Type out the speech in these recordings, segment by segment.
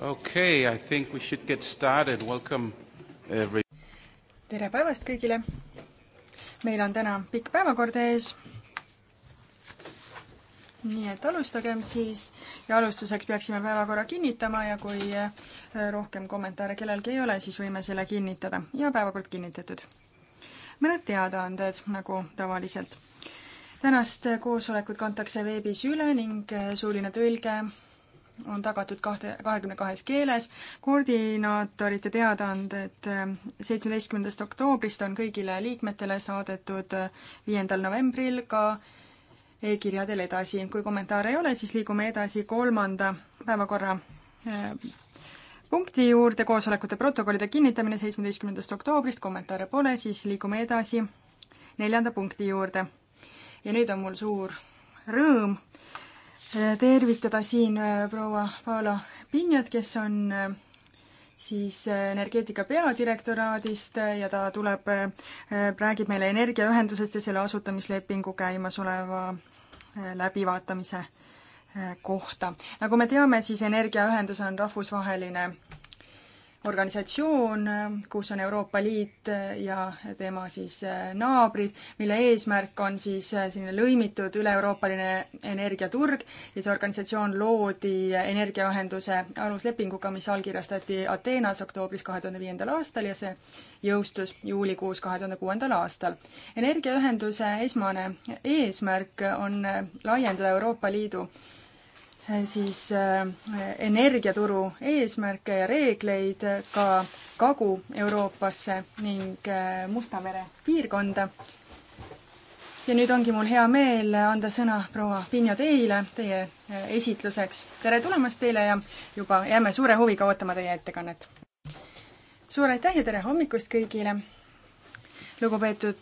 Okay, I think we should get started. Welcome every... tere päevast kõigile! meil on täna pikk päevakord ees. nii et alustagem siis ja alustuseks peaksime päevakorra kinnitama ja kui äh, rohkem kommentaare kellelgi ei ole, siis võime selle kinnitada ja päevakord kinnitatud. mõned teadaanded, nagu tavaliselt. tänast koosolekut kantakse veebis üle ning äh, suuline tõlge on tagatud kahte, kahekümne kahes keeles. koordinaatorite teadaanded eh, seitsmeteistkümnendast oktoobrist on kõigile liikmetele saadetud eh, viiendal novembril ka e-kirjadel edasi. kui kommentaare ei ole, siis liigume edasi kolmanda päevakorra eh, punkti juurde, koosolekute protokollide kinnitamine seitsmeteistkümnendast oktoobrist, kommentaare pole, siis liigume edasi neljanda punkti juurde. ja nüüd on mul suur rõõm tervitada siin äh, proua Paolo Pinjat, kes on äh, siis äh, energeetika peadirektoraadist ja ta tuleb, räägib meile energiaühendusest ja selle asutamislepingu käimasoleva läbivaatamise kohta. nagu me teame, siis energiaühendus on rahvusvaheline organisatsioon, kus on Euroopa Liit ja tema siis äh, naabrid, mille eesmärk on siis äh, selline lõimitud üle-euroopaline energiaturg ja see organisatsioon loodi äh, energiaühenduse aluslepinguga, mis allkirjastati Ateenas oktoobris kahe tuhande viiendal aastal ja see jõustus juulikuus kahe tuhande kuuendal aastal. energiaühenduse esmane eesmärk on laiendada Euroopa Liidu siis äh, energiaturu eesmärke ja reegleid ka Kagu-Euroopasse ning äh, Musta mere piirkonda. ja nüüd ongi mul hea meel anda sõna proua Pinja teile teie äh, esitluseks. tere tulemast teile ja juba jääme suure huviga ootama teie ettekannet. suur aitäh ja tere hommikust kõigile! lugupeetud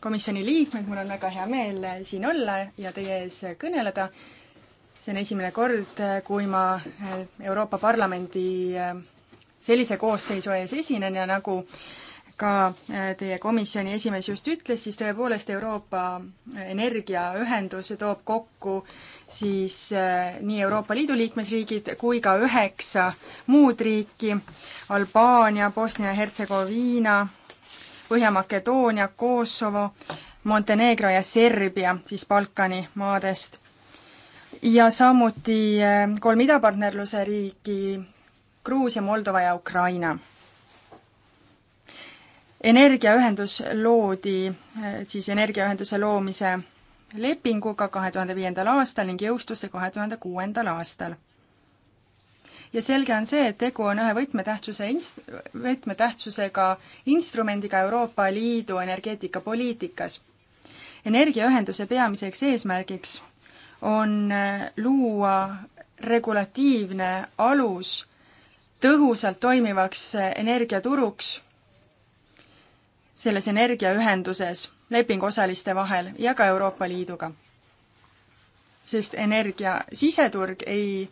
komisjoni liikmed, mul on väga hea meel siin olla ja teie ees kõneleda see on esimene kord, kui ma eh, Euroopa Parlamendi eh, sellise koosseisu ees esinen ja nagu ka eh, teie komisjoni esimees just ütles, siis tõepoolest Euroopa Energiaühendus toob kokku siis nii Euroopa Liidu liikmesriigid kui ka üheksa muud riiki, Albaania, Bosnia-Hertsegoviina, Põhja-Makedoonia, Kosovo, Montenegro ja Serbia siis Balkani maadest ja samuti eh, kolm idapartnerluse riiki, Gruusia, Moldova ja Ukraina. energiaühendus loodi eh, siis energiaühenduse loomise lepinguga kahe tuhande viiendal aastal ning jõustus see kahe tuhande kuuendal aastal. ja selge on see, et tegu on ühe võtmetähtsuse inst-, võtmetähtsusega instrumendiga Euroopa Liidu energeetikapoliitikas. energiaühenduse peamiseks eesmärgiks on äh, luua regulatiivne alus tõhusalt toimivaks äh, energiaturuks selles energiaühenduses lepinguosaliste vahel ja ka Euroopa Liiduga. sest energia siseturg ei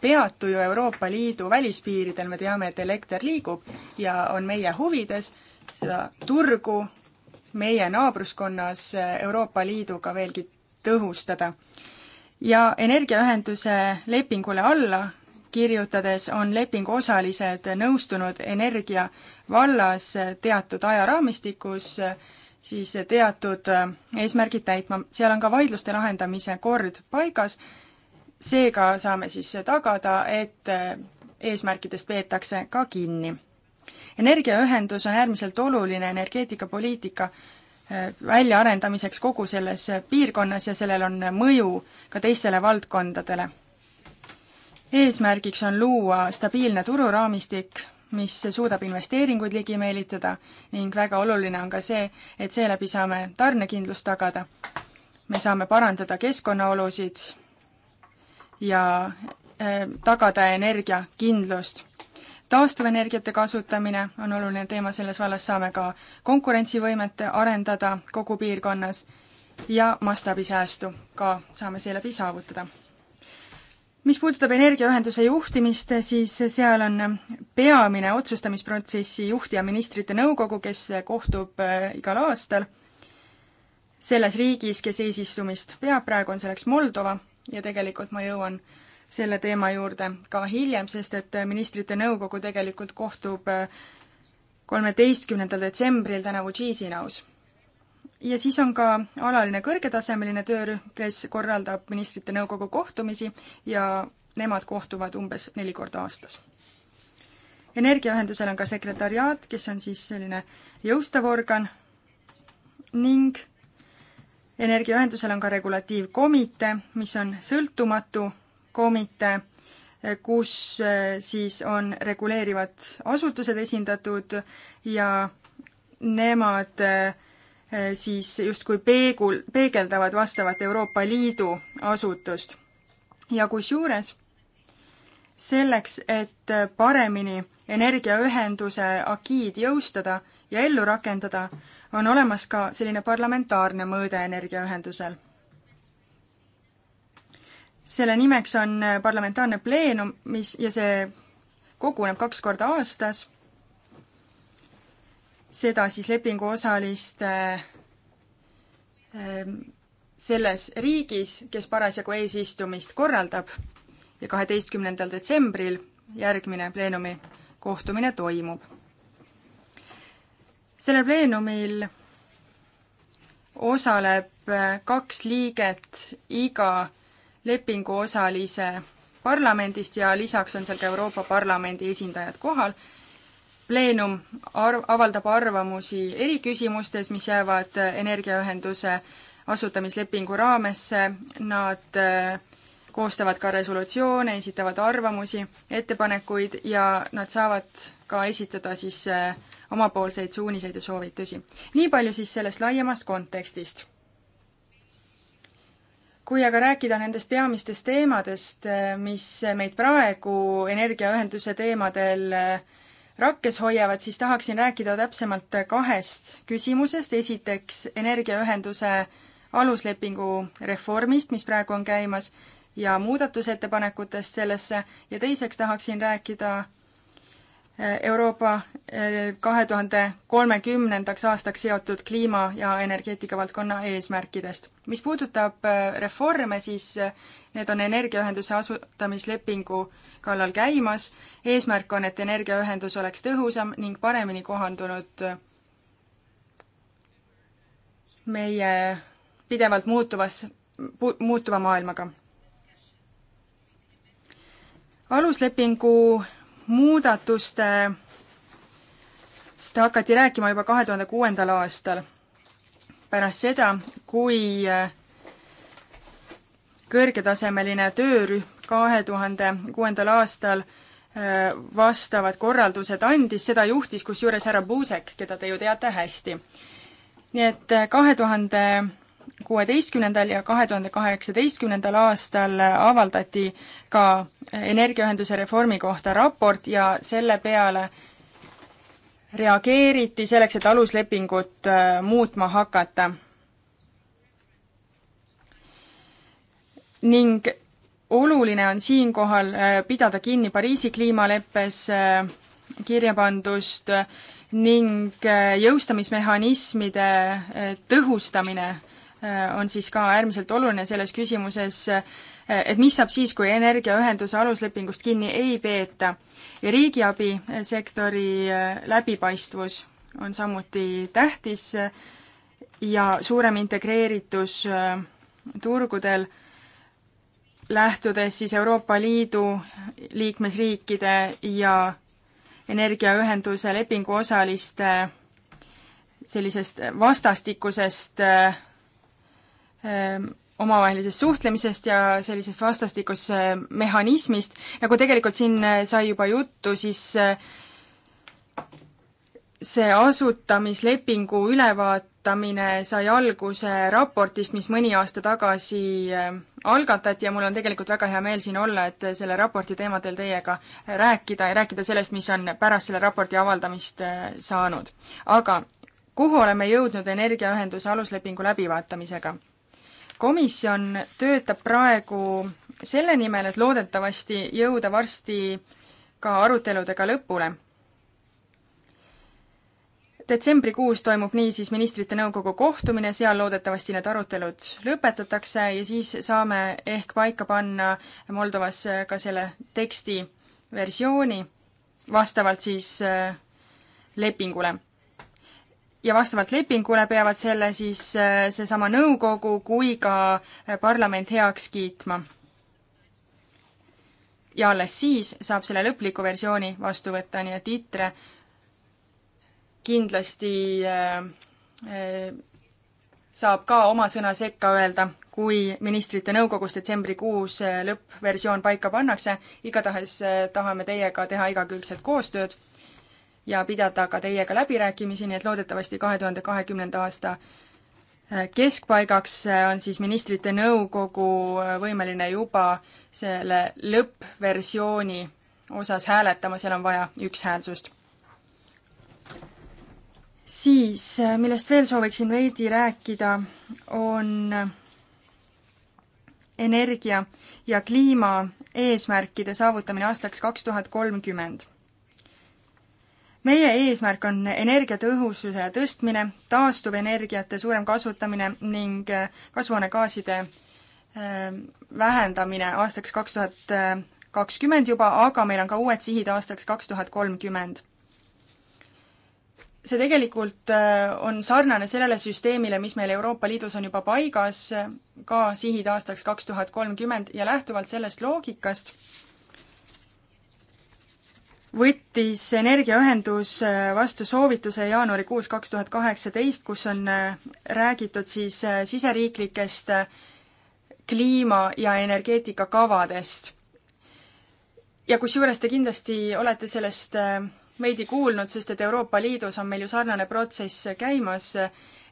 peatu ju Euroopa Liidu välispiiridel, me teame, et elekter liigub ja on meie huvides seda turgu meie naabruskonnas äh, Euroopa Liiduga veelgi tõhustada ja energiaühenduse lepingule alla kirjutades on lepingu osalised nõustunud energia vallas teatud ajaraamistikus siis teatud eesmärgid täitma. seal on ka vaidluste lahendamise kord paigas, seega saame siis tagada, et eesmärkidest peetakse ka kinni. energiaühendus on äärmiselt oluline energeetikapoliitika väljaarendamiseks kogu selles piirkonnas ja sellel on mõju ka teistele valdkondadele. eesmärgiks on luua stabiilne tururaamistik, mis suudab investeeringuid ligi meelitada ning väga oluline on ka see, et seeläbi saame tarnekindlust tagada. me saame parandada keskkonnaolusid ja äh, tagada energiakindlust taastuvenergiate kasutamine on oluline teema, selles vallas saame ka konkurentsivõimet arendada kogu piirkonnas ja mastaabisäästu ka saame seeläbi saavutada. mis puudutab energiaühenduse juhtimist, siis seal on peamine otsustamisprotsessi juht ja ministrite nõukogu, kes kohtub äh, igal aastal selles riigis, kes eesistumist peab, praegu on selleks Moldova ja tegelikult ma jõuan äh, selle teema juurde ka hiljem, sest et ministrite nõukogu tegelikult kohtub äh, kolmeteistkümnendal detsembril tänavu Chisinau's. ja siis on ka alaline kõrgetasemeline töörühm, kes korraldab ministrite nõukogu kohtumisi ja nemad kohtuvad umbes neli korda aastas. energiaühendusel on ka sekretariaat, kes on siis selline jõustav organ ning energiaühendusel on ka regulatiivkomitee, mis on sõltumatu komitee, kus eh, siis on reguleerivad asutused esindatud ja nemad eh, siis justkui peegul, peegeldavad vastavat Euroopa Liidu asutust. ja kusjuures selleks, et paremini energiaühenduse agiid jõustada ja ellu rakendada, on olemas ka selline parlamentaarne mõõde energiaühendusel selle nimeks on äh, parlamentaarne pleenum, mis, ja see koguneb kaks korda aastas, seda siis lepinguosaliste ähm, selles riigis, kes parasjagu eesistumist korraldab ja kaheteistkümnendal detsembril järgmine pleenumi kohtumine toimub. sellel pleenumil osaleb äh, kaks liiget iga lepinguosalise parlamendist ja lisaks on seal ka Euroopa Parlamendi esindajad kohal. pleenum arv, avaldab arvamusi eriküsimustes, mis jäävad energiaühenduse asutamislepingu raamesse, nad äh, koostavad ka resolutsioone, esitavad arvamusi, ettepanekuid ja nad saavad ka esitada siis äh, omapoolseid suuniseid ja soovitusi. nii palju siis sellest laiemast kontekstist kui aga rääkida nendest peamistest teemadest, mis meid praegu energiaühenduse teemadel rakkes hoiavad, siis tahaksin rääkida täpsemalt kahest küsimusest. esiteks energiaühenduse aluslepingu reformist, mis praegu on käimas, ja muudatusettepanekutest sellesse ja teiseks tahaksin rääkida Euroopa eh, kahe tuhande kolmekümnendaks aastaks seotud kliima- ja energeetikavaldkonna eesmärkidest. mis puudutab eh, reforme, siis eh, need on energiaühenduse asutamislepingu kallal käimas, eesmärk on, et energiaühendus oleks tõhusam ning paremini kohandunud meie pidevalt muutuvas, muutuva maailmaga. aluslepingu muudatuste, seda hakati rääkima juba kahe tuhande kuuendal aastal. pärast seda, kui äh, kõrgetasemeline töörühm kahe tuhande kuuendal aastal äh, vastavad korraldused andis, seda juhtis kusjuures härra Buusek, keda te ju teate hästi. nii et äh, kahe tuhande kuueteistkümnendal ja kahe tuhande kaheksateistkümnendal aastal avaldati ka energiaühenduse reformi kohta raport ja selle peale reageeriti selleks, et aluslepingut äh, muutma hakata. ning oluline on siinkohal äh, pidada kinni Pariisi kliimaleppes äh, kirja pandust ning jõustamismehhanismide tõhustamine Äh, on siis ka äärmiselt oluline selles küsimuses, äh, et mis saab siis, kui energiaühenduse aluslepingust kinni ei peeta. ja riigiabi äh, sektori läbipaistvus on samuti tähtis ja suurem integreeritus turgudel, lähtudes siis Euroopa Liidu liikmesriikide ja energiaühenduse lepinguosaliste sellisest vastastikusest äh, Ähm, omavahelisest suhtlemisest ja sellisest vastastikust äh, mehhanismist, nagu tegelikult siin äh, sai juba juttu, siis äh, see asutamislepingu ülevaatamine sai alguse raportist, mis mõni aasta tagasi algatati ja mul on tegelikult väga hea meel siin olla, et selle raporti teemadel teiega rääkida ja rääkida sellest, mis on pärast selle raporti avaldamist saanud. aga kuhu oleme jõudnud energiaühenduse aluslepingu läbivaatamisega? komisjon töötab praegu selle nimel, et loodetavasti jõuda varsti ka aruteludega lõpule. detsembrikuus toimub niisiis ministrite nõukogu kohtumine, seal loodetavasti need arutelud lõpetatakse ja siis saame ehk paika panna Moldovas ka selle teksti versiooni vastavalt siis äh, lepingule ja vastavalt lepingule peavad selle siis äh, seesama nõukogu kui ka äh, parlament heaks kiitma. ja alles siis saab selle lõpliku versiooni vastu võtta, nii et ITRE kindlasti äh, saab ka oma sõna sekka öelda, kui ministrite nõukogus detsembrikuus lõppversioon paika pannakse. igatahes tahame teiega teha igakülgset koostööd ja pidada ka teiega läbirääkimisi, nii et loodetavasti kahe tuhande kahekümnenda aasta äh, keskpaigaks äh, on siis ministrite nõukogu äh, võimeline juba selle lõppversiooni osas hääletama, seal on vaja ükshäälsust. siis, millest veel sooviksin veidi rääkida, on energia ja kliima eesmärkide saavutamine aastaks kaks tuhat kolmkümmend meie eesmärk on energiatõhususe tõstmine, taastuvenergiate suurem kasutamine ning äh, kasvuhoonegaaside ähm, vähendamine aastaks kaks tuhat äh, kakskümmend juba, aga meil on ka uued sihid aastaks kaks tuhat kolmkümmend. see tegelikult äh, on sarnane sellele süsteemile, mis meil Euroopa Liidus on juba paigas, ka sihid aastaks kaks tuhat kolmkümmend ja lähtuvalt sellest loogikast võttis energiaühendus äh, vastu soovituse jaanuarikuus kaks tuhat kaheksateist, kus on äh, räägitud siis äh, siseriiklikest kliima- ja energeetikakavadest. ja kusjuures te kindlasti olete sellest veidi kuulnud, sest et Euroopa Liidus on meil ju sarnane protsess käimas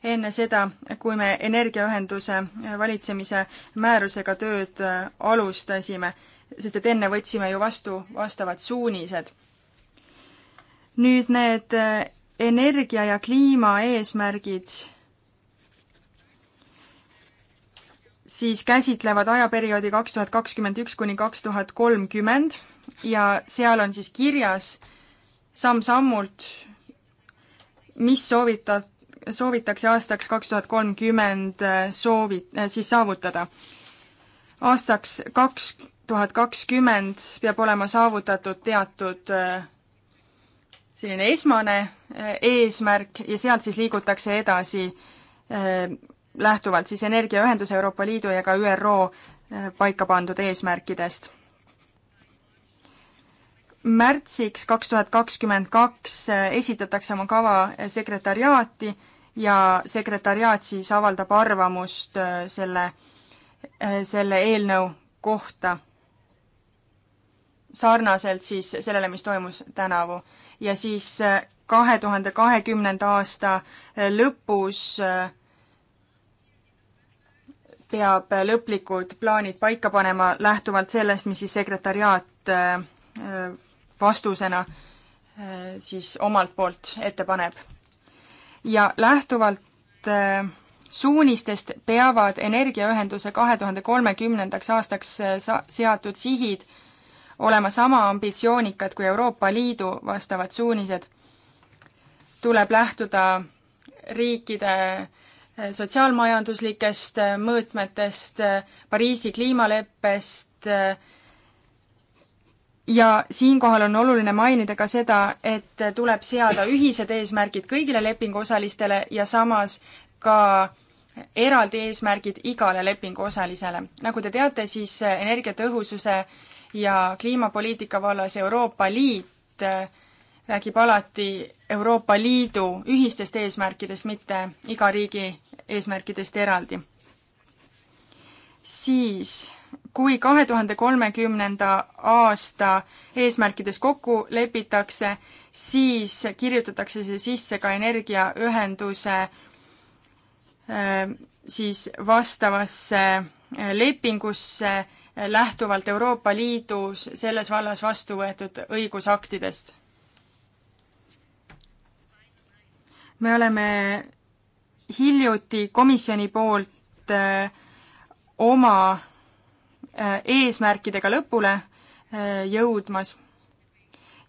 enne seda, kui me energiaühenduse valitsemise määrusega tööd alustasime, sest et enne võtsime ju vastu vastavad suunised nüüd need äh, energia ja kliima eesmärgid siis käsitlevad ajaperioodi kaks tuhat kakskümmend üks kuni kaks tuhat kolmkümmend ja seal on siis kirjas samm-sammult, mis soovita-, soovitakse aastaks kaks tuhat kolmkümmend äh, soovi-, äh, siis saavutada. aastaks kaks tuhat kakskümmend peab olema saavutatud teatud selline esmane äh, eesmärk ja sealt siis liigutakse edasi äh, lähtuvalt siis energiaühenduse Euroopa Liidu ja ka ÜRO äh, paika pandud eesmärkidest. märtsiks kaks tuhat kakskümmend kaks esitatakse oma kava sekretariaati ja sekretariaat siis avaldab arvamust selle, selle eelnõu kohta. sarnaselt siis sellele, mis toimus tänavu ja siis äh, kahe tuhande kahekümnenda aasta äh, lõpus äh, peab lõplikud plaanid paika panema lähtuvalt sellest, mis siis sekretariaat vastusena siis omalt poolt ette paneb. ja lähtuvalt suunistest peavad energiaühenduse kahe tuhande kolmekümnendaks aastaks sa-, seatud sihid äh, olema sama ambitsioonikad kui Euroopa Liidu vastavad suunised. tuleb lähtuda riikide eh, sotsiaalmajanduslikest eh, mõõtmetest, eh, Pariisi kliimaleppest ja siinkohal on oluline mainida ka seda, et tuleb seada ühised eesmärgid kõigile lepinguosalistele ja samas ka eraldi eesmärgid igale lepinguosalisele. nagu te teate, siis energiatõhususe ja kliimapoliitika vallas Euroopa Liit äh, räägib alati Euroopa Liidu ühistest eesmärkidest, mitte iga riigi eesmärkidest eraldi. siis, kui kahe tuhande kolmekümnenda aasta eesmärkides kokku lepitakse, siis kirjutatakse see sisse ka energiaühenduse äh, siis vastavasse äh, lepingusse lähtuvalt Euroopa Liidus selles vallas vastu võetud õigusaktidest. me oleme hiljuti komisjoni poolt eh, oma eh, eesmärkidega lõpule eh, jõudmas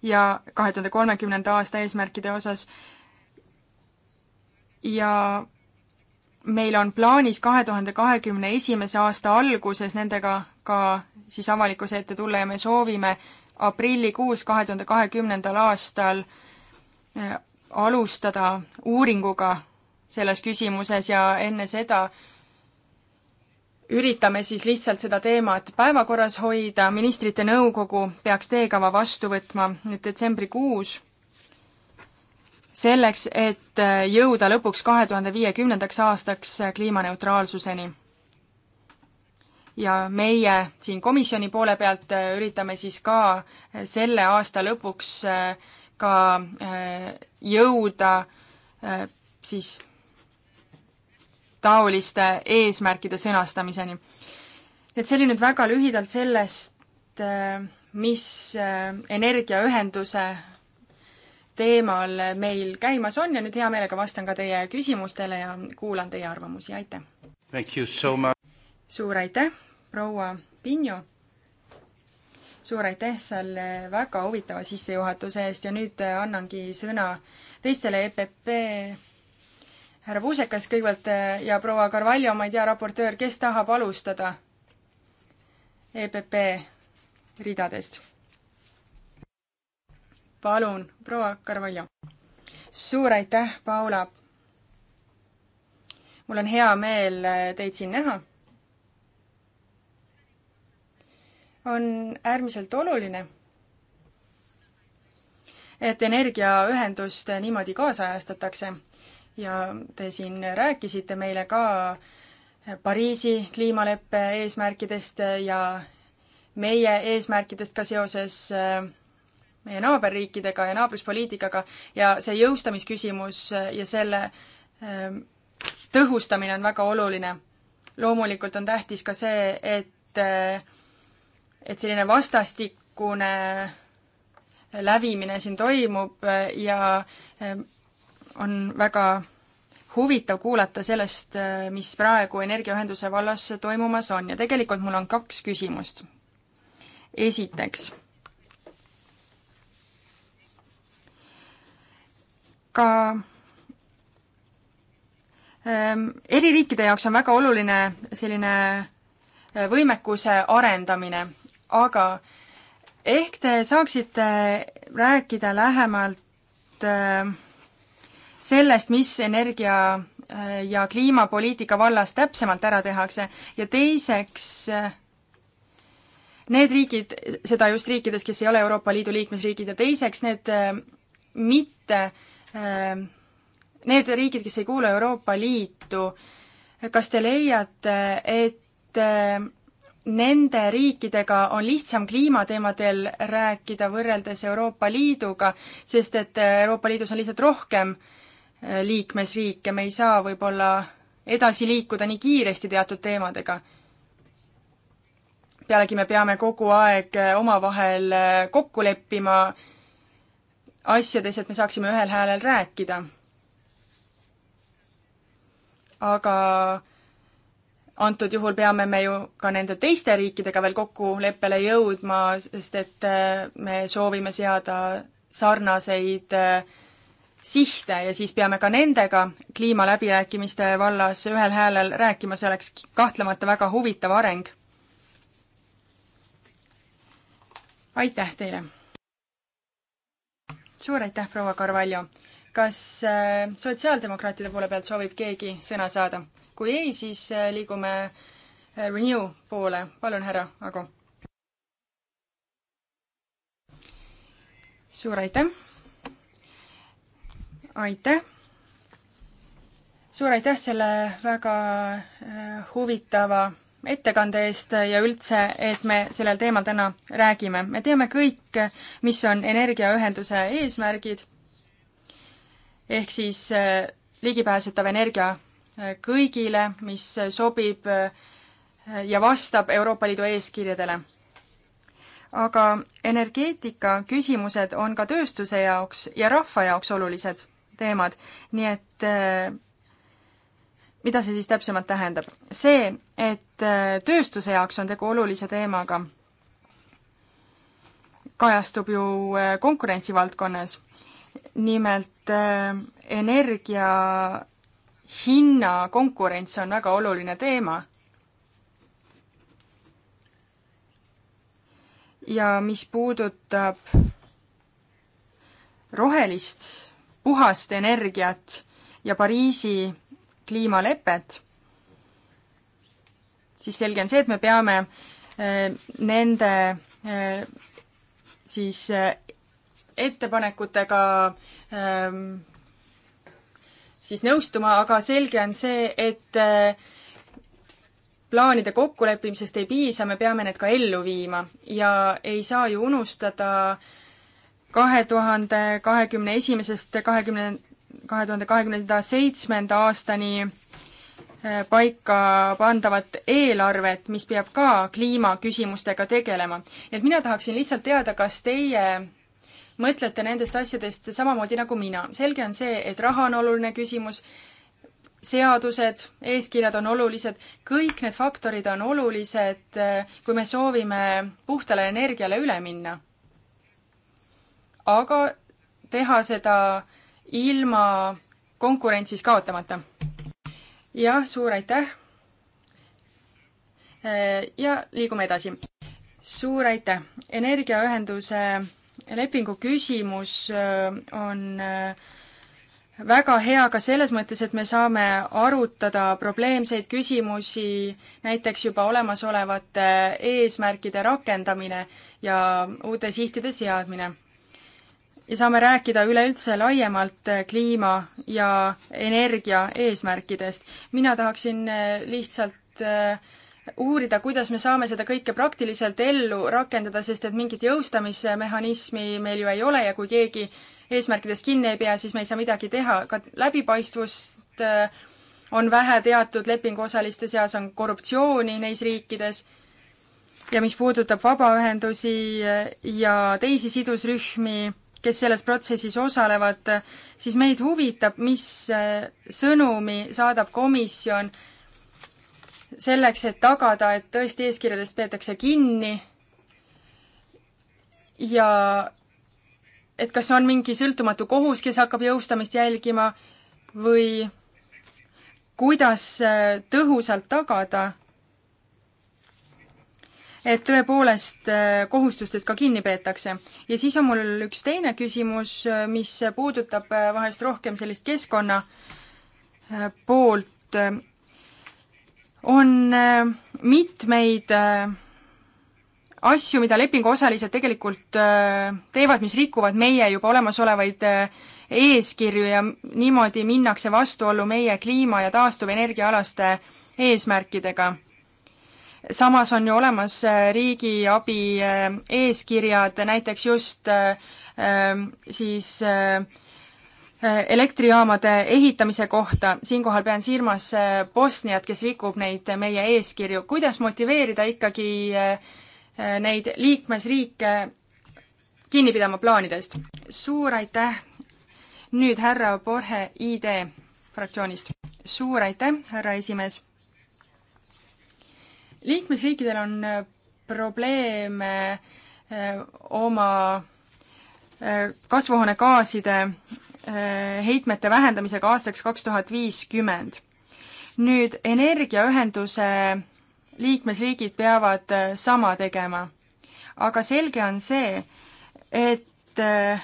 ja kahe tuhande kolmekümnenda aasta eesmärkide osas ja meil on plaanis kahe tuhande kahekümne esimese aasta alguses nendega ka siis avalikkuse ette tulla ja me soovime aprillikuus kahe tuhande kahekümnendal aastal eh, alustada uuringuga selles küsimuses ja enne seda üritame siis lihtsalt seda teemat päevakorras hoida, ministrite nõukogu peaks teekava vastu võtma nüüd detsembrikuus, selleks, et eh, jõuda lõpuks kahe tuhande viiekümnendaks aastaks kliimaneutraalsuseni ja meie siin komisjoni poole pealt äh, üritame siis ka äh, selle aasta lõpuks äh, ka jõuda siis taoliste eesmärkide sõnastamiseni. et see oli nüüd väga lühidalt sellest, mis energiaühenduse teemal meil käimas on ja nüüd hea meelega vastan ka teie küsimustele ja kuulan teie arvamusi, aitäh! suur aitäh! proua Pinju. suur aitäh selle väga huvitava sissejuhatuse eest ja nüüd annangi sõna teistele EPP härra Puusekas kõigepealt äh, ja proua Carvalho, ma ei tea, raportöör, kes tahab alustada EPP ridadest? palun, proua Carvalho. suur aitäh, Paula mul on hea meel äh, teid siin näha. on äärmiselt oluline, et energiaühendust niimoodi kaasajastatakse ja te siin rääkisite meile ka Pariisi kliimaleppe eesmärkidest ja meie eesmärkidest ka seoses äh, meie naaberriikidega ja naabruspoliitikaga ja see jõustamisküsimus ja selle äh, tõhustamine on väga oluline. loomulikult on tähtis ka see, et äh, et selline vastastikune lävimine siin toimub äh, ja äh, on väga huvitav kuulata sellest, äh, mis praegu energiaühenduse vallas toimumas on ja tegelikult mul on kaks küsimust. esiteks, ka ähm, eri riikide jaoks on väga oluline selline võimekuse arendamine aga ehk te saaksite rääkida lähemalt äh, sellest, mis energia äh, ja kliimapoliitika vallas täpsemalt ära tehakse ja teiseks, äh, need riigid, seda just riikides, kes ei ole Euroopa Liidu liikmesriigid ja teiseks need mitte, need riigid, kes ei kuulu Euroopa Liitu, kas te leiate, et nende riikidega on lihtsam kliimateemadel rääkida võrreldes Euroopa Liiduga, sest et Euroopa Liidus on lihtsalt rohkem äh, liikmesriike, me ei saa võib-olla edasi liikuda nii kiiresti teatud teemadega. pealegi me peame kogu aeg äh, omavahel äh, kokku leppima asjades, et me saaksime ühel häälel rääkida. aga antud juhul peame me ju ka nende teiste riikidega veel kokkuleppele jõudma, sest et äh, me soovime seada sarnaseid äh, sihte ja siis peame ka nendega kliimaläbirääkimiste vallas ühel häälel rääkima, see oleks kahtlemata väga huvitav areng. aitäh teile! suur aitäh, proua Carvalho! kas äh, sotsiaaldemokraatide poole pealt soovib keegi sõna saada? kui ei, siis äh, liigume äh, Renew poole. palun, härra Ago. suur aitäh! aitäh! suur aitäh selle väga äh, huvitava ettekande eest ja üldse, et me sellel teemal täna räägime. me teame kõik, mis on energiaühenduse eesmärgid, ehk siis ligipääsetav energia kõigile, mis sobib ja vastab Euroopa Liidu eeskirjadele. aga energeetika küsimused on ka tööstuse jaoks ja rahva jaoks olulised teemad, nii et mida see siis täpsemalt tähendab? see, et tööstuse jaoks on tegu olulise teemaga, kajastub ju konkurentsivaldkonnas. nimelt energia hinnakonkurents on väga oluline teema. ja mis puudutab rohelist puhast energiat ja Pariisi kliimalepet, siis selge on see, et me peame eh, nende eh, siis eh, ettepanekutega ehm, siis nõustuma, aga selge on see, et äh, plaanide kokkuleppimisest ei piisa, me peame need ka ellu viima ja ei saa ju unustada kahe tuhande kahekümne esimesest kahekümne, kahe tuhande kahekümnenda seitsmenda aastani äh, paika pandavat eelarvet, mis peab ka kliimaküsimustega tegelema. et mina tahaksin lihtsalt teada, kas teie mõtlete nendest asjadest samamoodi nagu mina. selge on see, et raha on oluline küsimus, seadused, eeskirjad on olulised, kõik need faktorid on olulised, eh, kui me soovime puhtale energiale üle minna. aga teha seda ilma konkurentsis kaotamata. jah, suur aitäh! Eh, ja liigume edasi. suur aitäh! energiaühenduse lepingu küsimus äh, on äh, väga hea ka selles mõttes, et me saame arutada probleemseid küsimusi, näiteks juba olemasolevate eesmärkide rakendamine ja uute sihtide seadmine. ja saame rääkida üleüldse laiemalt äh, kliima ja energia eesmärkidest. mina tahaksin lihtsalt äh, uurida, kuidas me saame seda kõike praktiliselt ellu rakendada, sest et mingit jõustamismehhanismi meil ju ei ole ja kui keegi eesmärkidest kinni ei pea, siis me ei saa midagi teha, ka läbipaistvust äh, on vähe teatud lepinguosaliste seas, on korruptsiooni neis riikides ja mis puudutab vabaühendusi äh, ja teisi sidusrühmi, kes selles protsessis osalevad, äh, siis meid huvitab, mis sõnumi saadab komisjon selleks, et tagada, et tõesti eeskirjadest peetakse kinni ja et kas on mingi sõltumatu kohus, kes hakkab jõustamist jälgima või kuidas äh, tõhusalt tagada, et tõepoolest äh, kohustustest ka kinni peetakse. ja siis on mul üks teine küsimus, äh, mis puudutab vahest rohkem sellist keskkonna poolt, on äh, mitmeid äh, asju, mida lepinguosalised tegelikult äh, teevad, mis rikuvad meie juba olemasolevaid eeskirju ja niimoodi minnakse vastuollu meie kliima- ja taastuvenergiaalaste eesmärkidega. samas on ju olemas riigiabi eeskirjad, näiteks just siis äh, Äh, elektrijaamade ehitamise kohta, siinkohal pean silmas äh, Bosniat, kes rikub neid meie eeskirju, kuidas motiveerida ikkagi äh, neid liikmesriike kinni pidama plaanidest? suur aitäh, nüüd härra Borhe ID fraktsioonist. suur aitäh, härra esimees. liikmesriikidel on probleeme oma kasvuhoonegaaside Äh, heitmete vähendamisega aastaks kaks tuhat viiskümmend. nüüd energiaühenduse liikmesriigid peavad äh, sama tegema. aga selge on see, et äh,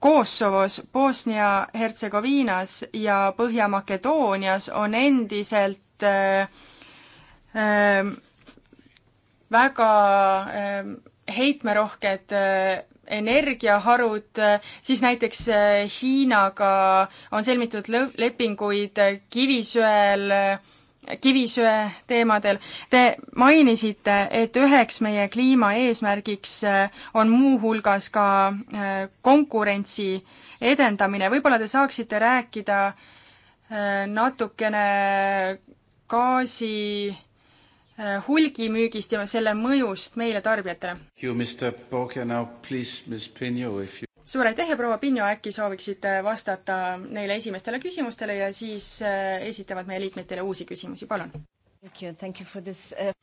Kosovos, Bosnia-Hertsegoviinas ja Põhja-Makedoonias on endiselt äh, äh, väga äh, heitmerohked äh, energiaharud, siis näiteks äh, Hiinaga on sõlmitud lepinguid äh, kivisöel, äh, kivisöe teemadel. Te mainisite, et üheks meie kliimaeesmärgiks on muuhulgas ka konkurentsi edendamine, võib-olla te saaksite rääkida natukene gaasi Eh, hulgimüügist ja selle mõjust meile tarbijatele. suur aitäh ja proua Pinjo, äkki sooviksite vastata neile esimestele küsimustele ja siis eh, esitavad meie liikmed teile uusi küsimusi, palun. Eh,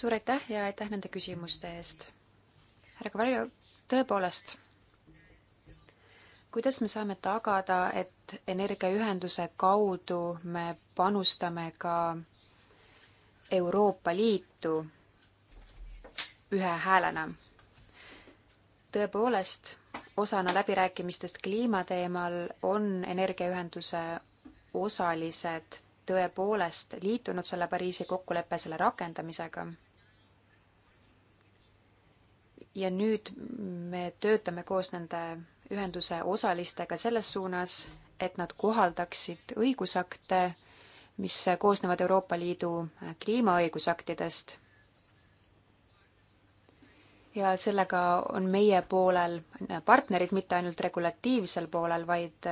suur aitäh ja aitäh nende küsimuste eest. härra Kavaljo, tõepoolest, kuidas me saame tagada, et energiaühenduse kaudu me panustame ka Euroopa Liitu ühe häälena. tõepoolest, osana läbirääkimistest kliimateemal on energiaühenduse osalised tõepoolest liitunud selle Pariisi kokkuleppe selle rakendamisega. ja nüüd me töötame koos nende ühenduse osalistega selles suunas, et nad kohaldaksid õigusakte, mis koosnevad Euroopa Liidu kliimaõigusaktidest. ja sellega on meie poolel partnerid mitte ainult regulatiivsel poolel, vaid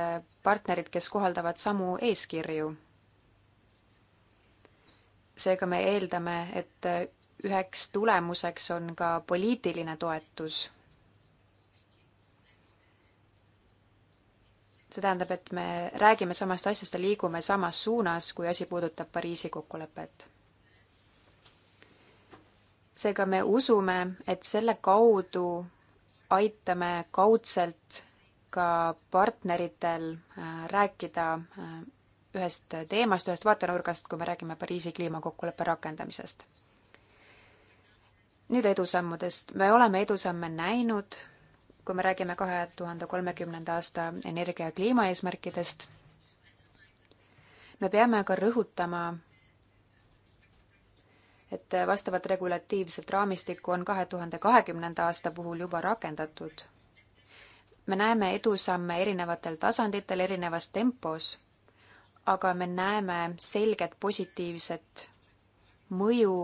partnerid, kes kohaldavad samu eeskirju. seega me eeldame, et üheks tulemuseks on ka poliitiline toetus see tähendab, et me räägime samast asjast ja liigume samas suunas, kui asi puudutab Pariisi kokkulepet. seega me usume, et selle kaudu aitame kaudselt ka partneritel äh, rääkida äh, ühest teemast, ühest vaatenurgast, kui me räägime Pariisi kliimakokkuleppe rakendamisest. nüüd edusammudest. me oleme edusamme näinud kui me räägime kahe tuhande kolmekümnenda aasta energia- ja kliimaeesmärkidest, me peame ka rõhutama, et vastavat regulatiivset raamistikku on kahe tuhande kahekümnenda aasta puhul juba rakendatud. me näeme edusamme erinevatel tasanditel erinevas tempos, aga me näeme selget positiivset mõju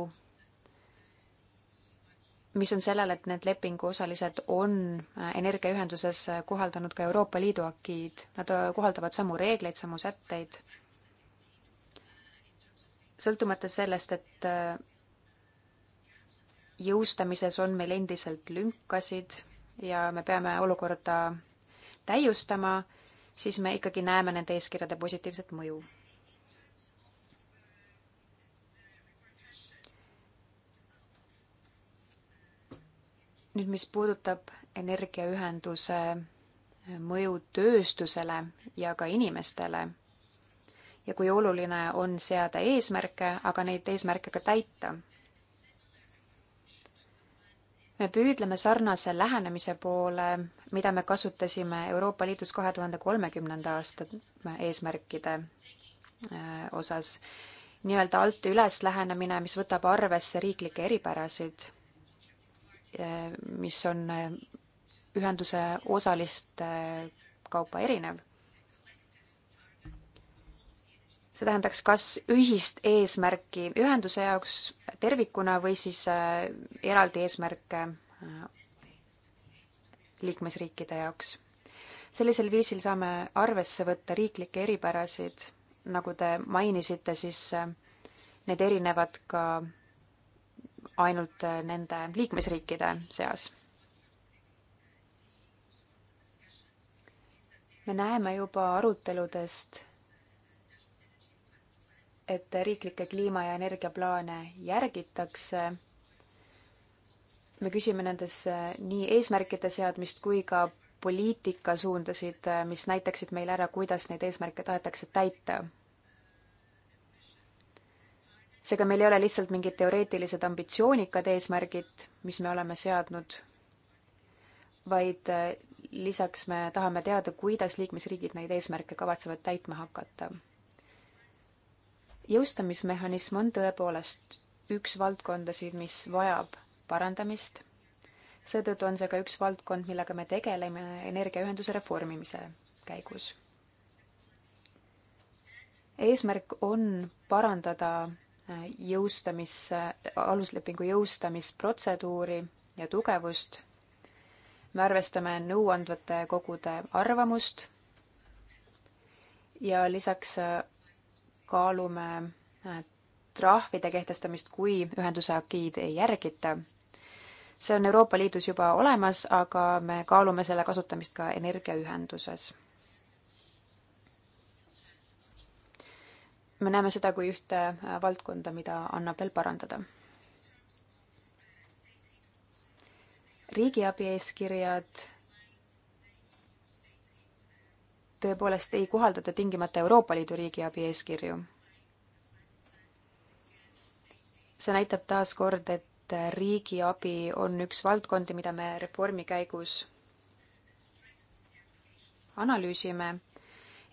mis on sellel, et need lepinguosalised on äh, energiaühenduses äh, kohaldanud ka Euroopa Liidu akiid, nad äh, kohaldavad samu reegleid, samu sätteid. sõltumata sellest, et jõustamises on meil endiselt lünkasid ja me peame olukorda täiustama, siis me ikkagi näeme nende eeskirjade positiivset mõju nüüd, mis puudutab energiaühenduse mõju tööstusele ja ka inimestele ja kui oluline on seada eesmärke, aga neid eesmärke ka täita. me püüdleme sarnase lähenemise poole, mida me kasutasime Euroopa Liidus kahe tuhande kolmekümnenda aasta eesmärkide äh, osas. nii-öelda alt üles lähenemine, mis võtab arvesse riiklikke eripärasid Äh, mis on äh, ühenduse osaliste äh, kaupa erinev. see tähendaks kas ühist eesmärki ühenduse jaoks tervikuna või siis eraldi eesmärke liikmesriikide jaoks. sellisel viisil saame arvesse võtta riiklikke eripärasid, nagu te mainisite, siis need erinevad ka ainult äh, nende liikmesriikide seas. me näeme juba aruteludest, et riiklikke kliima- ja energiaplaane järgitakse. me küsime nendes äh, nii eesmärkide seadmist kui ka poliitikasuundasid, äh, mis näitaksid meile ära, kuidas neid eesmärke tahetakse täita seega meil ei ole lihtsalt mingid teoreetilised ambitsioonikad eesmärgid, mis me oleme seadnud, vaid äh, lisaks me tahame teada, kuidas liikmesriigid neid eesmärke kavatsevad täitma hakata. jõustamismehhanism on tõepoolest üks valdkondasid, mis vajab parandamist. seetõttu on see ka üks valdkond, millega me tegeleme energiaühenduse reformimise käigus. eesmärk on parandada jõustamis, aluslepingu jõustamisprotseduuri ja tugevust. me arvestame nõuandvate kogude arvamust ja lisaks äh, kaalume äh, trahvide kehtestamist, kui ühenduse agiid ei järgita. see on Euroopa Liidus juba olemas, aga me kaalume selle kasutamist ka energiaühenduses me näeme seda kui ühte äh, valdkonda, mida annab veel parandada. riigiabi eeskirjad tõepoolest ei kohaldata tingimata Euroopa Liidu riigiabi eeskirju. see näitab taas kord, et riigiabi on üks valdkondi, mida me reformi käigus analüüsime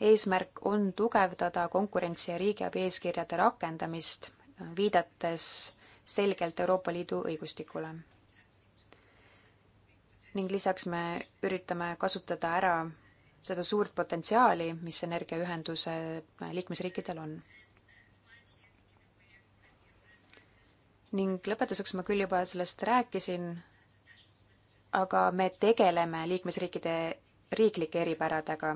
eesmärk on tugevdada konkurentsi ja riigiabi eeskirjade rakendamist, viidates selgelt Euroopa Liidu õigustikule. ning lisaks me üritame kasutada ära seda suurt potentsiaali, mis energiaühenduse liikmesriikidel on. ning lõpetuseks ma küll juba sellest rääkisin, aga me tegeleme liikmesriikide riiklike eripäradega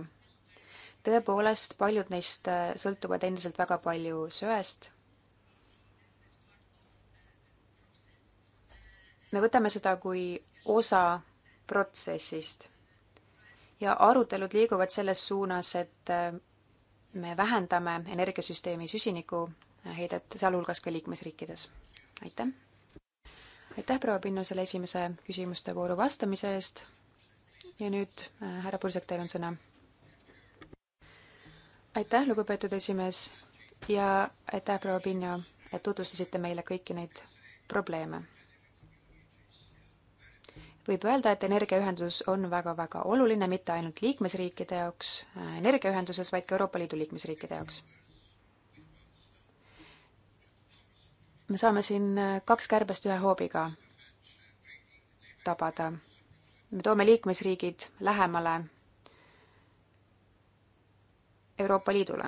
tõepoolest, paljud neist äh, sõltuvad endiselt väga palju söest. me võtame seda kui osa protsessist ja arutelud liiguvad selles suunas, et äh, me vähendame energiasüsteemi süsinikuheidet, sealhulgas ka liikmesriikides. aitäh! aitäh proua Pinnusele esimese küsimuste vooru vastamise eest ja nüüd äh, härra Pursak, teil on sõna aitäh, lugupeetud esimees ja aitäh, proua Pinja, et tutvustasite meile kõiki neid probleeme. võib öelda, et energiaühendus on väga-väga oluline mitte ainult liikmesriikide jaoks äh, energiaühenduses, vaid ka Euroopa Liidu liikmesriikide jaoks. me saame siin äh, kaks kärbest ühe hoobiga tabada. me toome liikmesriigid lähemale Euroopa Liidule.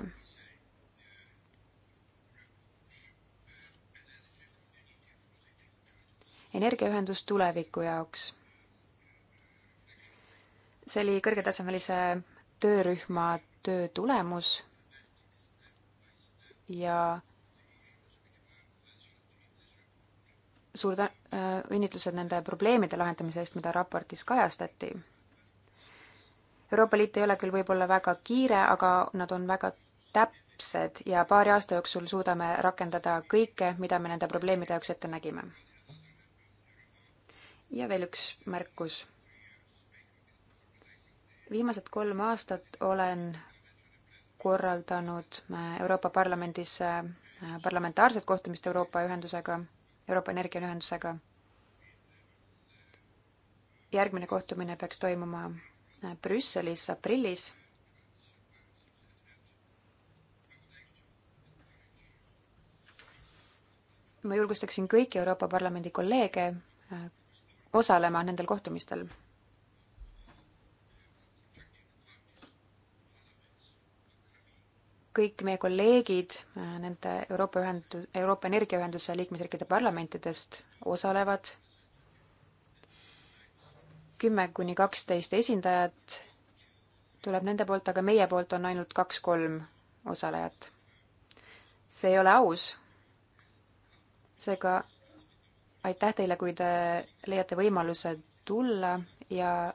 energiaühendus tuleviku jaoks. see oli kõrgetasemelise töörühma töö tulemus ja suur tä-, äh, õnnitlused nende probleemide lahendamise eest, mida raportis kajastati Euroopa Liit ei ole küll võib-olla väga kiire, aga nad on väga täpsed ja paari aasta jooksul suudame rakendada kõike, mida me nende probleemide jaoks ette nägime. ja veel üks märkus. viimased kolm aastat olen korraldanud äh, Euroopa Parlamendis äh, parlamentaarset kohtumist Euroopa ühendusega, Euroopa Energiaühendusega. järgmine kohtumine peaks toimuma Brüsselis aprillis. ma julgustaksin kõiki Euroopa Parlamendi kolleege äh, osalema nendel kohtumistel. kõik meie kolleegid äh, nende Euroopa Ühendu-, Euroopa Energiaühenduse liikmesriikide parlamentidest osalevad kümme kuni kaksteist esindajat tuleb nende poolt, aga meie poolt on ainult kaks-kolm osalejat. see ei ole aus. seega aitäh teile, kui te leiate võimaluse tulla ja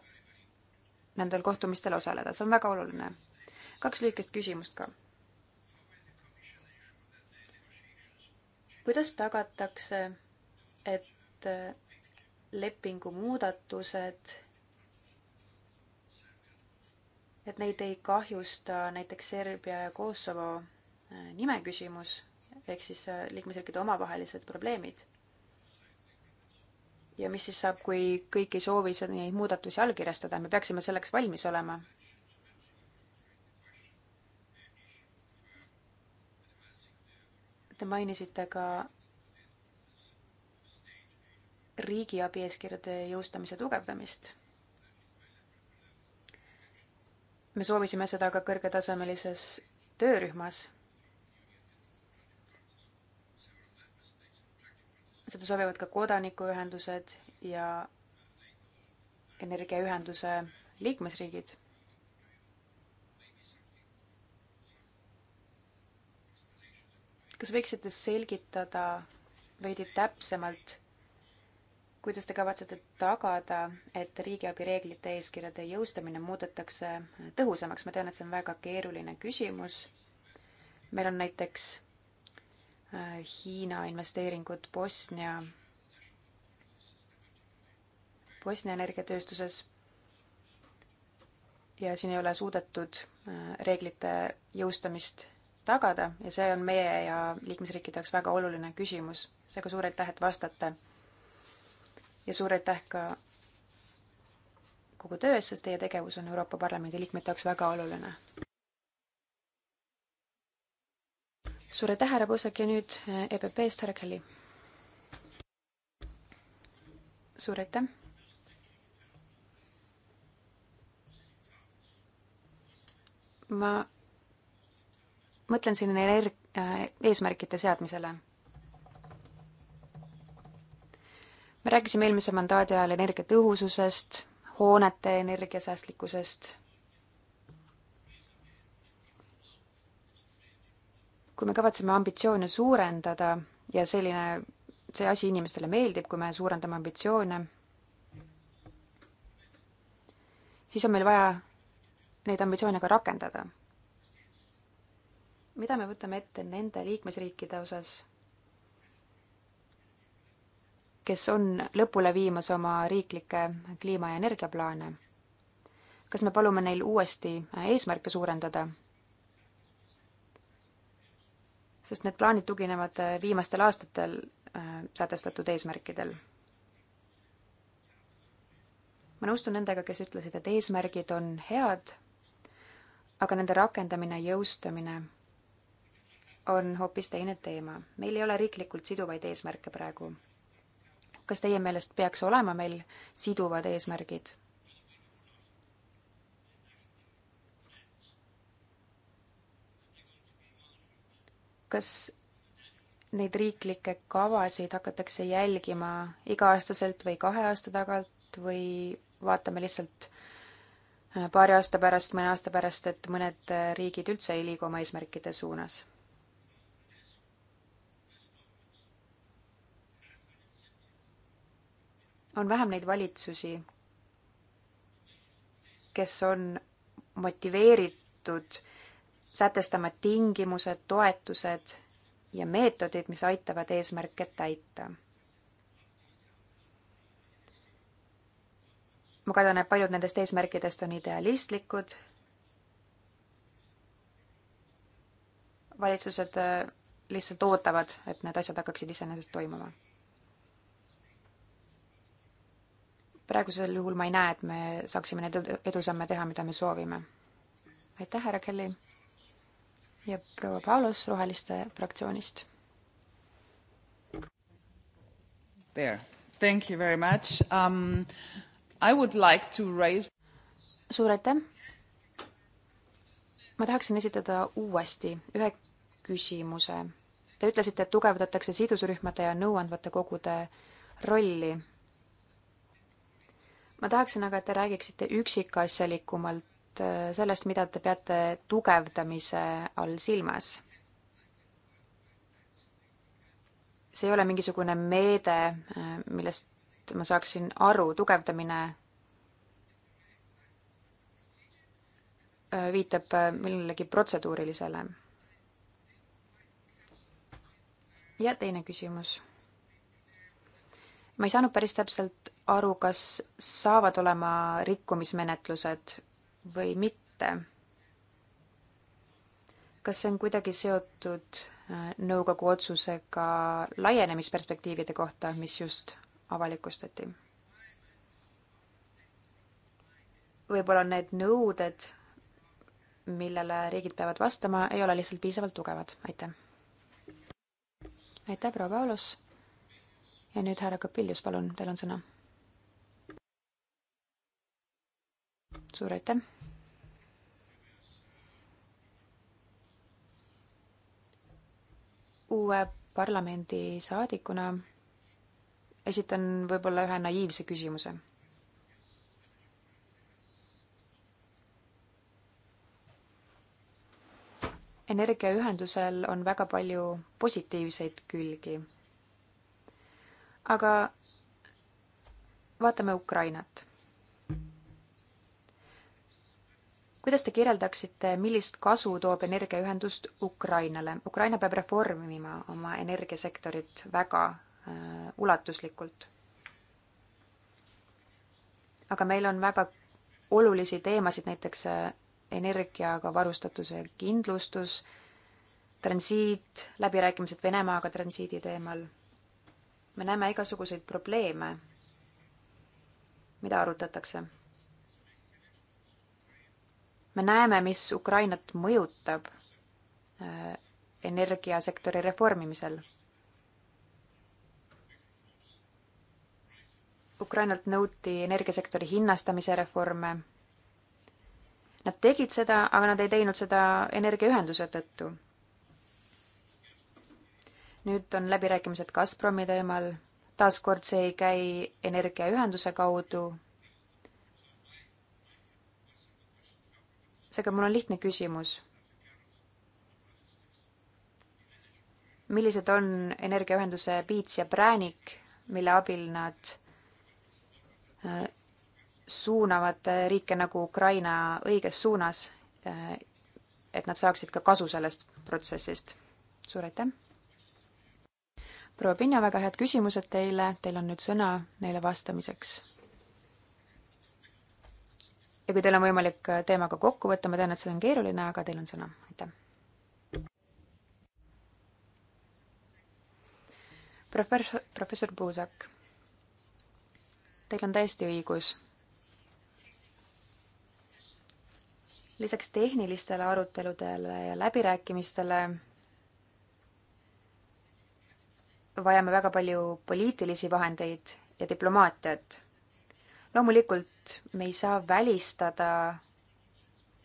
nendel kohtumistel osaleda, see on väga oluline. kaks lühikest küsimust ka. kuidas tagatakse, et lepingu muudatused, et neid ei kahjusta näiteks Serbia ja Kosovo äh, nime küsimus ehk siis äh, liikmesriikide omavahelised probleemid. ja mis siis saab, kui kõik ei soovi neid muudatusi allkirjastada, me peaksime selleks valmis olema. Te mainisite ka riigiabi eeskirjade jõustamise tugevdamist. me soovisime seda ka kõrgetasemelises töörühmas. seda soovivad ka kodanikuühendused ja energiaühenduse liikmesriigid kas võiksite selgitada veidi täpsemalt, kuidas te kavatsete tagada, et riigiabi reeglite eeskirjade jõustamine muudetakse tõhusamaks, ma tean, et see on väga keeruline küsimus. meil on näiteks äh, Hiina investeeringud Bosnia, Bosnia energiatööstuses ja siin ei ole suudetud äh, reeglite jõustamist tagada ja see on meie ja liikmesriikide jaoks väga oluline küsimus. seega suur aitäh, et vastate ja suur aitäh ka kogu töö eest, sest teie tegevus on Euroopa Parlamendi liikmete jaoks väga oluline. suur aitäh, härra Puusak ja nüüd EPP-st eh, e härra Kelly. suur aitäh. ma mõtlen siin energ-, eh, eesmärkide seadmisele me rääkisime eelmise mandaadi ajal energiatõhususest, hoonete energiasäästlikkusest. kui me kavatseme ambitsioone suurendada ja selline, see asi inimestele meeldib, kui me suurendame ambitsioone, siis on meil vaja neid ambitsioone ka rakendada. mida me võtame ette nende liikmesriikide osas kes on lõpule viimas oma riiklikke kliima- ja energiaplaane. kas me palume neil uuesti eesmärke suurendada? sest need plaanid tuginevad äh, viimastel aastatel äh, sätestatud eesmärkidel. ma nõustun nendega, kes ütlesid, et eesmärgid on head, aga nende rakendamine, jõustamine on hoopis teine teema. meil ei ole riiklikult siduvaid eesmärke praegu kas teie meelest peaks olema meil siduvad eesmärgid? kas neid riiklikke kavasid hakatakse jälgima iga-aastaselt või kahe aasta tagant või vaatame lihtsalt äh, paari aasta pärast, mõne aasta pärast, et mõned äh, riigid üldse ei liigu oma eesmärkide suunas on vähem neid valitsusi, kes on motiveeritud sätestama tingimused, toetused ja meetodid, mis aitavad eesmärke täita. ma kardan, et paljud nendest eesmärkidest on idealistlikud. valitsused äh, lihtsalt ootavad, et need asjad hakkaksid iseenesest toimuma praegusel juhul ma ei näe, et me saaksime neid edusamme teha, mida me soovime. aitäh, härra Kelly ja proua Paulus Roheliste fraktsioonist. There, thank you very much um,. I would like to raise. suur aitäh. ma tahaksin esitada uuesti ühe küsimuse. Te ütlesite, et tugevdatakse sidusrühmade ja nõuandvate kogude rolli ma tahaksin aga, et te räägiksite üksikasjalikumalt äh, sellest, mida te peate tugevdamise all silmas. see ei ole mingisugune meede, äh, millest ma saaksin aru, tugevdamine äh, viitab millelegi protseduurilisele. ja teine küsimus. ma ei saanud päris täpselt aru, kas saavad olema rikkumismenetlused või mitte. kas see on kuidagi seotud äh, nõukogu otsusega laienemisperspektiivide kohta, mis just avalikustati? võib-olla need nõuded, millele riigid peavad vastama, ei ole lihtsalt piisavalt tugevad, aitäh. aitäh, proua Paulus. ja nüüd härra Kapilius, palun, teil on sõna suur aitäh. uue parlamendi saadikuna esitan võib-olla ühe naiivse küsimuse. energiaühendusel on väga palju positiivseid külgi. aga vaatame Ukrainat kuidas te kirjeldaksite, millist kasu toob energiaühendust Ukrainale? Ukraina peab reformima oma energiasektorit väga äh, ulatuslikult. aga meil on väga olulisi teemasid, näiteks äh, energiaga varustatuse kindlustus, transiit, läbirääkimised Venemaaga transiidi teemal. me näeme igasuguseid probleeme, mida arutatakse me näeme, mis Ukrainat mõjutab äh, energiasektori reformimisel. Ukrainalt nõuti energiasektori hinnastamise reforme. Nad tegid seda, aga nad ei teinud seda energiaühenduse tõttu. nüüd on läbirääkimised Gazpromi teemal, taaskord see ei käi energiaühenduse kaudu, seega mul on lihtne küsimus. millised on energiaühenduse piits ja präänik, mille abil nad äh, suunavad riike nagu Ukraina õiges suunas, äh, et nad saaksid ka kasu sellest protsessist? suur aitäh! proua Pinja, väga head küsimused teile, teil on nüüd sõna neile vastamiseks ja kui teil on võimalik äh, teemaga kokku võtta, ma tean, et see on keeruline, aga teil on sõna, aitäh. professor, professor Puusak, teil on täiesti õigus. lisaks tehnilistele aruteludele ja läbirääkimistele vajame väga palju poliitilisi vahendeid ja diplomaatiat loomulikult me ei saa välistada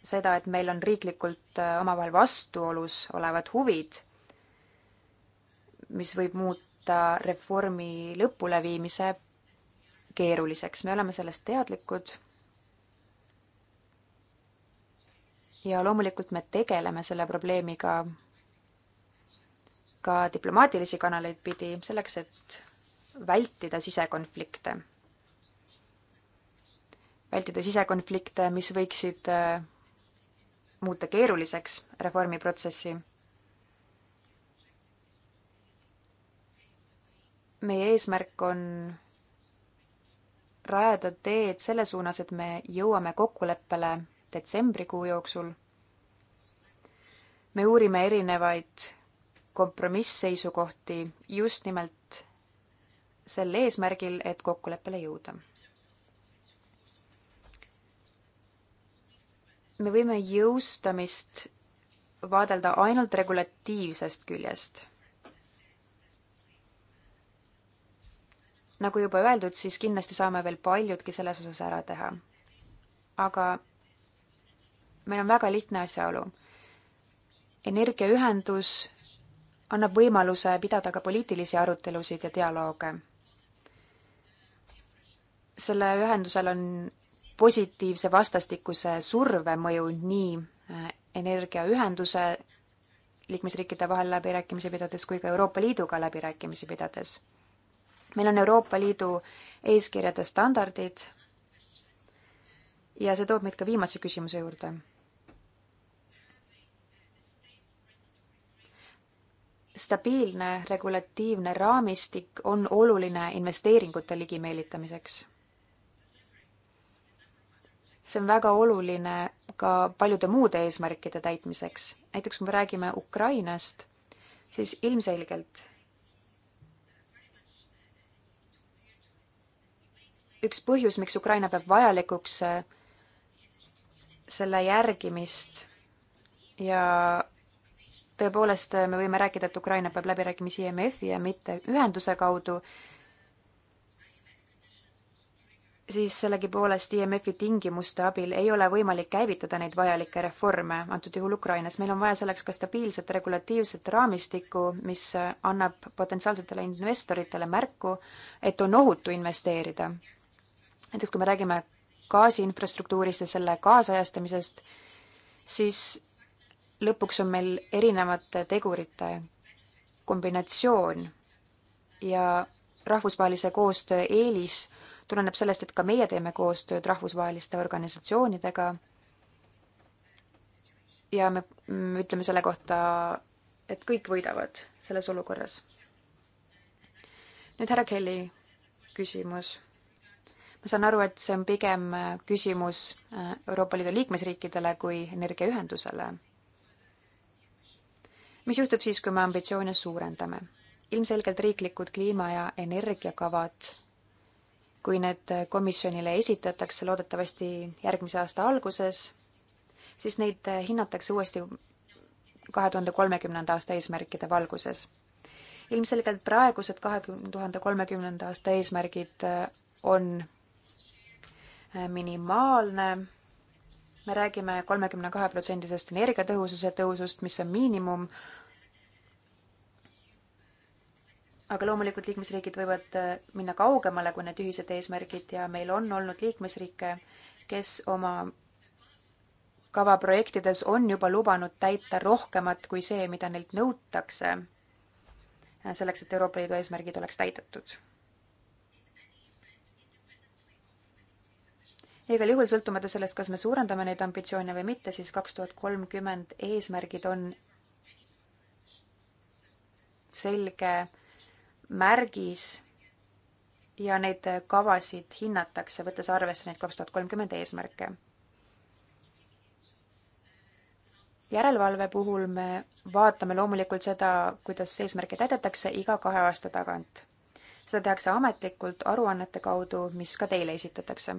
seda, et meil on riiklikult äh, omavahel vastuolus olevad huvid, mis võib muuta reformi lõpuleviimise keeruliseks, me oleme sellest teadlikud. ja loomulikult me tegeleme selle probleemiga ka diplomaatilisi kanaleid pidi, selleks et vältida sisekonflikte vältida sisekonflikte, mis võiksid äh, muuta keeruliseks reformiprotsessi. meie eesmärk on rajada teed selle suunas, et me jõuame kokkuleppele detsembrikuu jooksul. me uurime erinevaid kompromissseisukohti just nimelt sel eesmärgil, et kokkuleppele jõuda. me võime jõustamist vaadelda ainult regulatiivsest küljest. nagu juba öeldud, siis kindlasti saame veel paljudki selles osas ära teha. aga meil on väga lihtne asjaolu. energiaühendus annab võimaluse pidada ka poliitilisi arutelusid ja dialoog. selle ühendusel on positiivse vastastikuse surve mõju nii äh, energiaühenduse liikmesriikide vahel läbirääkimisi pidades kui ka Euroopa Liiduga läbirääkimisi pidades. meil on Euroopa Liidu eeskirjade standardid ja see toob meid ka viimase küsimuse juurde. stabiilne regulatiivne raamistik on oluline investeeringute ligimeelitamiseks see on väga oluline ka paljude muude eesmärkide täitmiseks. näiteks kui me räägime Ukrainast, siis ilmselgelt üks põhjus, miks Ukraina peab vajalikuks selle järgimist ja tõepoolest me võime rääkida, et Ukraina peab läbirääkimisi IMF-i e ja mitte ühenduse kaudu, siis sellegipoolest IMF-i tingimuste abil ei ole võimalik käivitada neid vajalikke reforme, antud juhul Ukrainas. meil on vaja selleks ka stabiilset regulatiivset raamistikku, mis annab potentsiaalsetele investoritele märku, et on ohutu investeerida. näiteks kui me räägime gaasiinfrastruktuurist ja selle kaasajastamisest, siis lõpuks on meil erinevate tegurite kombinatsioon ja rahvusvahelise koostöö eelis tuleneb sellest, et ka meie teeme koostööd rahvusvaheliste organisatsioonidega. ja me ütleme selle kohta, et kõik võidavad selles olukorras. nüüd härra Kelly küsimus. ma saan aru, et see on pigem küsimus äh, Euroopa Liidu liikmesriikidele kui energiaühendusele. mis juhtub siis, kui me ambitsioone suurendame? ilmselgelt riiklikud kliima- ja energiakavad kui need komisjonile esitatakse loodetavasti järgmise aasta alguses, siis neid hinnatakse uuesti kahe tuhande kolmekümnenda aasta eesmärkide valguses. ilmselgelt praegused kahe tuhande kolmekümnenda aasta eesmärgid äh, on äh, minimaalne, me räägime kolmekümne kahe protsendisest energiatõhususe tõusust, mis on miinimum, aga loomulikult liikmesriigid võivad äh, minna kaugemale kui need ühised eesmärgid ja meil on olnud liikmesriike, kes oma kavaprojektides on juba lubanud täita rohkemat kui see, mida neilt nõutakse, äh, selleks et Euroopa Liidu eesmärgid oleks täidetud. igal juhul, sõltumata sellest, kas me suurendame neid ambitsioone või mitte, siis kaks tuhat kolmkümmend eesmärgid on selge märgis ja neid kavasid hinnatakse, võttes arvesse neid kaks tuhat kolmkümmend eesmärke. järelevalve puhul me vaatame loomulikult seda, kuidas eesmärke täidetakse iga kahe aasta tagant. seda tehakse ametlikult aruannete kaudu, mis ka teile esitatakse.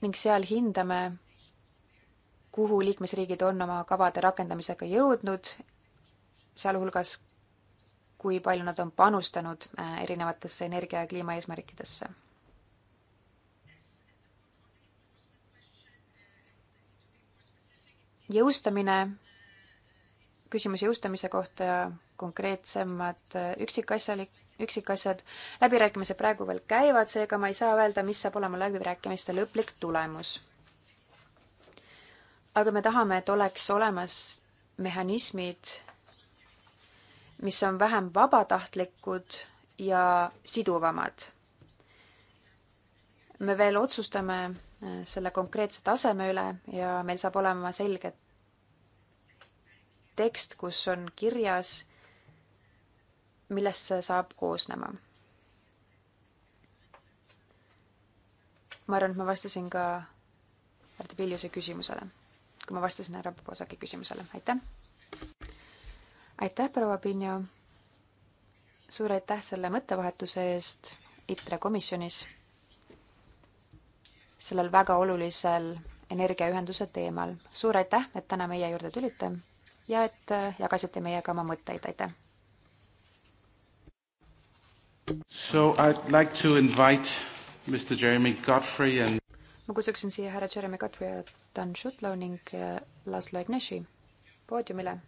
ning seal hindame, kuhu liikmesriigid on oma kavade rakendamisega jõudnud, sealhulgas kui palju nad on panustanud äh, erinevatesse energia- ja kliimaeesmärkidesse. jõustamine, küsimus jõustamise kohta ja konkreetsemad äh, üksikasjalik, üksikasjad, läbirääkimised praegu veel käivad, seega ma ei saa öelda, mis saab olema läbirääkimiste lõplik tulemus. aga me tahame, et oleks olemas mehhanismid, mis on vähem vabatahtlikud ja siduvamad. me veel otsustame äh, selle konkreetse taseme üle ja meil saab olema selge tekst, kus on kirjas, millest see saab koosnema. ma arvan, et ma vastasin ka härra Piljuse küsimusele, kui ma vastasin härra Poposaki küsimusele, aitäh! aitäh, proua Pinjo. suur aitäh selle mõttevahetuse eest ITRE komisjonis sellel väga olulisel energiaühenduse teemal. suur aitäh, et täna meie juurde tulite ja et äh, jagasite meiega oma mõtteid, aitäh. So I'd like to invite Mr Jeremy Godfrey and ma kutsuksin siia härra Jeremy Godfrey ja Dan Shutlow ning äh, Laslo Ignasi poodiumile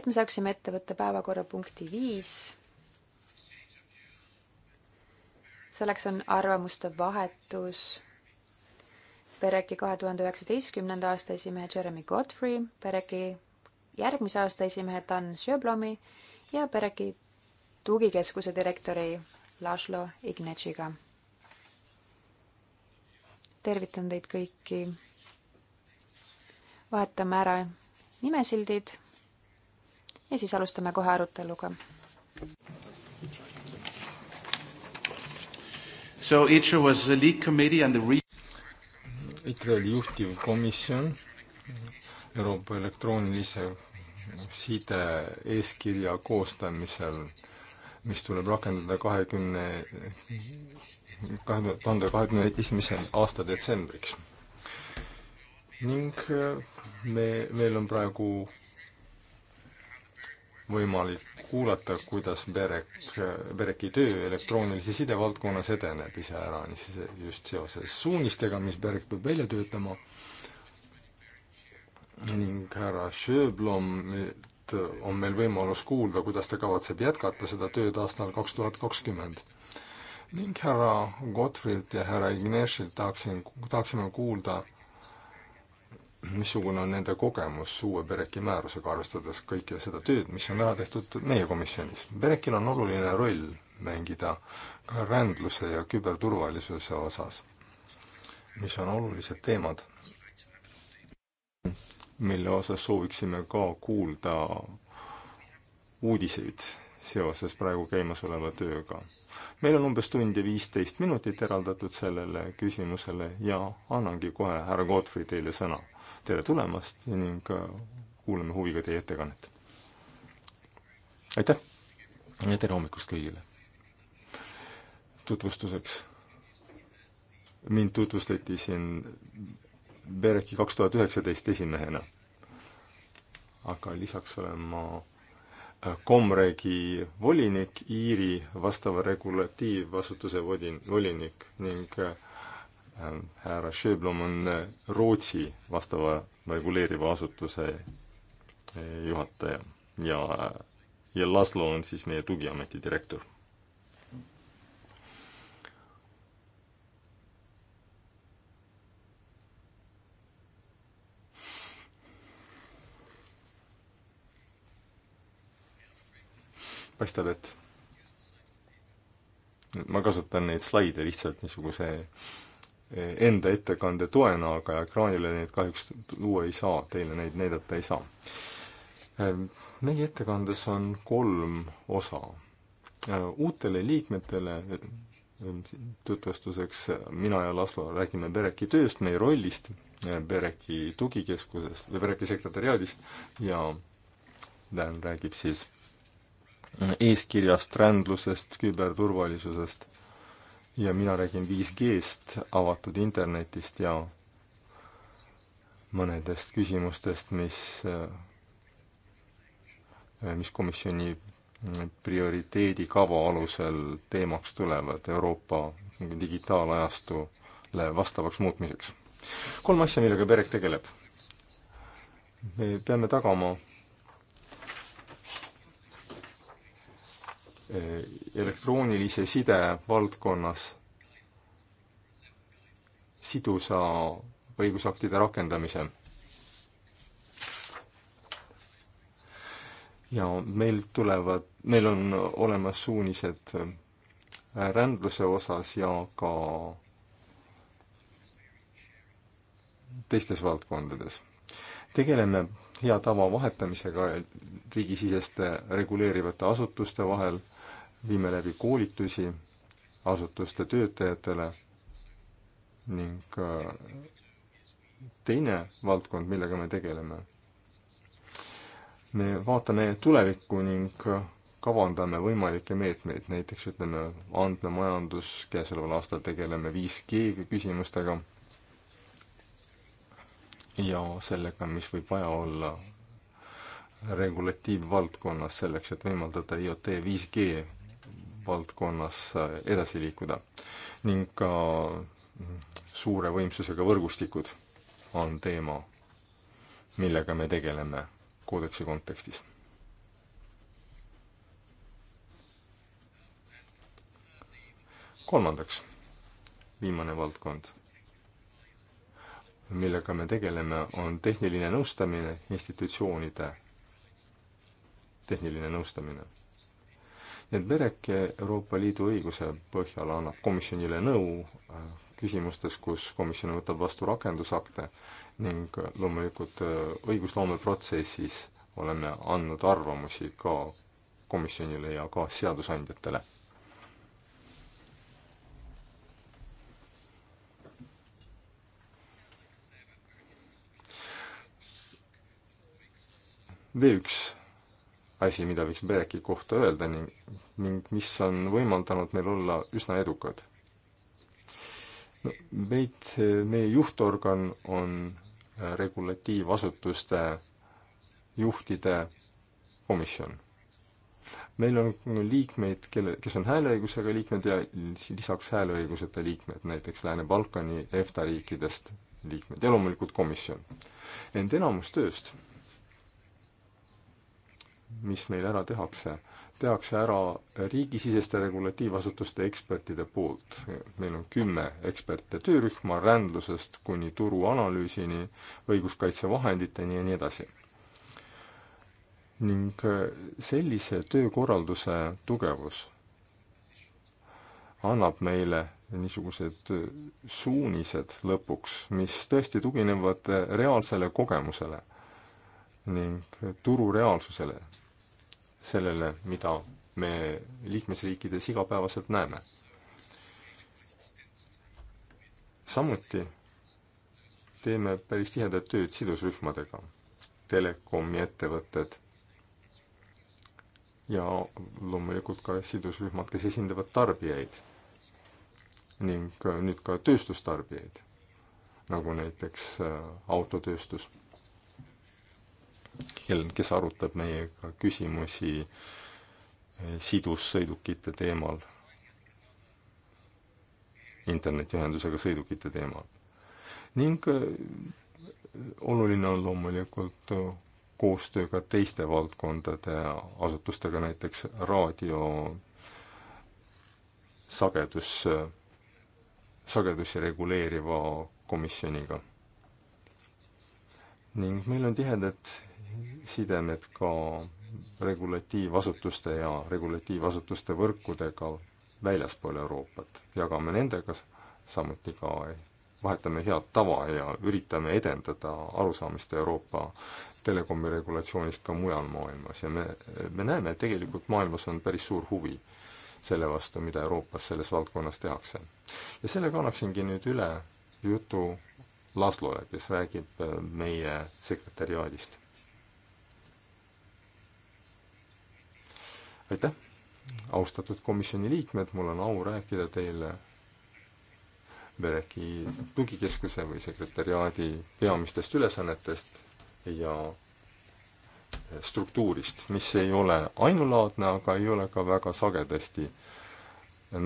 et me saaksime ette võtta päevakorrapunkti viis. selleks on arvamuste vahetus Pereki kahe tuhande üheksateistkümnenda aasta esimehe Jeremy Godfrey, Pereki järgmise aasta esimehe Dan Sjöblomi ja Pereki tugikeskuse direktori Laslo Ignatšiga. tervitan teid kõiki. vahetame ära nimesildid ja siis alustame kohe aruteluga. So ITRE was the lead committee and the re-... ITRE oli juhtiv komisjon Euroopa elektroonilise side eeskirja koostamisel, mis tuleb rakendada kahekümne, kahe tuhande kahekümne esimese aasta detsembriks. ning eh, me, meil on praegu võimalik kuulata, kuidas BEREK, BEREKi töö elektroonilise side valdkonnas edeneb iseäranis just seoses suunistega, mis BEREK peab välja töötama ning härra Schöblomilt on meil võimalus kuulda, kuidas ta kavatseb jätkata seda tööd aastal kaks tuhat kakskümmend. ning härra Gottfried ja härra Ignesilt tahaksin, tahaksime kuulda äh, missugune on nende kogemus uue Bereki määrusega, arvestades kõike seda tööd, mis on ära tehtud meie komisjonis. Berekil on oluline roll mängida ka rändluse ja küberturvalisuse osas, mis on olulised teemad, mille osas sooviksime ka kuulda uudiseid seoses praegu käimasoleva tööga. meil on umbes tund ja viisteist minutit eraldatud sellele küsimusele ja annangi kohe härra Godfrey teile sõna tere tulemast ning äh, kuulame huviga teie ettekannet. aitäh ja tere hommikust kõigile! tutvustuseks, mind tutvustati siin BERECi kaks tuhat üheksateist esimehena. aga lisaks olen ma Komregi äh, volinik, Iiri vastava regulatiivasutuse volin-, volinik ning äh, härra Schöblom on äh, Rootsi vastava reguleeriva asutuse äh, juhataja ja, äh, ja Laslo on siis meie tugiameti direktor paistab, et ma kasutan neid slaide lihtsalt niisuguse enda ettekande toena, aga ekraanile neid kahjuks luua ei saa, teile neid näidata ei saa. Ehm, meie ettekandes on kolm osa. Ehm, uutele liikmetele ehm, tutvustuseks mina ja Laslo räägime Bereki tööst, meie rollist, Bereki tugikeskusest või Bereki sekretäriaadist ja Dan räägib siis eeskirjast, rändlusest, küberturvalisusest ja mina räägin 5G-st, avatud internetist ja mõnedest küsimustest, mis, äh, mis komisjoni prioriteedikava alusel teemaks tulevad Euroopa digitaalajastule vastavaks muutmiseks. kolm asja, millega PEREK tegeleb. me peame tagama Eh, elektroonilise side valdkonnas sidusa õigusaktide rakendamise. ja meil tulevad, meil on olemas suunised eh, rändluse osas ja ka teistes valdkondades. tegeleme hea tava vahetamisega riigisiseste reguleerivate asutuste vahel viime läbi koolitusi asutuste töötajatele ning äh, teine valdkond, millega me tegeleme, me vaatame tulevikku ning äh, kavandame võimalikke meetmeid, näiteks ütleme, andmemajandus, käesoleval aastal tegeleme 5G küsimustega ja sellega, mis võib vaja olla regulatiivvaldkonnas selleks, et võimaldada IoT 5G valdkonnas äh, edasi liikuda. ning ka mm, suure võimsusega võrgustikud on teema, millega me tegeleme koodeksi kontekstis. kolmandaks, viimane valdkond, millega me tegeleme, on tehniline nõustamine institutsioonide tehniline nõustamine et BEREC Euroopa Liidu õiguse põhjal annab komisjonile nõu äh, küsimustes, kus komisjon võtab vastu rakendusakte ning loomulikult äh, õigusloomeprotsessis oleme andnud arvamusi ka komisjonile ja ka seadusandjatele. veel üks asi, mida võiks Bereki kohta öelda ning, ning mis on võimaldanud meil olla üsna edukad. no meid, meie juhtorgan on äh, regulatiivasutuste juhtide komisjon. meil on liikmeid, kelle, kes on hääleõigusega liikmed ja lisaks hääleõiguseta liikmed, näiteks Lääne-Balkani EFTA riikidest liikmed ja loomulikult komisjon. ent enamus tööst mis meil ära tehakse, tehakse ära riigisiseste regulatiivasutuste ekspertide poolt. meil on kümme eksperte töörühma rändlusest kuni turuanalüüsini, õiguskaitsevahenditeni ja nii edasi. ning äh, sellise töökorralduse tugevus annab meile niisugused äh, suunised lõpuks, mis tõesti tuginevad äh, reaalsele kogemusele ning turureaalsusele sellele, mida me liikmesriikides igapäevaselt näeme. samuti teeme päris tihedat tööd sidusrühmadega, telekomi ettevõtted ja loomulikult ka sidusrühmad, kes esindavad tarbijaid ning nüüd ka tööstustarbijaid, nagu näiteks äh, autotööstus Helen, kes arutab meiega küsimusi eh, sidussõidukite teemal, internetiühendusega sõidukite teemal. ning eh, oluline on loomulikult eh, koostöö ka teiste valdkondade asutustega, näiteks raadio sagedus, sagedusi reguleeriva komisjoniga. ning meil on tihedad sidemed ka regulatiivasutuste ja regulatiivasutuste võrkudega väljaspool Euroopat. jagame nendega samuti ka, vahetame head tava ja üritame edendada arusaamist Euroopa telekomi regulatsioonist ka mujal maailmas ja me, me näeme, et tegelikult maailmas on päris suur huvi selle vastu, mida Euroopas selles valdkonnas tehakse. ja sellega annaksingi nüüd üle jutu Laslole, kes räägib meie sekretäriaadist aitäh, austatud komisjoni liikmed, mul on au rääkida teile Vereki tugikeskuse või sekretäriaadi peamistest ülesannetest ja struktuurist, mis ei ole ainulaadne, aga ei ole ka väga sagedasti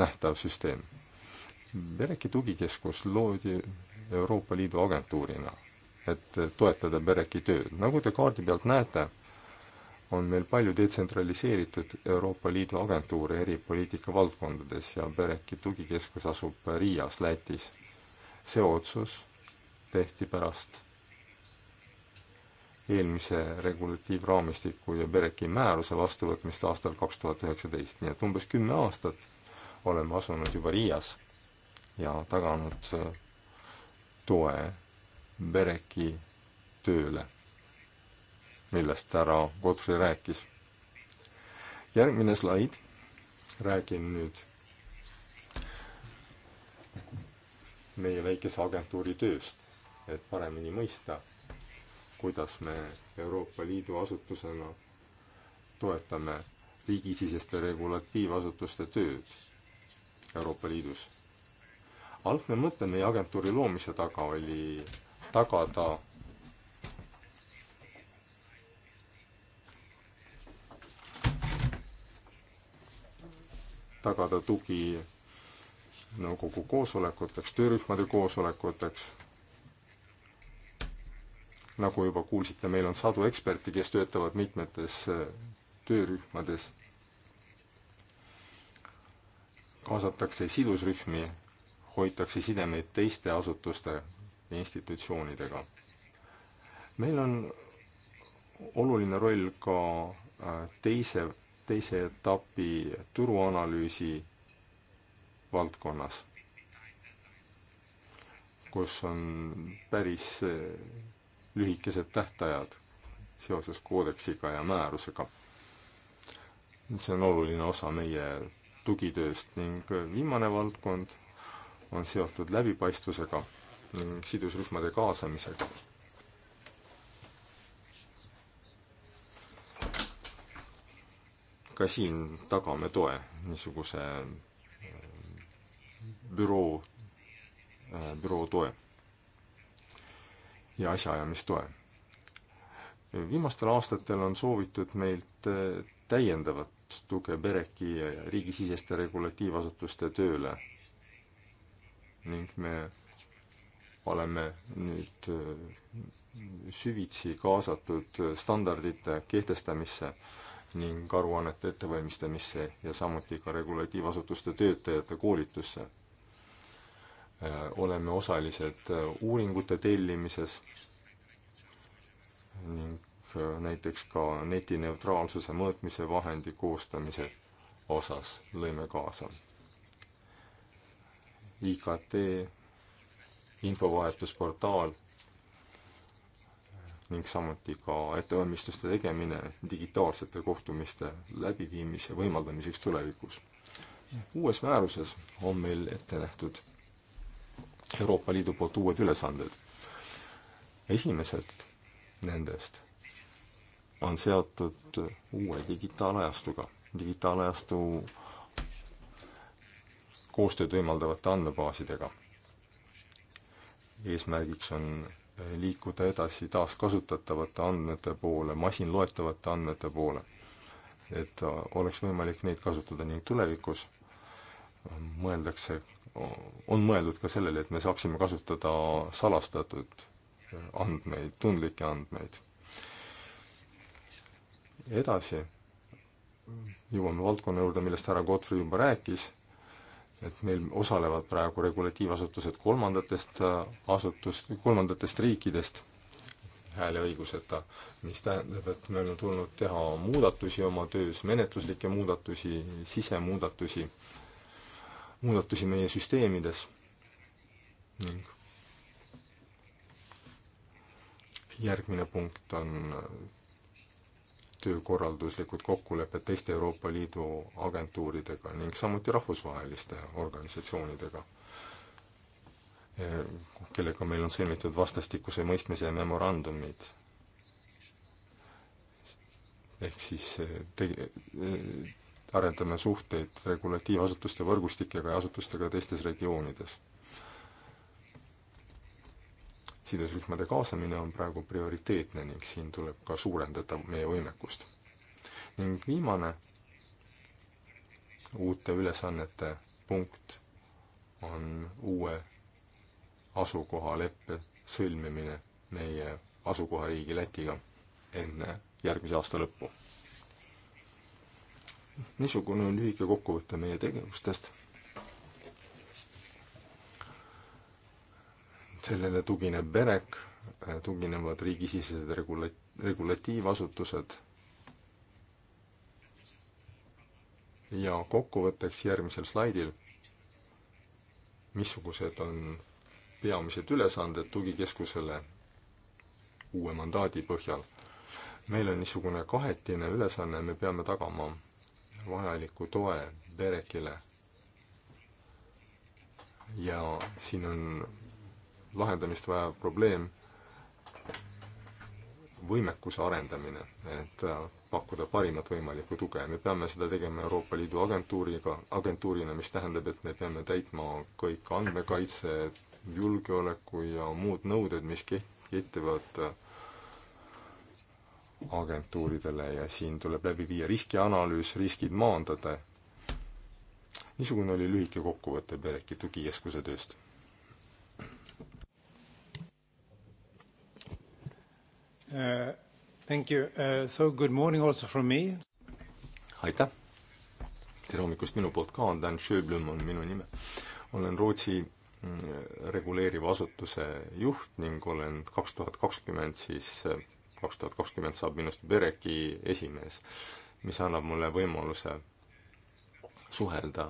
nähtav süsteem. Vereki tugikeskus loodi Euroopa Liidu agentuurina, et toetada Vereki tööd. nagu te kaardi pealt näete on meil palju detsentraliseeritud Euroopa Liidu agentuure eri poliitikavaldkondades ja Bereki tugikeskus asub Riias, Lätis. see otsus tehti pärast eelmise regulatiivraamistiku ja Bereki määruse vastuvõtmist aastal kaks tuhat üheksateist, nii et umbes kümme aastat oleme asunud juba Riias ja taganud äh, toe Bereki tööle millest härra Godfrey rääkis. järgmine slaid, räägin nüüd meie väikese agentuuri tööst, et paremini mõista, kuidas me Euroopa Liidu asutusena toetame riigisiseste regulatiivasutuste tööd Euroopa Liidus. algne mõte meie agentuuri loomise taga oli tagada tagada tugi nõukogu koosolekuteks, töörühmade koosolekuteks. nagu juba kuulsite, meil on sadu eksperte, kes töötavad mitmetes äh, töörühmades. kaasatakse sidusrühmi, hoitakse sidemeid teiste asutuste ja institutsioonidega. meil on oluline roll ka äh, teise teise etapi turuanalüüsi valdkonnas, kus on päris eh, lühikesed tähtajad seoses koodeksiga ja määrusega. see on oluline osa meie tugitööst ning viimane valdkond on seotud läbipaistvusega ning sidusrühmade kaasamisega ka siin tagame toe niisuguse äh, büroo, äh, büroo toe ja asjaajamistoe. viimastel aastatel on soovitud meilt äh, täiendavat tuge pereki ja riigisiseste regulatiivasutuste tööle ning me oleme nüüd süvitsi kaasatud standardite kehtestamisse ning aruannete ettevalmistamisse ja samuti ka regulatiivasutuste töötajate koolitusse. Äh, oleme osalised äh, uuringute tellimises ning äh, näiteks ka netineutraalsuse mõõtmise vahendi koostamise osas lõime kaasa. IKT infovahetusportaal ning samuti ka ettevalmistuste tegemine digitaalsete kohtumiste läbiviimise võimaldamiseks tulevikus. uues määruses on meil ette nähtud Euroopa Liidu poolt uued ülesanded. esimesed nendest on seotud uue digitaalajastuga, digitaalajastu koostööd võimaldavate andmebaasidega. eesmärgiks on liikuda edasi taaskasutatavate andmete poole, masinloetavate andmete poole. et oleks võimalik neid kasutada ning tulevikus mõeldakse, on mõeldud ka sellele, et me saaksime kasutada salastatud andmeid, tundlikke andmeid. edasi jõuame valdkonna juurde, millest härra Godfrey juba rääkis et meil osalevad praegu regulatiivasutused kolmandatest äh, asutust, kolmandatest riikidest hääleõiguseta, mis tähendab, et me oleme tulnud teha muudatusi oma töös, menetluslikke muudatusi, sisemuudatusi, muudatusi meie süsteemides ning järgmine punkt on töökorralduslikud kokkulepped teiste Euroopa Liidu agentuuridega ning samuti rahvusvaheliste organisatsioonidega, eh, kellega meil on sõlmitud vastastikuse mõistmise memorandumid. ehk siis eh, tege-, eh, arendame suhteid regulatiivasutuste võrgustikega ja asutustega teistes regioonides sidusrühmade kaasamine on praegu prioriteetne ning siin tuleb ka suurendada meie võimekust. ning viimane uute ülesannete punkt on uue asukohaleppe sõlmimine meie asukohariigi Lätiga enne järgmise aasta lõppu. niisugune on lühike kokkuvõte meie tegevustest sellele tugineb BEREC, tuginevad riigisisesed regula-, regulatiivasutused ja kokkuvõtteks järgmisel slaidil, missugused on peamised ülesanded tugikeskusele uue mandaadi põhjal. meil on niisugune kahetine ülesanne, me peame tagama vajaliku toe Berekile ja siin on lahendamist vajav probleem võimekuse arendamine, et äh, pakkuda parimat võimalikku tuge. me peame seda tegema Euroopa Liidu agentuuriga, agentuurina, mis tähendab, et me peame täitma kõik andmekaitse, julgeoleku ja muud nõuded, mis kehtivad äh, agentuuridele ja siin tuleb läbi viia riskianalüüs, riskid maandada. niisugune oli lühike kokkuvõte Bereki tugikeskuse tööst Uh, thank you uh,. So good morning also from me. aitäh. tere hommikust minu poolt ka, Dan Schöblum on minu nime. olen Rootsi mm, reguleeriva asutuse juht ning olen kaks tuhat kakskümmend siis, äh, kaks tuhat kakskümmend saab minust Bereki esimees, mis annab mulle võimaluse suhelda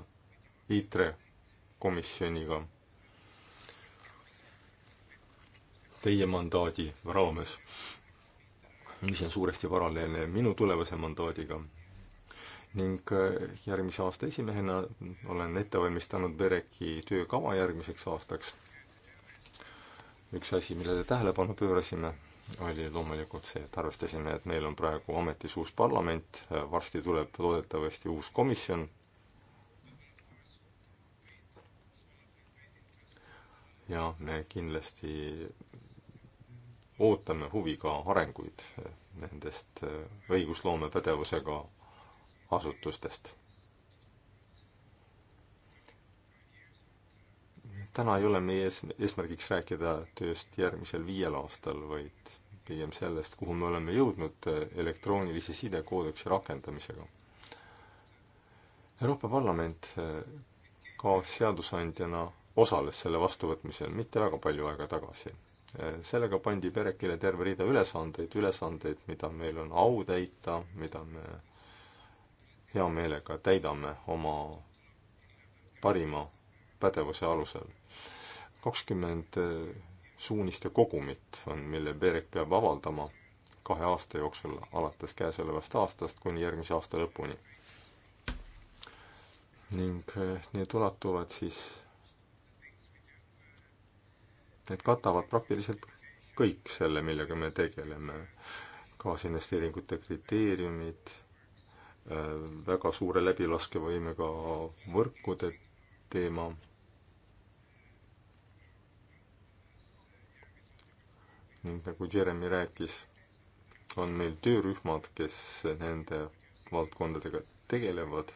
ITRE komisjoniga teie mandaadi raames mis on suuresti paralleelne minu tulevase mandaadiga. ning äh, järgmise aasta esimehena olen ette valmistanud BEREC-i töökava järgmiseks aastaks. üks asi, millele tähelepanu pöörasime, oli loomulikult see, et arvestasime, et meil on praegu ametis uus parlament, varsti tuleb loodetavasti uus komisjon, ja me kindlasti ootame huviga arenguid eh, nendest eh, õigusloome pädevusega asutustest. täna ei ole meie ees, eesmärgiks rääkida tööst järgmisel viiel aastal, vaid pigem sellest, kuhu me oleme jõudnud eh, elektroonilise sidekoodeksi rakendamisega. Euroopa Parlament kaasseadusandjana osales selle vastuvõtmisel mitte väga palju aega tagasi sellega pandi perekile terve rida ülesandeid, ülesandeid, mida meil on au täita, mida me hea meelega täidame oma parima pädevuse alusel. kakskümmend eh, suuniste kogumit on, mille Berek peab avaldama kahe aasta jooksul, alates käesolevast aastast kuni järgmise aasta lõpuni. ning eh, need ulatuvad siis Need katavad praktiliselt kõik selle, millega me tegeleme. kaasinvesteeringute kriteeriumid, äh, väga suure läbilaskevõimega võrkude teema, ning nagu Jeremy rääkis, on meil töörühmad, kes nende valdkondadega tegelevad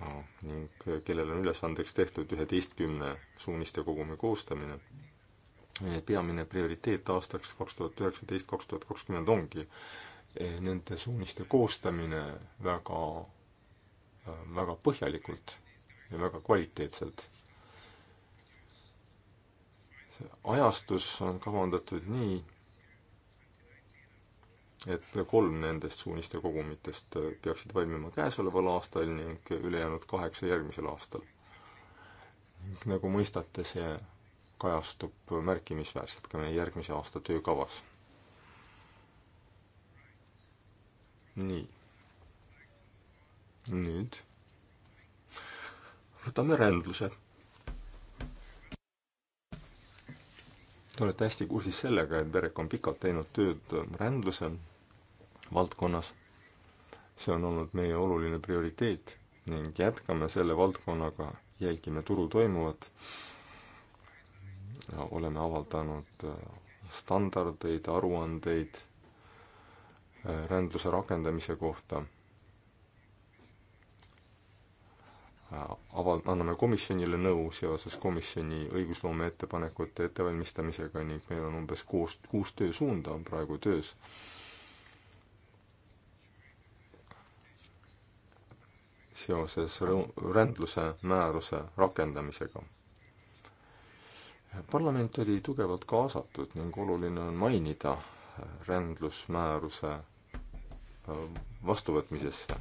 ah, ning kellel on ülesandeks tehtud üheteistkümne suuniste kogumi koostamine peamine prioriteet aastaks kaks tuhat üheksateist, kaks tuhat kakskümmend ongi eh, nende suuniste koostamine väga, väga põhjalikult ja väga kvaliteetselt. see ajastus on kavandatud nii, et kolm nendest suuniste kogumitest peaksid valmima käesoleval aastal ning ülejäänud kaheksa järgmisel aastal. nagu mõistate, see kajastub märkimisväärselt ka meie järgmise aasta töökavas. nii. nüüd võtame rändluse. Te olete hästi kursis sellega, et Derek on pikalt teinud tööd rändluse valdkonnas. see on olnud meie oluline prioriteet ning jätkame selle valdkonnaga, jälgime turu toimuvat oleme avaldanud äh, standardeid, aruandeid äh, rändluse rakendamise kohta. Äh, aval-, anname komisjonile nõu seoses komisjoni õigusloome ettepanekute ettevalmistamisega ning meil on umbes kuus, kuus töösuunda on praegu töös seoses rõu-, rändluse määruse rakendamisega parlament oli tugevalt kaasatud ning oluline on mainida rändlusmääruse äh, vastuvõtmisesse,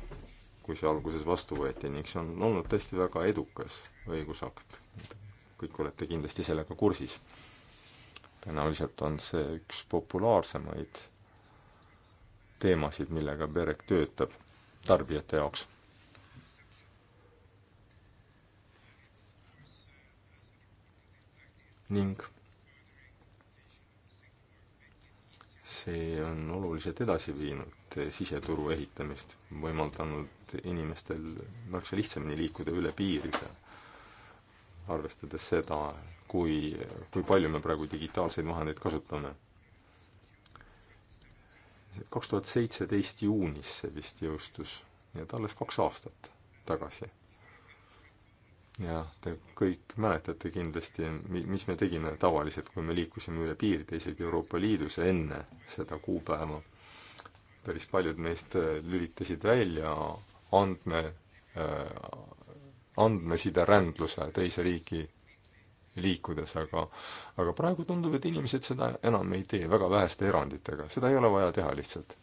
kui see alguses vastu võeti ning see on olnud tõesti väga edukas õigusakt. kõik olete kindlasti sellega kursis. tõenäoliselt on see üks populaarsemaid teemasid, millega BEREC töötab tarbijate jaoks ning see on oluliselt edasi viinud siseturu ehitamist, võimaldanud inimestel märksa lihtsamini liikuda üle piiride, arvestades seda, kui, kui palju me praegu digitaalseid vahendeid kasutame. kaks tuhat seitseteist juunis see vist jõustus, nii et alles kaks aastat tagasi ja te kõik mäletate kindlasti, mis me tegime tavaliselt, kui me liikusime üle piiride, isegi Euroopa Liidus enne seda kuupäeva. päris paljud meist äh, lülitasid välja andme, äh, andmesiderändluse teise riigi liikudes, aga aga praegu tundub, et inimesed seda enam ei tee, väga väheste eranditega, seda ei ole vaja teha lihtsalt.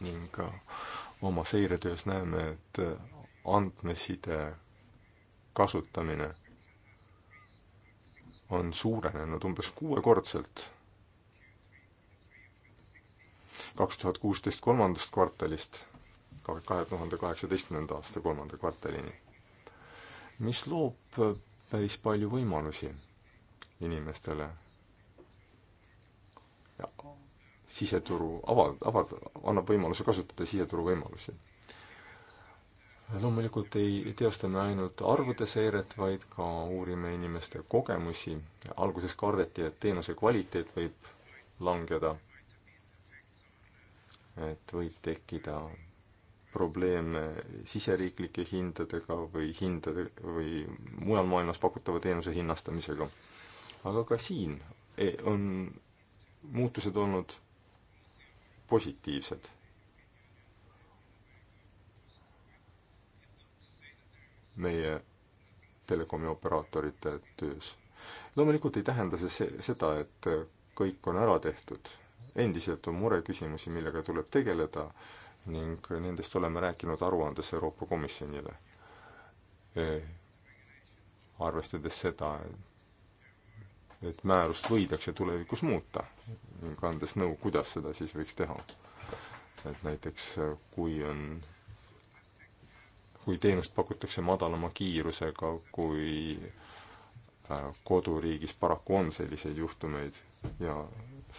ning äh, oma seiretöös näeme, et andmeside kasutamine on suurenenud umbes kuuekordselt kaks tuhat kuusteist kolmandast kvartalist kahe tuhande kaheksateistkümnenda aasta kolmanda kvartalini, mis loob päris palju võimalusi inimestele ja siseturu ava-, ava-, annab võimaluse kasutada siseturu võimalusi loomulikult ei teosta me ainult arvude seiret, vaid ka uurime inimeste kogemusi. alguses kardeti, et teenuse kvaliteet võib langeda. et võib tekkida probleeme siseriiklike hindadega või hindade või mujal maailmas pakutava teenuse hinnastamisega. aga ka siin e-, on muutused olnud positiivsed meie telekomi operaatorite töös. loomulikult ei tähenda see seda, et kõik on ära tehtud, endiselt on mureküsimusi, millega tuleb tegeleda ning nendest oleme rääkinud aruandes Euroopa Komisjonile. arvestades seda, et määrust võidakse tulevikus muuta ning andes nõu, kuidas seda siis võiks teha. et näiteks kui on kui teenust pakutakse madalama kiirusega, kui äh, koduriigis paraku on selliseid juhtumeid ja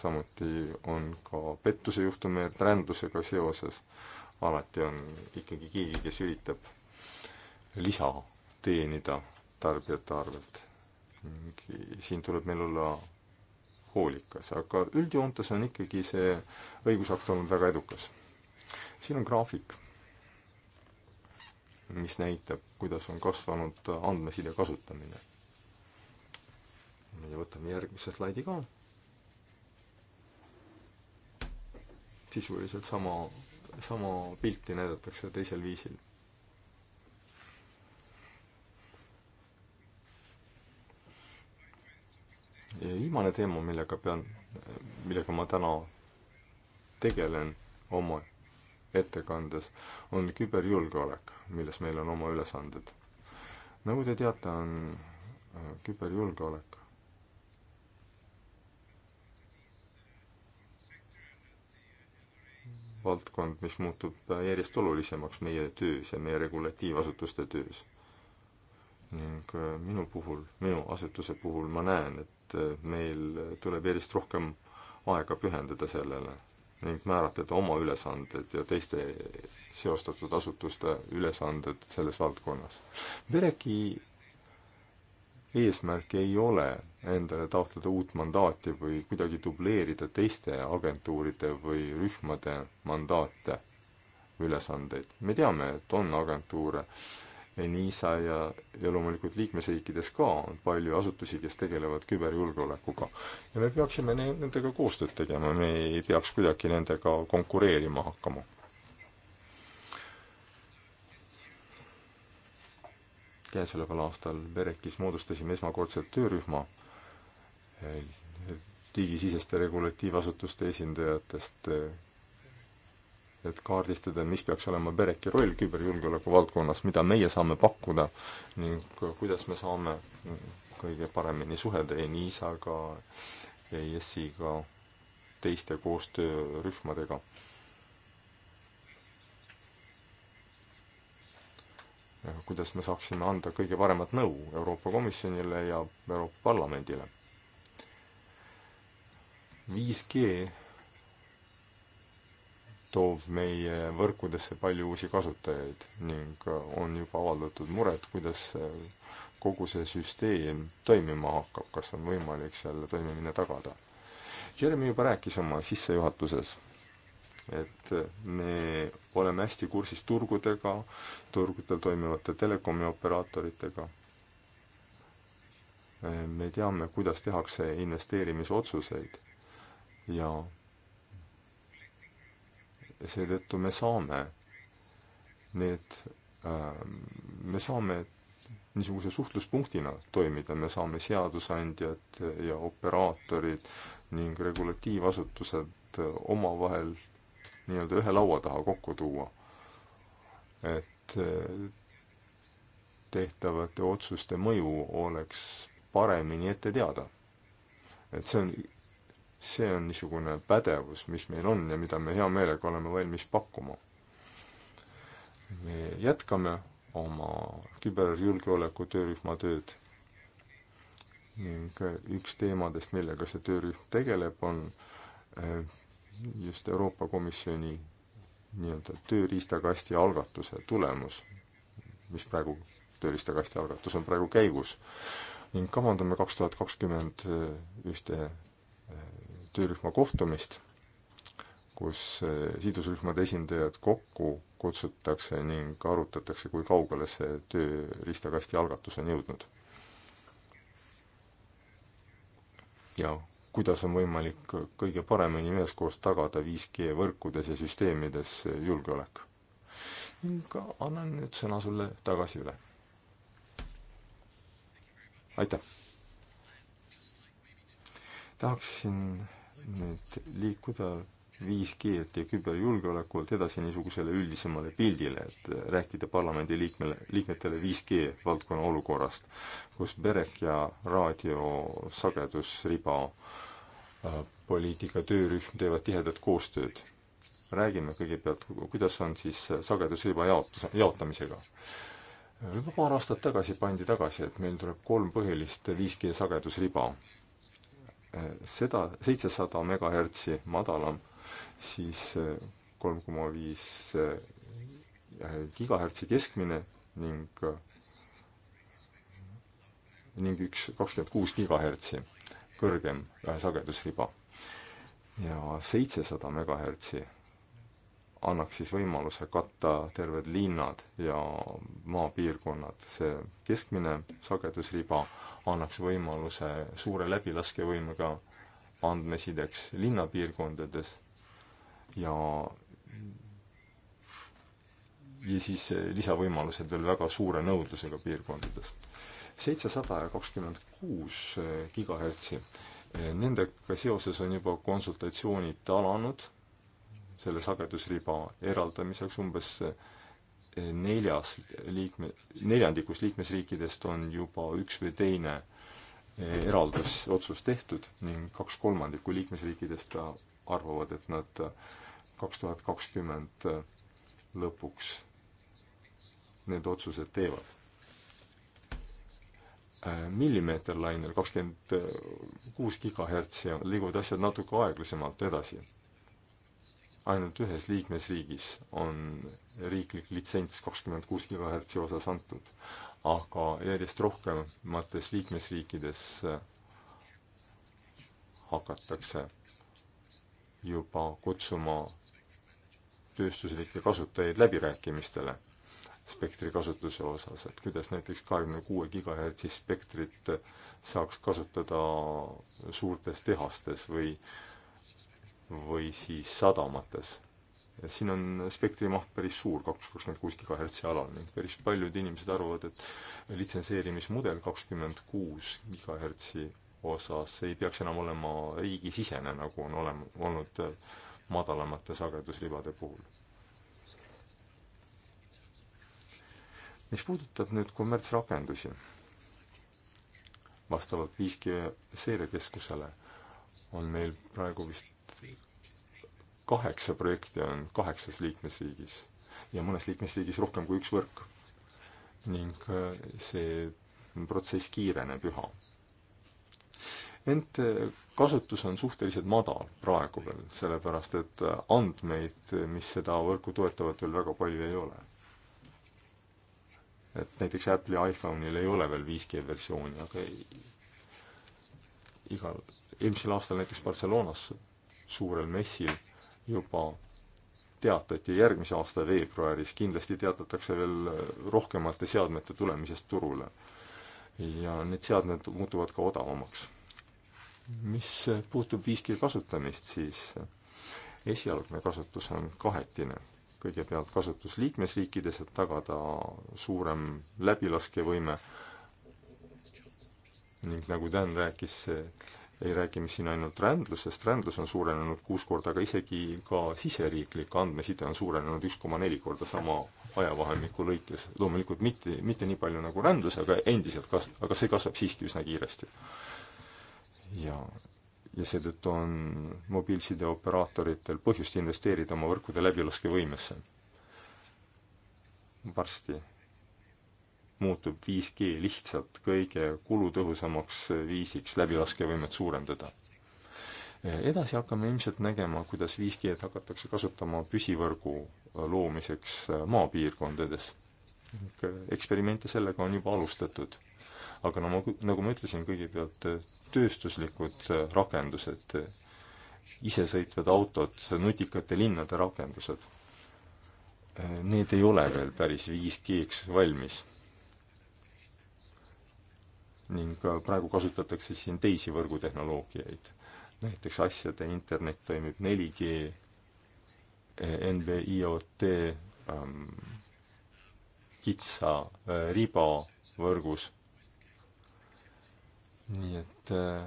samuti on ka pettuse juhtumeid rändusega seoses. alati on ikkagi keegi, kes üritab lisa teenida tarbijate arvelt. siin tuleb meil olla hoolikas, aga üldjoontes on ikkagi see õigusakt olnud väga edukas. siin on graafik mis näitab, kuidas on kasvanud andmeside kasutamine. ja võtame järgmise slaidi ka. sisuliselt sama, sama pilti näidatakse teisel viisil ja viimane teema, millega pean, millega ma täna tegelen oma ettekandes, on küberjulgeolek, milles meil on oma ülesanded. nagu te teate, on äh, küberjulgeolek valdkond, mis muutub äh, järjest olulisemaks meie töös ja meie regulatiivasutuste töös. ning äh, minu puhul, minu asutuse puhul ma näen, et meil tuleb järjest rohkem aega pühendada sellele ning määratleda oma ülesanded ja teiste seostatud asutuste ülesanded selles valdkonnas. Bereki eesmärk ei ole endale taotleda uut mandaati või kuidagi dubleerida teiste agentuuride või rühmade mandaate, ülesandeid. me teame, et on agentuure äh,, NISA ja, ja loomulikult liikmesriikides ka on palju asutusi, kes tegelevad küberjulgeolekuga. ja me peaksime ne-, nendega koostööd tegema, me ei peaks kuidagi nendega konkureerima hakkama. käesoleval aastal Verekis moodustasime esmakordselt töörühma eh, eh, riigisiseste regulatiivasutuste esindajatest eh, et kaardistada, mis peaks olema pereki roll küberjulgeoleku valdkonnas, mida meie saame pakkuda ning kuidas me saame kõige paremini suhelda ENISA-ga, EIS-iga, teiste koostöörühmadega. kuidas me saaksime anda kõige paremat nõu Euroopa Komisjonile ja Euroopa Parlamendile. 5G toob meie võrkudesse palju uusi kasutajaid ning äh, on juba avaldatud muret, kuidas äh, kogu see süsteem toimima hakkab, kas on võimalik selle toimimine tagada. Jeremy juba rääkis oma sissejuhatuses, et äh, me oleme hästi kursis turgudega, turgudel toimivate telekomi operaatoritega. me teame, kuidas tehakse investeerimisotsuseid ja seetõttu me saame need, ähm, me saame niisuguse suhtluspunktina toimida, me saame seadusandjad ja operaatorid ning regulatiivasutused omavahel nii-öelda ühe laua taha kokku tuua. et äh, tehtavate otsuste mõju oleks paremini ette teada. et see on see on niisugune pädevus, mis meil on ja mida me hea meelega oleme valmis pakkuma. me jätkame oma küberjulgeoleku töörühma tööd ning üks teemadest, millega see töörühm tegeleb, on eh, just Euroopa Komisjoni nii-öelda tööriistakasti algatuse tulemus, mis praegu, tööriistakasti algatus on praegu käigus ning kavandame kaks tuhat kakskümmend ühte töörühma kohtumist, kus eh, sidusrühmade esindajad kokku kutsutakse ning arutatakse, kui kaugele see töö riistakasti algatus on jõudnud. ja kuidas on võimalik kõige paremini üheskoos tagada 5G võrkudes ja süsteemides julgeolek. ning annan nüüd sõna sulle tagasi üle. aitäh! tahaksin nüüd liikuda 5G-lt ja küberjulgeolekult edasi niisugusele üldisemale pildile, et rääkida parlamendi liikmele, liikmetele 5G valdkonna olukorrast, kus perek ja raadiosagedusriba äh, poliitika töörühm teevad tihedat koostööd. räägime kõigepealt, kuidas on siis sagedusriba jaotus, jaotamisega juba paar aastat tagasi pandi tagasi, et meil tuleb kolm põhilist 5G sagedusriba. Äh, seda, seitsesada megahertsi madalam, siis äh, kolm koma viis äh, gigahertsi keskmine ning ning üks kakskümmend kuus gigahertsi kõrgem sagedusriba. ja seitsesada megahertsi annaks siis võimaluse katta terved linnad ja maapiirkonnad. see keskmine sagedusriba annaks võimaluse suure läbilaskevõimega andmesideks linnapiirkondades ja ja siis lisavõimalused veel väga suure nõudlusega piirkondades. seitsesada ja kakskümmend kuus gigahertsi, nendega seoses on juba konsultatsioonid alanud selle sagedusriba eraldamiseks, umbes eh, neljas liikme, neljandikus liikmesriikidest on juba üks või teine eh, eraldusotsus tehtud ning kaks kolmandikku liikmesriikidest arvavad, et nad kaks tuhat kakskümmend eh, lõpuks need otsused teevad. millimeeterlainel kakskümmend kuus gigahertsi liiguvad asjad natuke aeglasemalt edasi ainult ühes liikmesriigis on riiklik litsents kakskümmend kuus gigahertsi osas antud, aga järjest rohkemates liikmesriikides äh, hakatakse juba kutsuma tööstuslikke kasutajaid läbirääkimistele spektri kasutuse osas, et kuidas näiteks kahekümne kuue gigahertsist spektrit saaks kasutada suurtes tehastes või äh, või siis sadamates. ja siin on spektrimaht päris suur, kaks, kakskümmend kuus gigahertsi alal ning päris paljud inimesed arvavad, et litsenseerimismudel kakskümmend kuus gigahertsi osas ei peaks enam olema riigisisene, nagu on olema, olnud madalamate sagedusribade puhul. mis puudutab nüüd kommertsrakendusi, vastavalt 5G seirekeskusele on meil praegu vist kaheksa projekti on kaheksas liikmesriigis ja mõnes liikmesriigis rohkem kui üks võrk. ning äh, see protsess kiireneb üha. ent äh, kasutus on suhteliselt madal praegu veel, sellepärast et äh, andmeid, mis seda võrku toetavad, veel väga palju ei ole. et näiteks Apple'i iPhone'il ei ole veel 5G versiooni, aga ei, igal, eelmisel aastal näiteks Barcelonas suurel messil juba teatati järgmise aasta veebruaris, kindlasti teatatakse veel rohkemate seadmete tulemisest turule. ja need seadmed muutuvad ka odavamaks. mis puutub 5G kasutamist, siis esialgne kasutus on kahetine. kõigepealt kasutus liikmesriikides, et tagada suurem läbilaskevõime ning nagu Dan rääkis, see ei räägi me siin ainult rändlusest, rändlus on suurenenud kuus korda, aga isegi ka siseriiklik andmeside on suurenenud üks koma neli korda sama ajavahemiku lõikes. loomulikult mitte, mitte nii palju nagu rändlus, aga endiselt kas-, aga see kasvab siiski üsna kiiresti. ja ja seetõttu on mobiilsideoperaatoritel põhjust investeerida oma võrkude läbilaskevõimesse. varsti muutub 5G lihtsalt kõige kulutõhusamaks viisiks läbilaskevõimet suurendada. edasi hakkame ilmselt nägema, kuidas 5G-d hakatakse kasutama püsivõrgu loomiseks maapiirkondades. eksperimente sellega on juba alustatud. aga no nagu, ma, nagu ma ütlesin, kõigepealt tööstuslikud rakendused, isesõitvad autod, nutikate linnade rakendused, need ei ole veel päris 5G-ks valmis ning praegu kasutatakse siin teisi võrgutehnoloogiaid. näiteks asjade internet toimib 4G, NB-IoT ähm, kitsa äh, riba võrgus. nii et äh,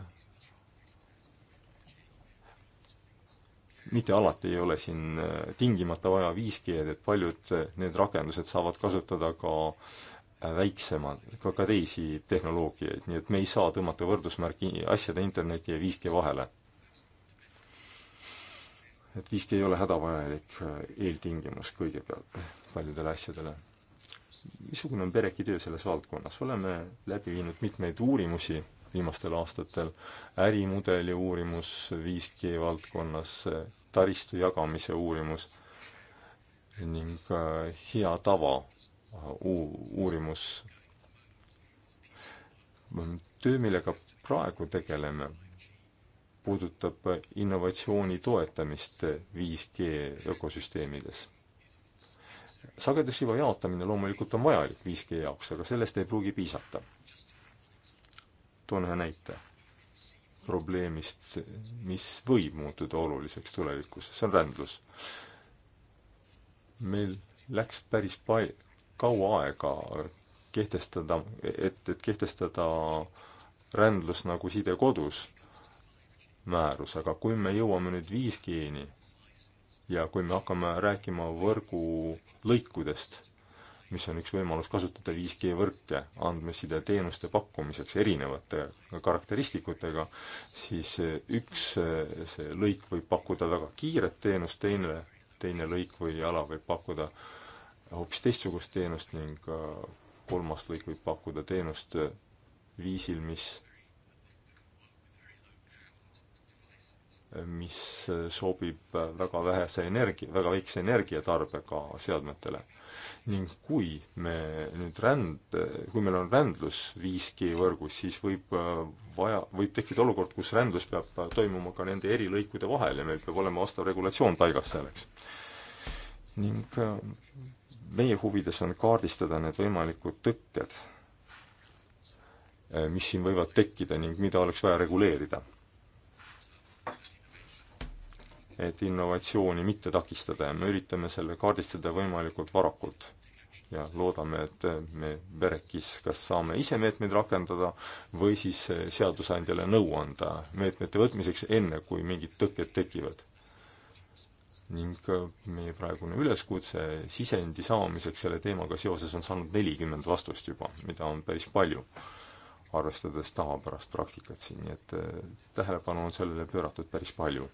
mitte alati ei ole siin äh, tingimata vaja 5G-d, et paljud äh, need rakendused saavad kasutada ka äh, Äh, väiksema, ka, ka teisi tehnoloogiaid, nii et me ei saa tõmmata võrdusmärki asjade interneti ja 5G vahele. et 5G ei ole hädavajalik äh, eeltingimus kõigepealt paljudele asjadele. missugune on Pereki töö selles valdkonnas, oleme läbi viinud mitmeid uurimusi viimastel aastatel, ärimudeli uurimus 5G valdkonnas, taristu jagamise uurimus ning äh, hea tava uurimus. töö, millega praegu tegeleme, puudutab innovatsiooni toetamist 5G ökosüsteemides. sagedusriva jaotamine loomulikult on vajalik 5G jaoks, aga sellest ei pruugi piisata. toon ühe näite probleemist, mis võib muutuda oluliseks tulevikus, see on rändlus. meil läks päris pal-, kaua aega kehtestada, et, et kehtestada rändlus nagu side kodus määrus, aga kui me jõuame nüüd 5G-ni ja kui me hakkame rääkima võrgulõikudest, mis on üks võimalus kasutada 5G võrke andmesideteenuste pakkumiseks erinevate karakteristikutega, siis üks see lõik võib pakkuda väga kiiret teenust, teine, teine lõik või ala võib pakkuda äh, hoopis teistsugust teenust ning kolmas lõik võib pakkuda teenust viisil, mis, mis sobib väga vähese energia, väga väikse energiatarbega seadmetele. ning kui me nüüd ränd, kui meil on rändlus 5G võrgus, siis võib äh, vaja, võib tekkida olukord, kus rändlus peab äh, toimuma ka nende eri lõikude vahel ja meil peab olema vastav regulatsioon paigas selleks. ning äh, meie huvides on kaardistada need võimalikud tõkked, eh, mis siin võivad tekkida ning mida oleks vaja reguleerida. et innovatsiooni mitte takistada ja me üritame selle kaardistada võimalikult varakult. ja loodame, et me verekis kas saame ise meetmeid rakendada või siis seadusandjale nõu anda meetmete võtmiseks, enne kui mingid tõkked tekivad ning meie praegune üleskutse sisendi saamiseks selle teemaga seoses on saanud nelikümmend vastust juba, mida on päris palju, arvestades tavapärast praktikat siin, nii et eh, tähelepanu on sellele pööratud päris palju.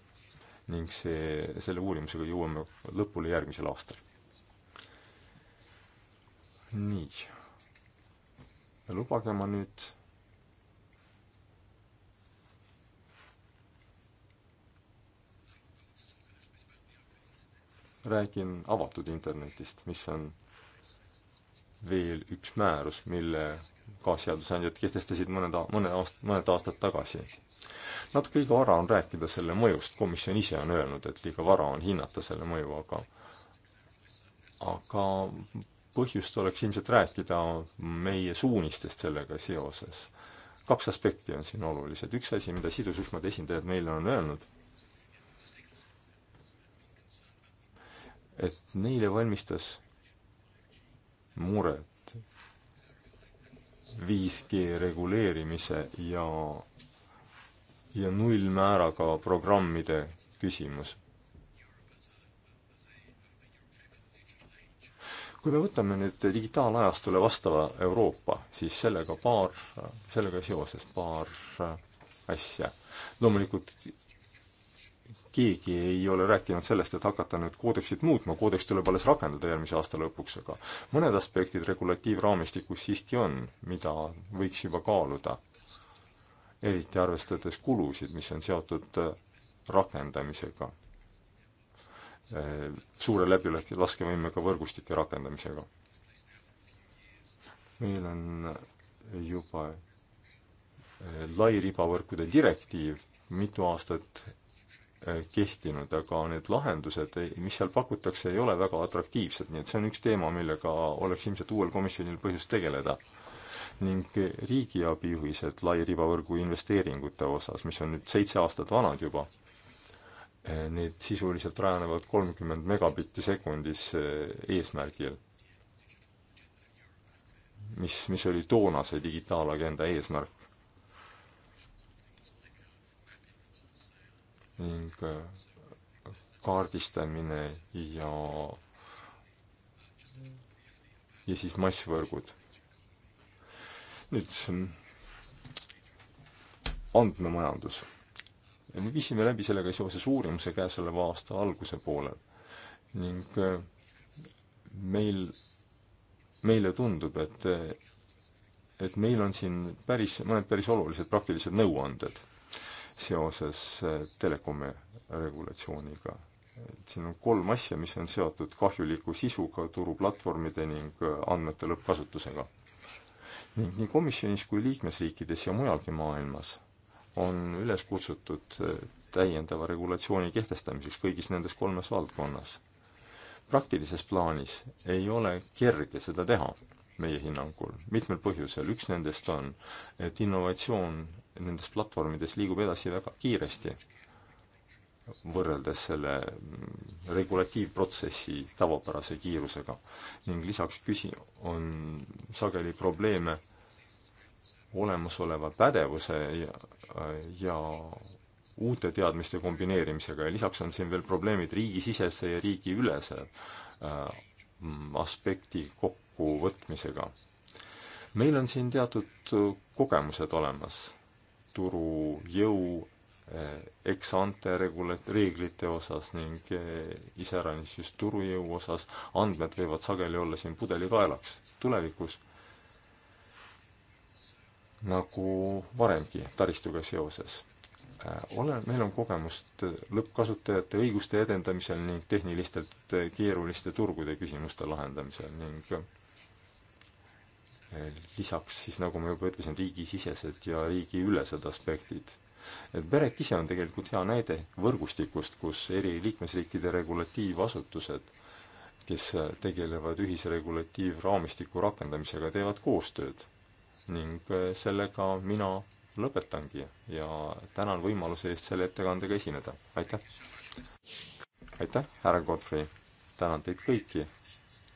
ning see, selle uurimusega jõuame lõpule järgmisel aastal. nii. lubage ma nüüd räägin avatud internetist, mis on veel üks määrus, mille ka seadusandjad kehtestasid mõned, mõne aast-, mõned aastad tagasi. natuke liiga vara on rääkida selle mõjust, komisjon ise on öelnud, et liiga vara on hinnata selle mõju, aga aga põhjust oleks ilmselt rääkida meie suunistest sellega seoses. kaks aspekti on siin olulised, üks asi, mida sidusrühmade esindajad meile on öelnud et neile valmistas muret 5G reguleerimise ja, ja nullmääraga programmide küsimus. kui me võtame nüüd digitaalajastule vastava Euroopa, siis sellega paar, sellega seoses paar asja. loomulikult keegi ei ole rääkinud sellest, et hakata nüüd koodeksit muutma, koodeks tuleb alles rakendada järgmise aasta lõpuks, aga mõned aspektid regulatiivraamistikus siiski on, mida võiks juba kaaluda. eriti arvestades kulusid, mis on seotud äh, rakendamisega. Äh, suure läbilõhki laskevõimega võrgustike rakendamisega. meil on äh, juba lairibavõrkude direktiiv mitu aastat Äh, kehtinud, aga need lahendused, mis seal pakutakse, ei ole väga atraktiivsed, nii et see on üks teema, millega oleks ilmselt uuel komisjonil põhjust tegeleda. ning riigiabi juhised lairibavõrgu investeeringute osas, mis on nüüd seitse aastat vanad juba, äh, need sisuliselt rajanevad kolmkümmend megabitti sekundis äh, eesmärgil, mis, mis oli toonase digitaalagenda eesmärk ning äh, kaardistamine ja, ja siis massvõrgud. nüüd andmemajandus. me viisime läbi sellega seoses uurimuse käesoleva aasta alguse poolel ning äh, meil, meile tundub, et et meil on siin päris, mõned päris olulised praktilised nõuanded seoses äh, telekomi regulatsiooniga. et siin on kolm asja, mis on seotud kahjuliku sisuga, turuplatvormide ning äh, andmete lõppkasutusega. ning nii komisjonis kui liikmesriikides ja mujalgi maailmas on üles kutsutud äh, täiendava regulatsiooni kehtestamiseks kõigis nendes kolmes valdkonnas. praktilises plaanis ei ole kerge seda teha meie hinnangul mitmel põhjusel, üks nendest on, et innovatsioon nendes platvormides liigub edasi väga kiiresti, võrreldes selle regulatiivprotsessi tavapärase kiirusega. ning lisaks küsi-, on sageli probleeme olemasoleva pädevuse ja, ja uute teadmiste kombineerimisega ja lisaks on siin veel probleemid riigisisese ja riigiülese äh, aspekti kokkuvõtmisega. meil on siin teatud kogemused olemas turujõu eksante eh, regulat-, reeglite osas ning eh, iseäranis just turujõu osas, andmed võivad sageli olla siin pudelikaelaks tulevikus, nagu varemgi taristuga seoses. Eh, ole, meil on kogemust lõppkasutajate õiguste edendamisel ning tehnilistelt keeruliste turgude küsimuste lahendamisel ning lisaks siis, nagu ma juba ütlesin, riigisisesed ja riigiülesed aspektid. et BEREC ise on tegelikult hea näide võrgustikust, kus eri liikmesriikide regulatiivasutused, kes tegelevad ühise regulatiivraamistiku rakendamisega, teevad koostööd. ning äh, sellega mina lõpetangi ja tänan võimaluse eest selle ettekandega esineda, aitäh! aitäh, härra Godfrey, tänan teid kõiki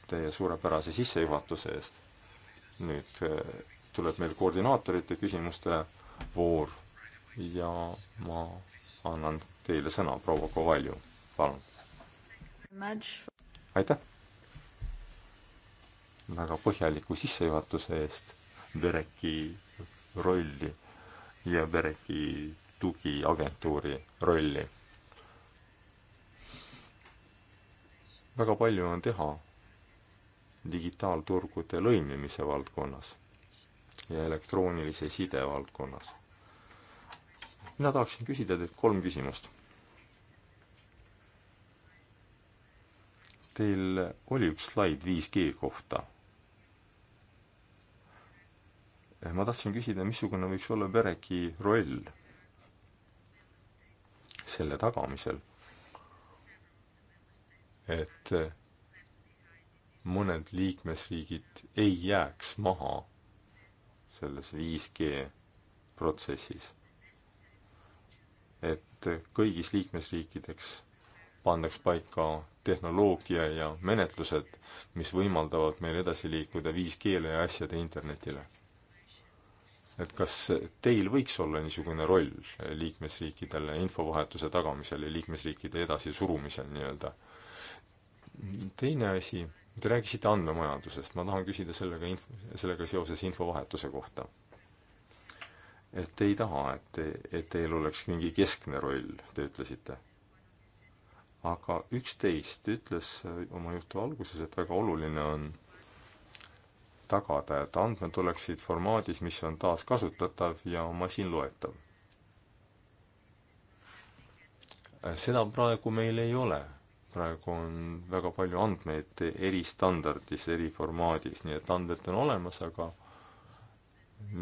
teie suurepärase sissejuhatuse eest nüüd äh, tuleb meil koordinaatorite küsimuste voor ja ma annan teile sõna, proua Kovalju, palun. aitäh väga põhjaliku sissejuhatuse eest Bereki rolli ja Bereki tugiagentuuri rolli. väga palju on teha digitaalturgude lõimimise valdkonnas ja elektroonilise side valdkonnas. mina tahaksin küsida teilt kolm küsimust. Teil oli üks slaid 5G kohta. Eh, ma tahtsin küsida, missugune võiks olla pereki roll selle tagamisel, et eh, mõned liikmesriigid ei jääks maha selles 5G protsessis. et kõigis liikmesriikideks pandaks paika tehnoloogia ja menetlused, mis võimaldavad meil edasi liikuda 5G-le ja asjade internetile. et kas teil võiks olla niisugune roll liikmesriikidele infovahetuse tagamisel ja liikmesriikide edasisurumisel nii-öelda? teine asi Te rääkisite andmemajandusest, ma tahan küsida sellega inf-, sellega seoses infovahetuse kohta. et te ei taha, et, et teil oleks mingi keskne roll, te ütlesite. aga üksteist ütles oma jutu alguses, et väga oluline on tagada, et andmed oleksid formaadis, mis on taaskasutatav ja masinloetav. seda praegu meil ei ole praegu on väga palju andmeid eristandardis, eri formaadis, nii et andmed on olemas, aga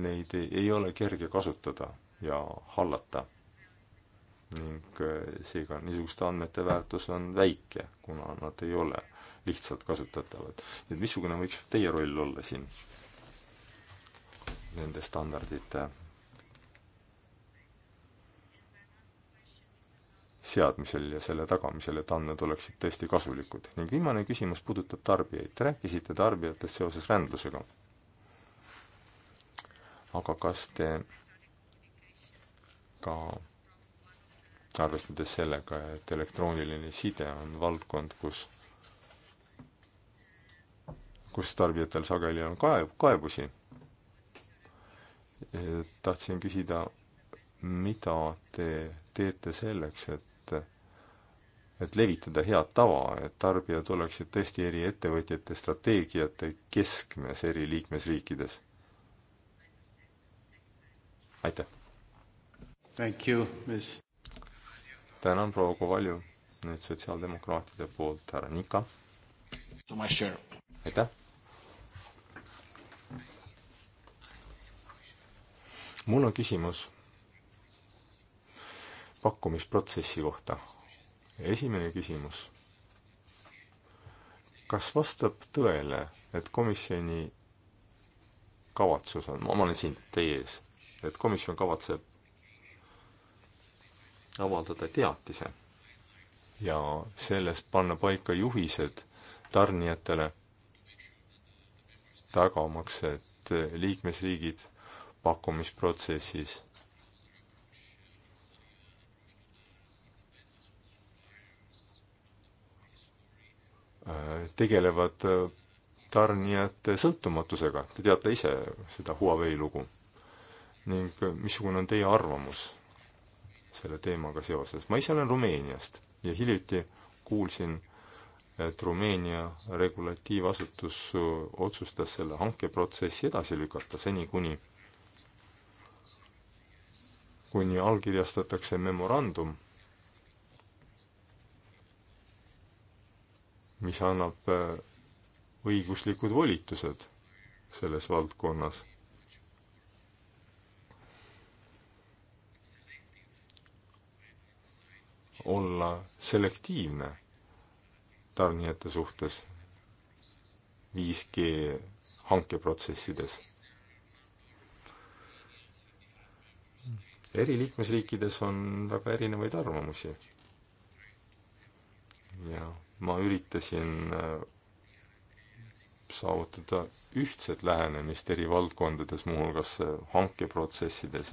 neid ei, ei ole kerge kasutada ja hallata. ning eh, seega niisuguste andmete väärtus on väike, kuna nad ei ole lihtsalt kasutatavad. et missugune võiks teie roll olla siin nende standardite seadmisel ja selle tagamisel, et andmed oleksid tõesti kasulikud. ning viimane küsimus puudutab tarbijaid. Te rääkisite tarbijatest seoses rändlusega. aga kas te ka arvestades sellega, et elektrooniline side on valdkond, kus kus tarbijatel sageli on kaeb-, kaebusi, tahtsin küsida, mida te teete selleks, et et levitada head tava, et tarbijad oleksid tõesti eri ettevõtjate strateegiate keskmes eri liikmesriikides. aitäh! tänan, proua Kovalju, nüüd sotsiaaldemokraatide poolt härra Nika. aitäh! mul on küsimus pakkumisprotsessi kohta esimene küsimus. kas vastab tõele, et komisjoni kavatsus on, ma olen siin teie ees, et komisjon kavatseb avaldada teatise ja selles panna paika juhised tarnijatele, tagamaks, et liikmesriigid pakkumisprotsessis tegelevad äh, tarnijate sõltumatusega, te teate ise seda Huawei lugu. ning äh, missugune on teie arvamus selle teemaga seoses? ma ise olen Rumeeniast ja hiljuti kuulsin, et Rumeenia regulatiivasutus äh, otsustas selle hankeprotsessi edasi lükata seni, kuni kuni allkirjastatakse memorandum mis annab äh, õiguslikud volitused selles valdkonnas. olla selektiivne tarnijate suhtes 5G hankeprotsessides eri liikmesriikides on väga erinevaid arvamusi. ja ma üritasin äh, saavutada ühtset lähenemist eri valdkondades, muuhulgas äh, hankeprotsessides,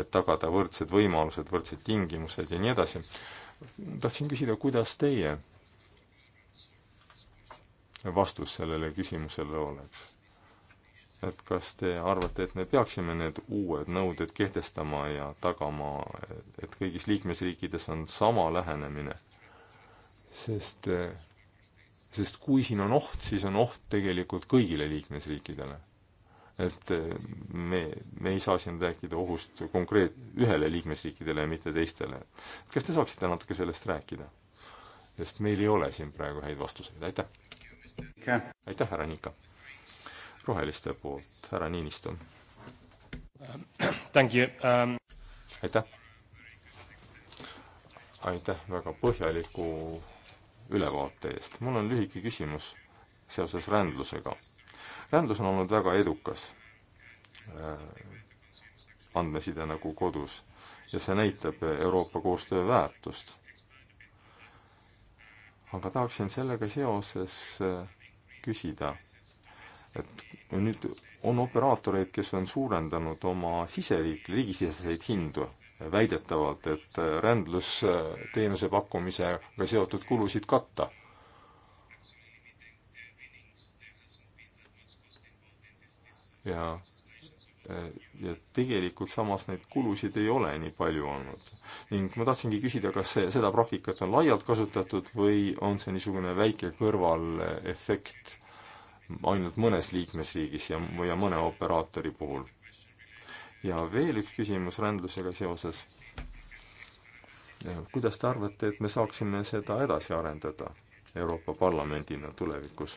et tagada võrdsed võimalused, võrdsed tingimused ja nii edasi. tahtsin küsida, kuidas teie vastus sellele küsimusele oleks? et kas te arvate, et me peaksime need uued nõuded kehtestama ja tagama, et kõigis liikmesriikides on sama lähenemine sest, eh, sest kui siin on oht, siis on oht tegelikult kõigile liikmesriikidele. et eh, me, me ei saa siin rääkida ohust konkreet-, ühele liikmesriikidele ja mitte teistele. kas te saaksite natuke sellest rääkida? sest meil ei ole siin praegu häid vastuseid, aitäh! aitäh, härra Niika! roheliste poolt, härra Niinistö. Thank you um.... aitäh. aitäh väga põhjaliku ülevaate eest. mul on lühike küsimus seoses rändlusega. rändlus on olnud väga edukas äh, andmeside nagu kodus ja see näitab Euroopa koostöö väärtust. aga tahaksin sellega seoses äh, küsida, et nüüd on operaatoreid, kes on suurendanud oma siseriik-, riigisiseseid hindu väidetavalt, et äh, rändlusteenuse pakkumisega seotud kulusid katta. ja, äh, ja tegelikult samas neid kulusid ei ole nii palju olnud. ning ma tahtsingi küsida, kas see, seda praktikat on laialt kasutatud või on see niisugune väike kõrvalefekt ainult mõnes liikmesriigis ja, ja mõne operaatori puhul ja veel üks küsimus rändlusega seoses. kuidas te arvate, et me saaksime seda edasi arendada Euroopa Parlamendina tulevikus?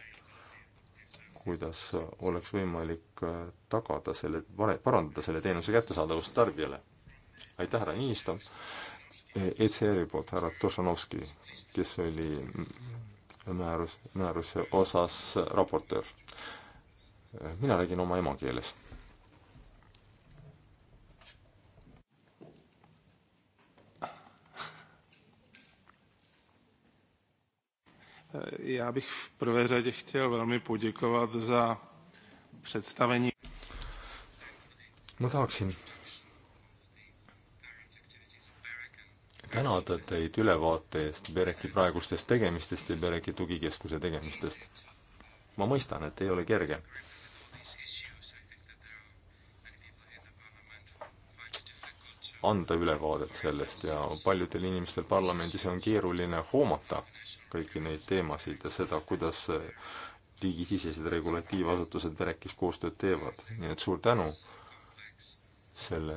kuidas oleks võimalik äh, tagada selle, parandada selle teenuse kättesaadavust tarbijale? aitäh, härra Niinistö! ECR-i e poolt härra Tošanovski, kes oli määrus, määruse osas raportöör. mina räägin oma emakeeles. Eh, já bych v prvé řadě chtěl velmi poděkovat za představení. ma tahaksin tänada teid ülevaate eest Bereki praegustest tegemistest ja Bereki tugikeskuse tegemistest. ma mõistan, et ei ole kerge. anda ülevaadet sellest ja paljudel inimestel parlamendis on keeruline hoomata kõiki neid teemasid ja seda, kuidas riigisisesed regulatiivasutused VEREKis koostööd teevad, nii et suur tänu selle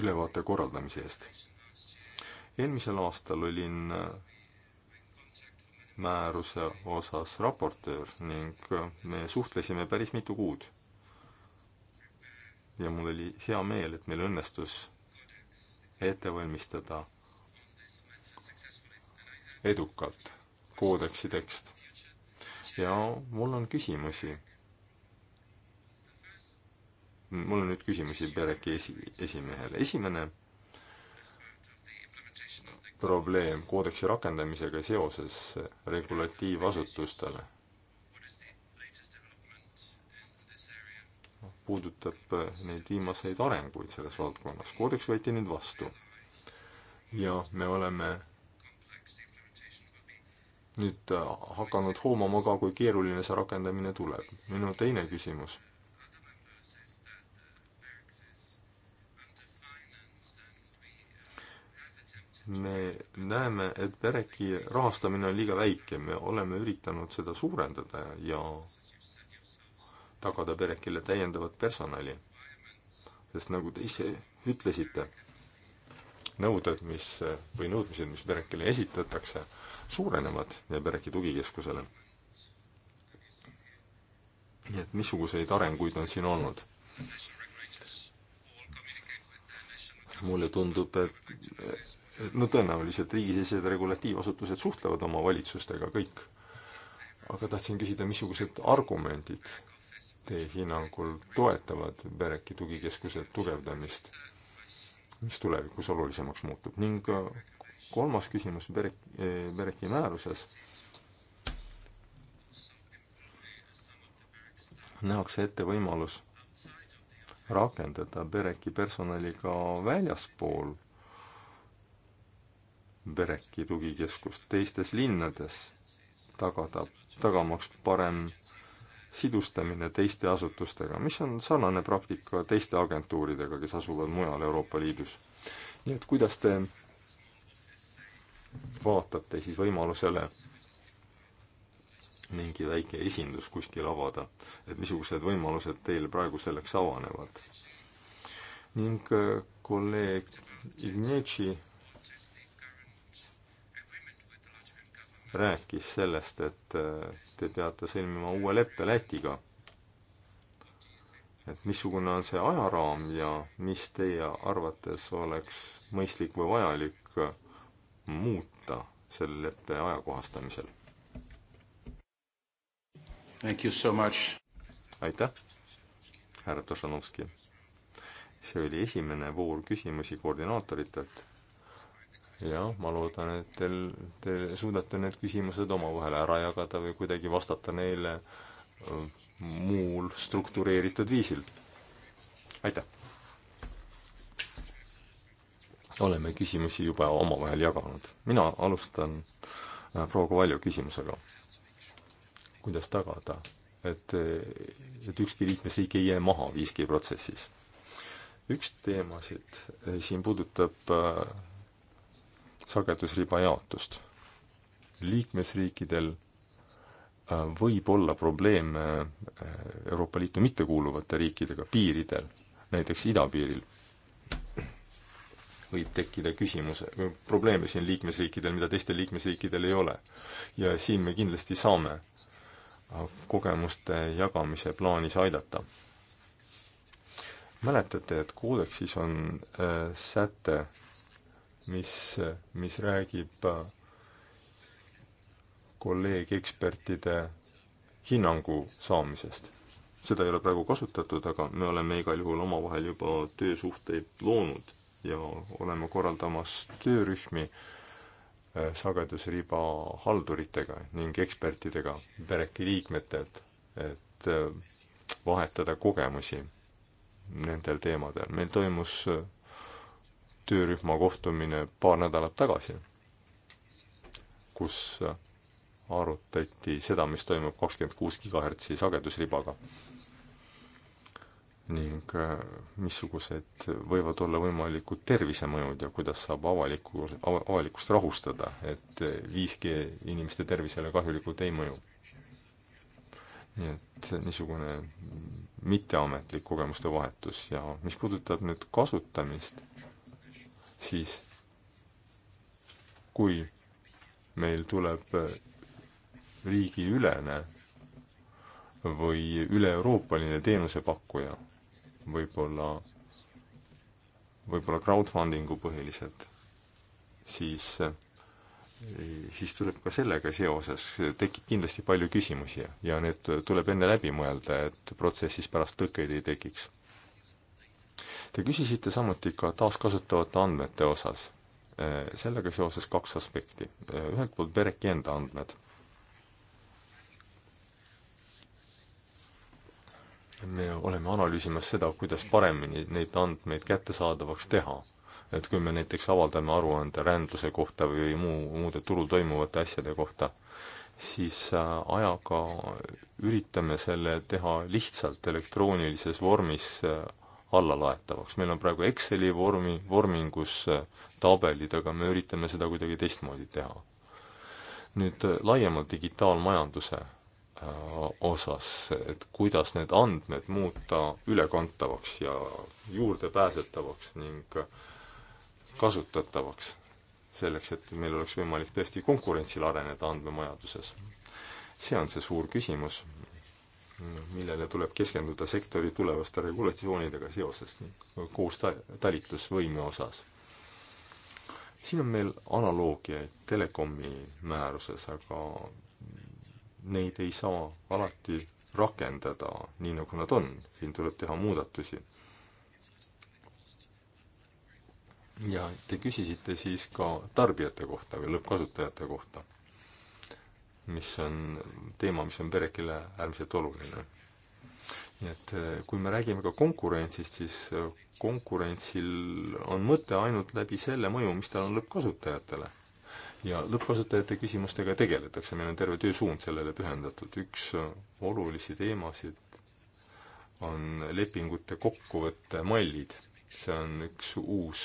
ülevaate korraldamise eest. eelmisel aastal olin määruse osas raportöör ning me suhtlesime päris mitu kuud. ja mul oli hea meel, et meil õnnestus ette valmistada edukalt koodeksi tekst. ja mul on küsimusi. mul on nüüd küsimusi Pereki esi, esimehele. esimene probleem koodeksi rakendamisega seoses regulatiivasutustele puudutab äh, neid viimaseid arenguid selles valdkonnas. koodeks võeti nüüd vastu. ja me oleme nüüd äh, hakanud hoomama ka, kui keeruline see rakendamine tuleb. minu teine küsimus. me näeme, et pereki rahastamine on liiga väike, me oleme üritanud seda suurendada ja tagada Berekile täiendavat personali. sest nagu te ise ütlesite, nõuded, mis, või nõudmised, mis Berekile esitatakse, suurenevad ja Bereki tugikeskusele. nii et niisuguseid arenguid on siin olnud. mulle tundub, et no tõenäoliselt riigisisesed regulatiivasutused suhtlevad oma valitsustega kõik. aga tahtsin küsida, missugused argumendid teie hinnangul toetavad Bereki tugikeskuse tugevdamist, mis tulevikus olulisemaks muutub? ning äh, kolmas küsimus Berek, äh, Bereki määruses nähakse ette võimalus rakendada Bereki personali ka väljaspool Bereki tugikeskust teistes linnades, tagada, tagamaks parem äh, sidustamine teiste asutustega, mis on sarnane praktika teiste agentuuridega, kes asuvad mujal Euroopa Liidus. nii et kuidas te vaatate siis võimalusele mingi väike esindus kuskil avada, et missugused võimalused teil praegu selleks avanevad? ning äh, kolleeg Ignatši rääkis sellest, et äh, te peate sõlmima uue leppe Lätiga. et missugune on see ajaraam ja mis teie arvates oleks mõistlik või vajalik äh, muuta selle leppe ajakohastamisel? aitäh, härra Tošanovski. see oli esimene voor küsimusi koordinaatoritelt jah, ma loodan, et teil, te suudate need küsimused omavahel ära jagada või kuidagi vastata neile muul struktureeritud viisil. aitäh! oleme küsimusi juba omavahel jaganud. mina alustan äh, proua Kovalju küsimusega. kuidas tagada, et, et ükski liikmesriik ei jää maha 5G protsessis? üks teemasid äh, siin puudutab äh, sagedusriba jaotust. liikmesriikidel äh, võib olla probleeme äh, Euroopa Liitu mittekuuluvate riikidega piiridel, näiteks idapiiril võib tekkida küsimuse, probleeme siin liikmesriikidel, mida teistel liikmesriikidel ei ole. ja siin me kindlasti saame äh, kogemuste jagamise plaanis aidata. mäletate, et koodeksis on äh, säte mis, mis räägib äh, kolleegekspertide hinnangu saamisest. seda ei ole praegu kasutatud, aga me oleme igal juhul omavahel juba töösuhteid loonud ja oleme korraldamas töörühmi äh, sagedusriba halduritega ning ekspertidega, pereki liikmetelt, et äh, vahetada kogemusi nendel teemadel. meil toimus töörühma kohtumine paar nädalat tagasi, kus arutati seda, mis toimub kakskümmend kuus gigahertsi sagedusribaga ning äh, missugused võivad olla võimalikud tervisemõjud ja kuidas saab avalikku, avalikkust rahustada, et 5G inimeste tervisele kahjulikult ei mõju. nii et niisugune mitteametlik kogemuste vahetus ja mis puudutab nüüd kasutamist siis kui meil tuleb riigiülene või üle-euroopaline teenusepakkuja, võib-olla, võib-olla crowdfunding'u põhiliselt, siis, siis tuleb ka sellega seoses, tekib kindlasti palju küsimusi ja need tuleb enne läbi mõelda, et protsessis pärast tõkkeid ei tekiks Te küsisite samuti ka taaskasutavate andmete osas. sellega seoses kaks aspekti. ühelt poolt pereki enda andmed. me oleme analüüsimas seda, kuidas paremini neid andmeid kättesaadavaks teha. et kui me näiteks avaldame aruande rändluse kohta või muu, muude turul toimuvate asjade kohta, siis äh, ajaga üritame selle teha lihtsalt elektroonilises vormis äh, allalaetavaks. meil on praegu Exceli vormi, vormingus äh, tabelid, aga me üritame seda kuidagi teistmoodi teha. nüüd äh, laiemalt digitaalmajanduse äh, osas, et kuidas need andmed muuta ülekantavaks ja juurdepääsetavaks ning kasutatavaks, selleks et meil oleks võimalik tõesti konkurentsil areneda andmemajanduses. see on see suur küsimus Noh, millele tuleb keskenduda sektori tulevaste regulatsioonidega seoses koos ta-, talitlusvõime osas. siin on meil analoogiaid telekomi määruses, aga neid ei saa alati rakendada nii, nagu nad on, siin tuleb teha muudatusi. ja te küsisite siis ka tarbijate kohta või lõppkasutajate kohta mis on teema, mis on perekile äärmiselt oluline. nii et äh, kui me räägime ka konkurentsist, siis äh, konkurentsil on mõte ainult läbi selle mõju, mis tal on lõppkasutajatele. ja lõppkasutajate küsimustega tegeletakse, meil on terve töösuund sellele pühendatud, üks äh, olulisi teemasid on lepingute kokkuvõtte mallid. see on üks uus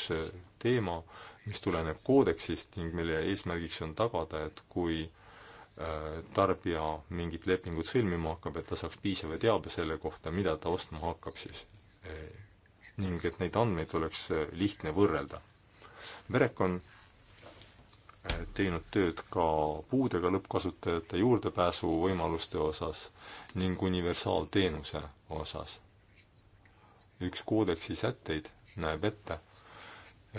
teema, mis tuleneb koodeksist ning mille eesmärgiks on tagada, et kui äh, Äh, tarbija mingit lepingut sõlmima hakkab, et ta saaks piisava teabe selle kohta, mida ta ostma hakkab siis. Äh, ning et neid andmeid oleks äh, lihtne võrrelda. Verek on teinud tööd ka puudega lõppkasutajate juurdepääsuvõimaluste osas ning universaalteenuse osas. üks koodeksi sätteid näeb ette,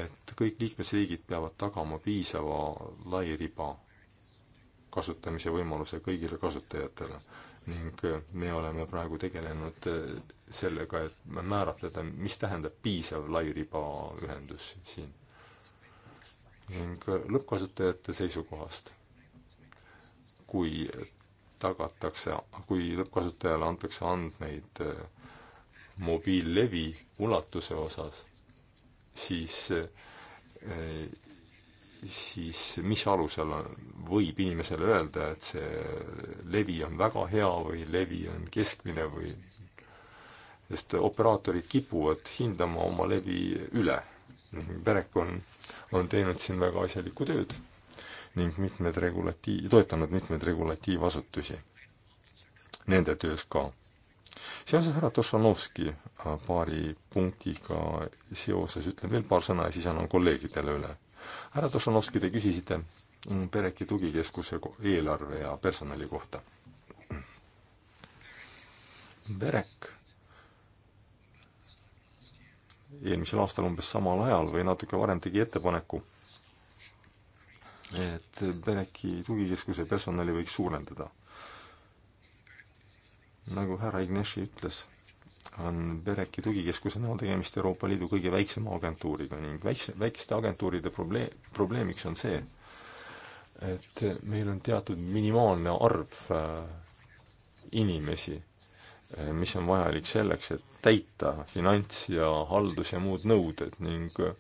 et kõik liikmesriigid peavad tagama piisava lairiba kasutamise võimaluse kõigile kasutajatele. ning äh, me oleme praegu tegelenud äh, sellega, et määratleda, mis tähendab piisav lairibaühendus siin. ning äh, lõppkasutajate seisukohast, kui tagatakse, kui lõppkasutajale antakse andmeid mobiillevi ulatuse osas, siis siis mis alusel võib inimesele öelda, et see levi on väga hea või levi on keskmine või sest operaatorid kipuvad hindama oma levi üle. Berek on, on teinud siin väga asjalikku tööd ning mitmed regulatiiv, toetanud mitmeid regulatiivasutusi nende töös ka. seoses härra Tošanovski äh, paari punktiga seoses ütlen veel paar sõna ja siis annan kolleegidele üle härra Tošanovski, te küsisite mm, Pereki tugikeskuse eelarve ja personali kohta. Perek eelmisel aastal umbes samal ajal või natuke varem tegi ettepaneku, et Pereki tugikeskuse personali võiks suurendada. nagu härra Ignesi ütles on Bereki tugikeskuse näol tegemist Euroopa Liidu kõige väiksema agentuuriga ning väikse, väikeste agentuuride probleem, probleemiks on see, et meil on teatud minimaalne arv äh, inimesi, äh, mis on vajalik selleks, et täita finants ja haldus ja muud nõuded ning äh,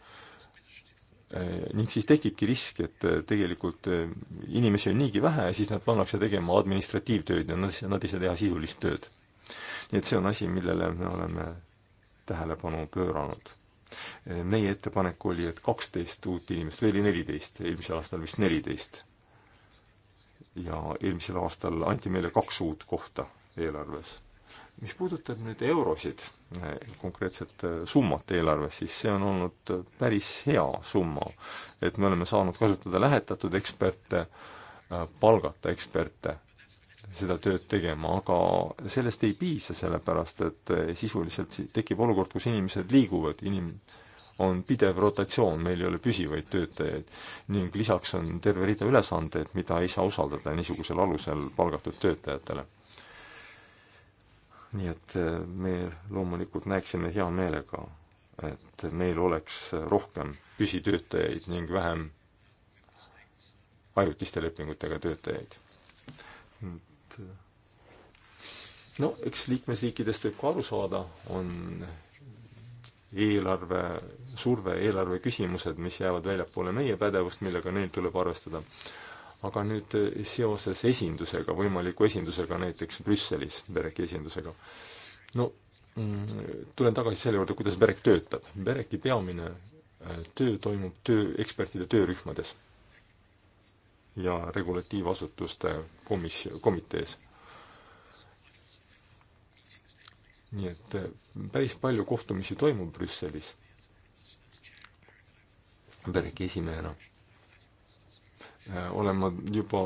ning siis tekibki risk, et tegelikult inimesi on niigi vähe ja siis nad pannakse tegema administratiivtööd ja nad, nad ei saa teha sisulist tööd nii et see on asi, millele me oleme tähelepanu pööranud. meie ettepanek oli, et kaksteist uut inimest, või oli neliteist, eelmisel aastal vist neliteist. ja eelmisel aastal anti meile kaks uut kohta eelarves. mis puudutab nüüd eurosid, konkreetset äh, summat eelarves, siis see on olnud äh, päris hea summa. et me oleme saanud kasutada lähetatud eksperte, äh, palgata eksperte seda tööd tegema, aga sellest ei piisa, sellepärast et eh, sisuliselt tekib olukord, kus inimesed liiguvad, inim-, on pidev rotatsioon, meil ei ole püsivaid töötajaid. ning lisaks on terve rida ülesandeid, mida ei saa usaldada niisugusel alusel palgatud töötajatele. nii et eh, me loomulikult näeksime hea meelega, et meil oleks rohkem püsitöötajaid ning vähem ajutiste lepingutega töötajaid no eks liikmesriikidest võib ka aru saada, on eelarve, surve eelarve küsimused, mis jäävad väljapoole meie pädevust, millega neil tuleb arvestada. aga nüüd seoses esindusega, võimaliku esindusega näiteks Brüsselis, BEREC-i esindusega, no mm, tulen tagasi selle juurde, kuidas BEREC töötab. BEREC-i peamine äh, töö toimub töö, ekspertide töörühmades ja regulatiivasutuste komis-, komitees. nii et eh, päris palju kohtumisi toimub Brüsselis PERK-i esimehena eh, olen ma juba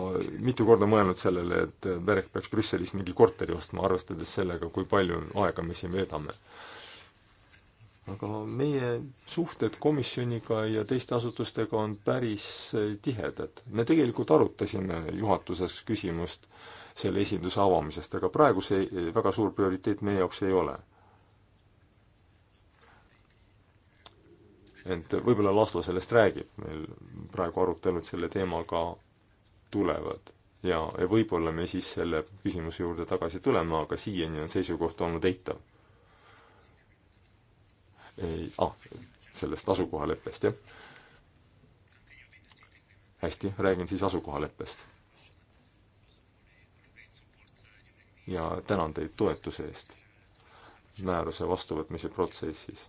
mitu korda mõelnud sellele, et Berek peaks Brüsselis mingi korteri ostma, arvestades sellega, kui palju aega me siin veedame aga meie suhted komisjoniga ja teiste asutustega on päris eh, tihedad. me tegelikult arutasime juhatuses küsimust selle esinduse avamisest, aga praegu see eh, väga suur prioriteet meie jaoks ei ole. ent võib-olla Laslo sellest räägib, meil praegu arutelud selle teemaga tulevad ja, ja võib-olla me siis selle küsimuse juurde tagasi tuleme, aga siiani on seisukoht olnud eitav ah, sellest asukohaleppest, jah. hästi, räägin siis asukohaleppest. ja tänan teid toetuse eest määruse vastuvõtmise protsessis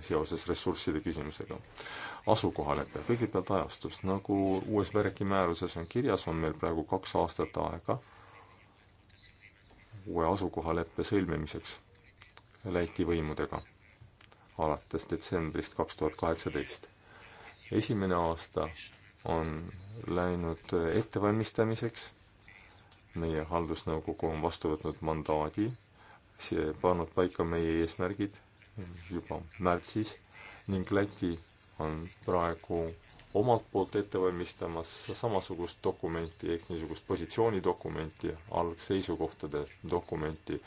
seoses ressursside küsimusega. asukohalepe, kõigepealt ajastust, nagu uues Vereki määruses on kirjas, on meil praegu kaks aastat aega uue asukohaleppe sõlmimiseks Läti võimudega alates detsembrist kaks tuhat kaheksateist. esimene aasta on läinud ettevalmistamiseks, meie haldusnõukogu on vastu võtnud mandaadi, see pannud paika meie eesmärgid juba märtsis ning Läti on praegu omalt poolt ette valmistamas samasugust dokumenti ehk niisugust positsioonidokumenti, algseisukohtade dokumenti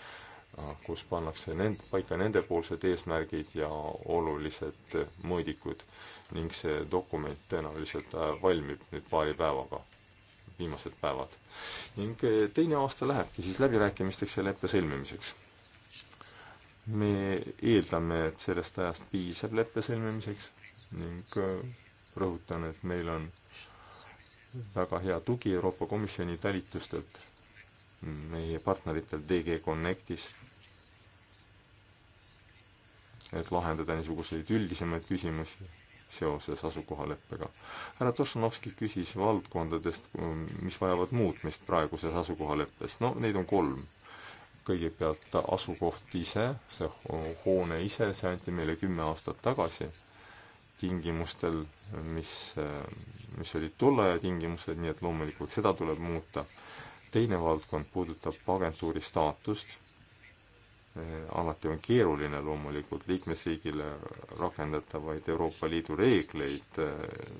Äh, kus pannakse nend-, paika nendepoolsed eesmärgid ja olulised mõõdikud ning see dokument tõenäoliselt äh, valmib nüüd paari päevaga, viimased päevad. ning äh, teine aasta lähebki siis läbirääkimisteks ja leppe sõlmimiseks me eeldame, et sellest ajast piisab leppe sõlmimiseks ning rõhutan, et meil on väga hea tugi Euroopa Komisjoni talitustelt meie partneritel DG Connectis, et lahendada niisuguseid üldisemaid küsimusi seoses asukohaleppega. härra Tošanovski küsis valdkondadest, mis vajavad muutmist praeguses asukohaleppes, no neid on kolm. kõigepealt asukoht ise, see hoone ise, see anti meile kümme aastat tagasi tingimustel, mis, mis olid tol ajal tingimused, nii et loomulikult seda tuleb muuta teine valdkond puudutab agentuuri staatust. Eh, alati on keeruline loomulikult liikmesriigile rakendatavaid Euroopa Liidu reegleid eh,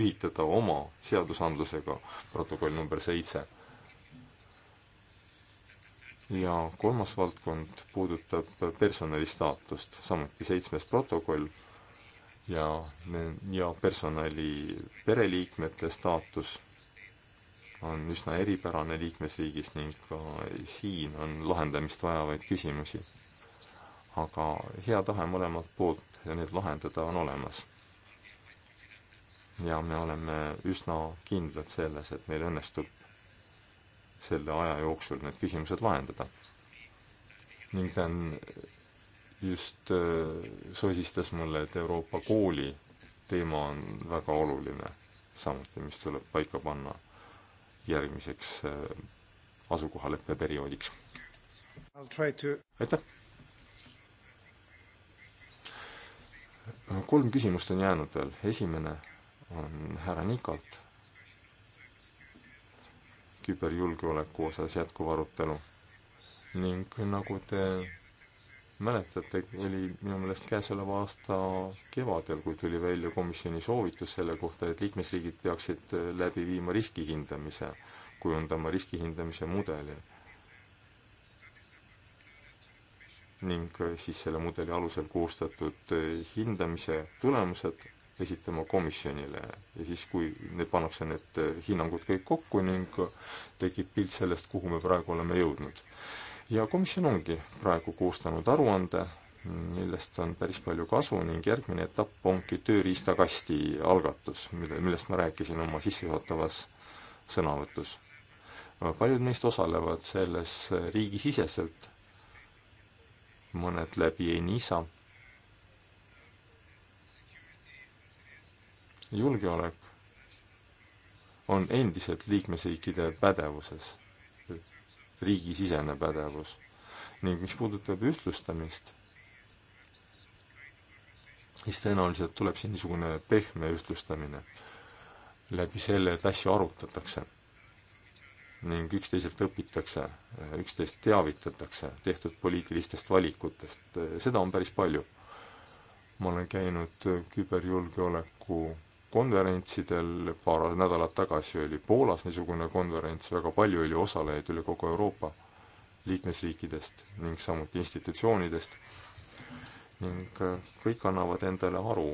ühitada oma seadusandlusega, protokoll number seitse. ja kolmas valdkond puudutab personali staatust, samuti seitsmes protokoll ja, ja personali pereliikmete staatus on üsna eripärane liikmesriigis ning ka siin on lahendamist vajavaid küsimusi. aga hea tahe mõlemalt poolt neid lahendada on olemas. ja me oleme üsna kindlad selles, et meil õnnestub selle aja jooksul need küsimused lahendada. ning ta on just äh, sosistas mulle, et Euroopa kooli teema on väga oluline samuti, mis tuleb paika panna järgmiseks äh, asukohaleppe perioodiks. aitäh! kolm küsimust on jäänud veel, esimene on härra Nikolt küberjulgeoleku osas jätkuv arutelu ning nagu te mäletate, oli minu meelest käesoleva aasta kevadel, kui tuli välja komisjoni soovitus selle kohta, et liikmesriigid peaksid äh, läbi viima riskihindamise, kujundama riskihindamise mudeli. ning äh, siis selle mudeli alusel koostatud äh, hindamise tulemused esitama komisjonile ja siis, kui need pannakse need hinnangud kõik kokku ning tekib pilt sellest, kuhu me praegu oleme jõudnud ja komisjon ongi praegu koostanud aruande, millest on päris palju kasu ning järgmine etapp ongi tööriistakasti algatus, mille, millest ma rääkisin oma sissejuhatavas sõnavõtus. paljud meist osalevad selles riigisiseselt, mõned läbi ENISA. julgeolek on endiselt liikmesriikide pädevuses riigisisene pädevus. ning mis puudutab ühtlustamist, siis tõenäoliselt tuleb siin niisugune pehme ühtlustamine läbi selle, et asju arutatakse ning üksteiselt õpitakse, üksteist teavitatakse tehtud poliitilistest valikutest, seda on päris palju. ma olen käinud küberjulgeoleku konverentsidel, paar nädalat tagasi oli Poolas niisugune konverents, väga palju oli osalejaid üle kogu Euroopa liikmesriikidest ning samuti institutsioonidest ning äh, kõik annavad endale aru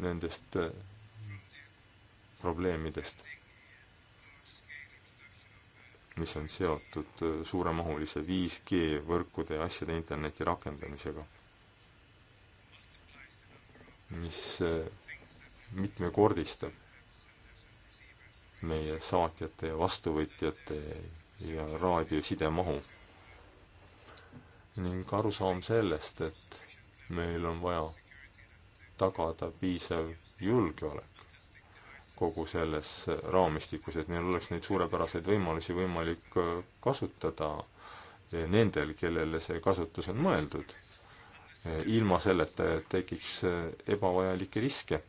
nendest äh, probleemidest, mis on seotud äh, suuremahulise 5G võrkude ja asjade interneti rakendamisega, mis mitmekordistab meie saatjate ja vastuvõtjate ja raadioside mahu. ning arusaam sellest, et meil on vaja tagada piisav julgeolek kogu selles raamistikus, et meil oleks neid suurepäraseid võimalusi võimalik äh, kasutada nendel, kellele see kasutus on mõeldud. Äh, ilma selleta tekiks äh, ebavajalikke riske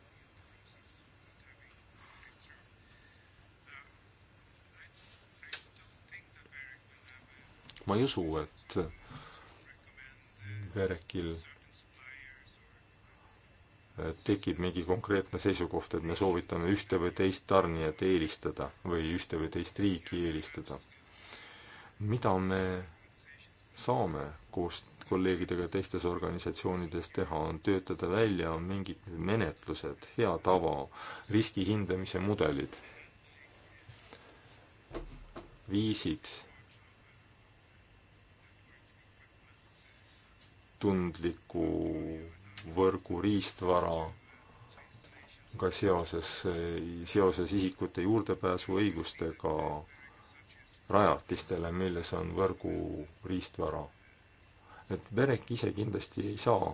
ma ei usu, et Verekil äh, tekib mingi konkreetne seisukoht, et me soovitame ühte või teist tarnijat eelistada või ühte või teist riiki eelistada. mida me saame koos kolleegidega teistes organisatsioonides teha, on töötada välja mingid menetlused, hea tava, riski hindamise mudelid, viisid tundliku võrgu riistvaraga seoses, seoses isikute juurdepääsuõigustega rajatistele, milles on võrgu riistvara. et Berek ise kindlasti ei saa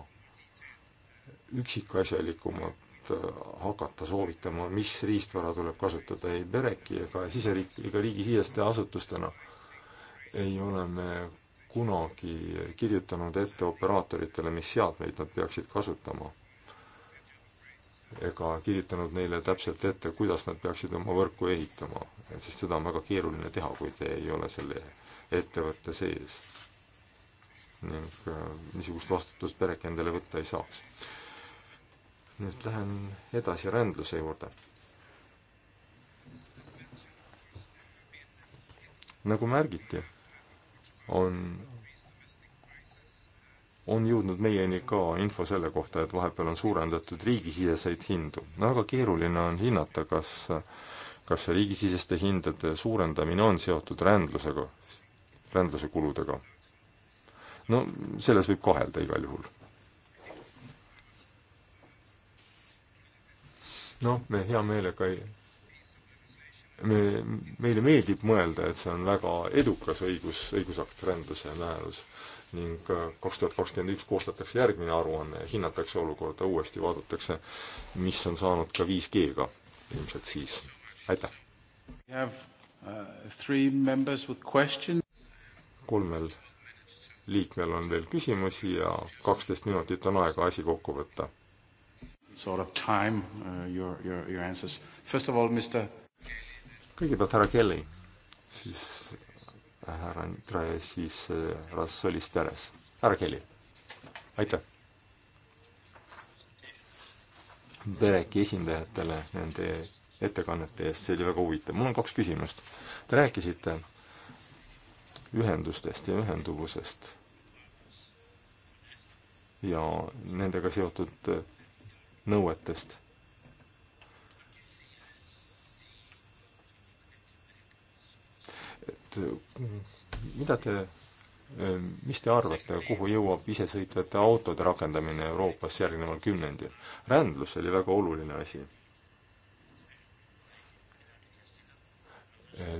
üksikasjalikumalt äh, hakata soovitama, mis riistvara tuleb kasutada ei Bereki ega siseriik, ega riigisiseste asutustena ei ole me kunagi kirjutanud ette operaatoritele, mis seadmeid nad peaksid kasutama. ega kirjutanud neile täpselt ette, kuidas nad peaksid oma võrku ehitama, sest seda on väga keeruline teha, kui te ei ole selle ettevõtte sees. ning äh, niisugust vastutust pereke endale võtta ei saaks. nüüd lähen edasi rändluse juurde nagu märgiti, on, on jõudnud meieni ka info selle kohta, et vahepeal on suurendatud riigisiseseid hindu. no väga keeruline on hinnata, kas, kas see riigisiseste hindade suurendamine on seotud rändlusega, rändluse kuludega. no selles võib kahelda igal juhul. noh, me hea meelega ei me, meile meeldib mõelda, et see on väga edukas õigus, õigusakt, ränduse määrus ning äh, kaks tuhat kakskümmend üks koostatakse järgmine aruanne ja hinnatakse olukorda uuesti, vaadatakse, mis on saanud ka 5G-ga ilmselt siis. aitäh! Uh, kolmel liikmel on veel küsimusi ja kaksteist minutit on aega asi kokku võtta. Sort of time uh, your, your, your answers. First of all, Mr kõigepealt härra Kelly, siis härra Nitra ja siis härra äh, Solis Peres. härra Kelly, aitäh! Bereki esindajatele nende ettekannete eest, see oli väga huvitav. mul on kaks küsimust. Te rääkisite ühendustest ja ühenduvusest ja nendega seotud äh, nõuetest et mm, mida te, ähm, mis te arvate, kuhu jõuab isesõitvate autode rakendamine Euroopas järgneval kümnendil? rändlus oli väga oluline asi. Äh,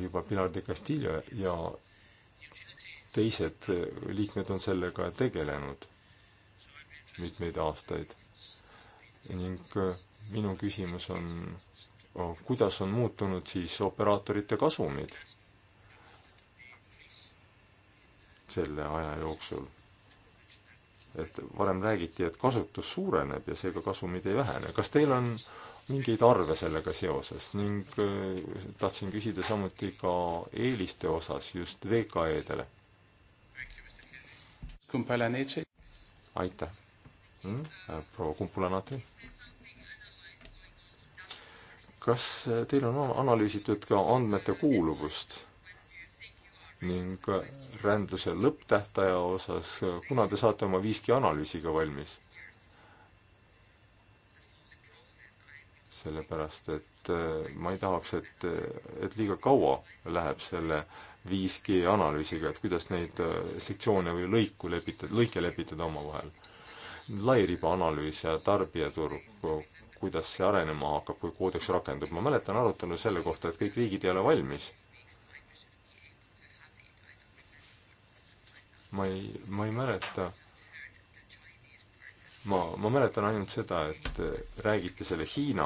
juba Pilar de Castillo ja teised äh, liikmed on sellega tegelenud mitmeid aastaid. ning äh, minu küsimus on, oh, kuidas on muutunud siis operaatorite kasumid selle aja jooksul. et varem räägiti, et kasutus suureneb ja seega kasumid ei vähene. kas teil on mingeid arve sellega seoses ning äh, tahtsin küsida samuti ka eeliste osas just VKE-dele. aitäh mm,, proua Kumpula-Natri. kas äh, teil on analüüsitud ka andmete kuuluvust? ning rändluse lõpptähtaja osas, kuna te saate oma 5G analüüsiga valmis? sellepärast, et äh, ma ei tahaks, et, äh, et liiga kaua läheb selle 5G analüüsiga, et kuidas neid äh, sektsioone või lõiku lepitada, lõike lepitada omavahel. lairiba analüüs ja tarbijaturg, kuidas see arenema hakkab, kui koodeks rakendub, ma mäletan arutelu selle kohta, et kõik riigid ei ole valmis ma ei, ma ei mäleta, ma, ma mäletan ainult seda, et eh, räägiti selle Hiina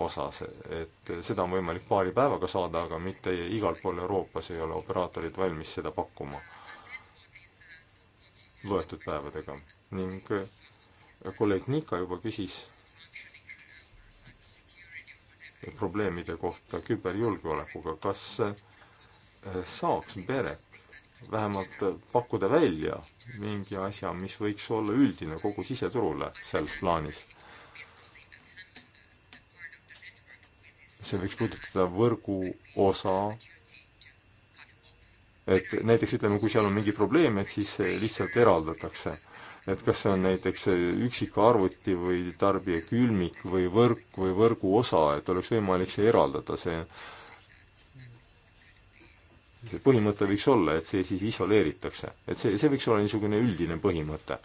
osas, et seda on võimalik paari päevaga saada, aga mitte igal pool Euroopas ei ole operaatorid valmis seda pakkuma võetud päevadega ning eh, kolleeg Nika juba küsis probleemide kohta küberjulgeolekuga, kas eh, saaks Berek vähemalt pakkuda välja mingi asja, mis võiks olla üldine kogu siseturule selles plaanis. see võiks puudutada võrgu osa, et näiteks ütleme, kui seal on mingi probleem, et siis lihtsalt eraldatakse. et kas see on näiteks üksikarvuti või tarbijakülmik või võrk või võrguosa, et oleks võimalik see eraldada, see see põhimõte võiks olla, et see siis isoleeritakse. et see, see võiks olla niisugune üldine põhimõte,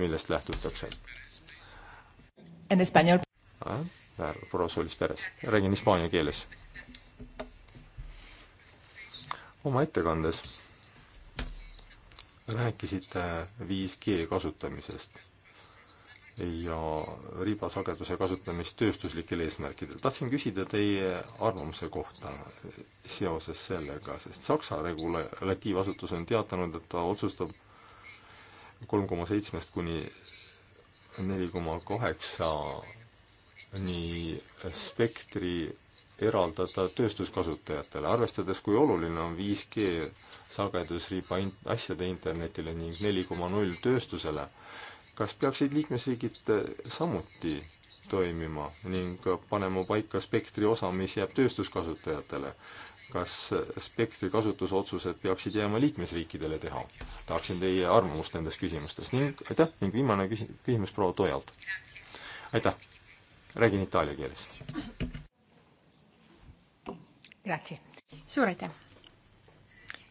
millest lähtutakse. Ah, Prosolis peres, räägin hispaania keeles. oma ettekandes rääkisite 5G kasutamisest ja riibasageduse kasutamist tööstuslikel eesmärkidel. tahtsin küsida teie arvamuse kohta seoses sellega, sest Saksa regulatiivasutus on teatanud, et ta otsustab kolm koma seitsmest kuni neli koma kaheksa nii spektri eraldada tööstuskasutajatele, arvestades, kui oluline on 5G sagedusriba in-, asjade internetile ning neli koma null tööstusele kas peaksid liikmesriigid eh, samuti toimima ning panema paika spektri osa, mis jääb tööstuskasutajatele? kas spektri kasutusotsused peaksid jääma liikmesriikidele teha? tahaksin teie arvamust nendes küsimustes ning aitäh ning viimane küsi-, küsimus proua Tojalt. aitäh, räägin itaalia keeles. suur aitäh,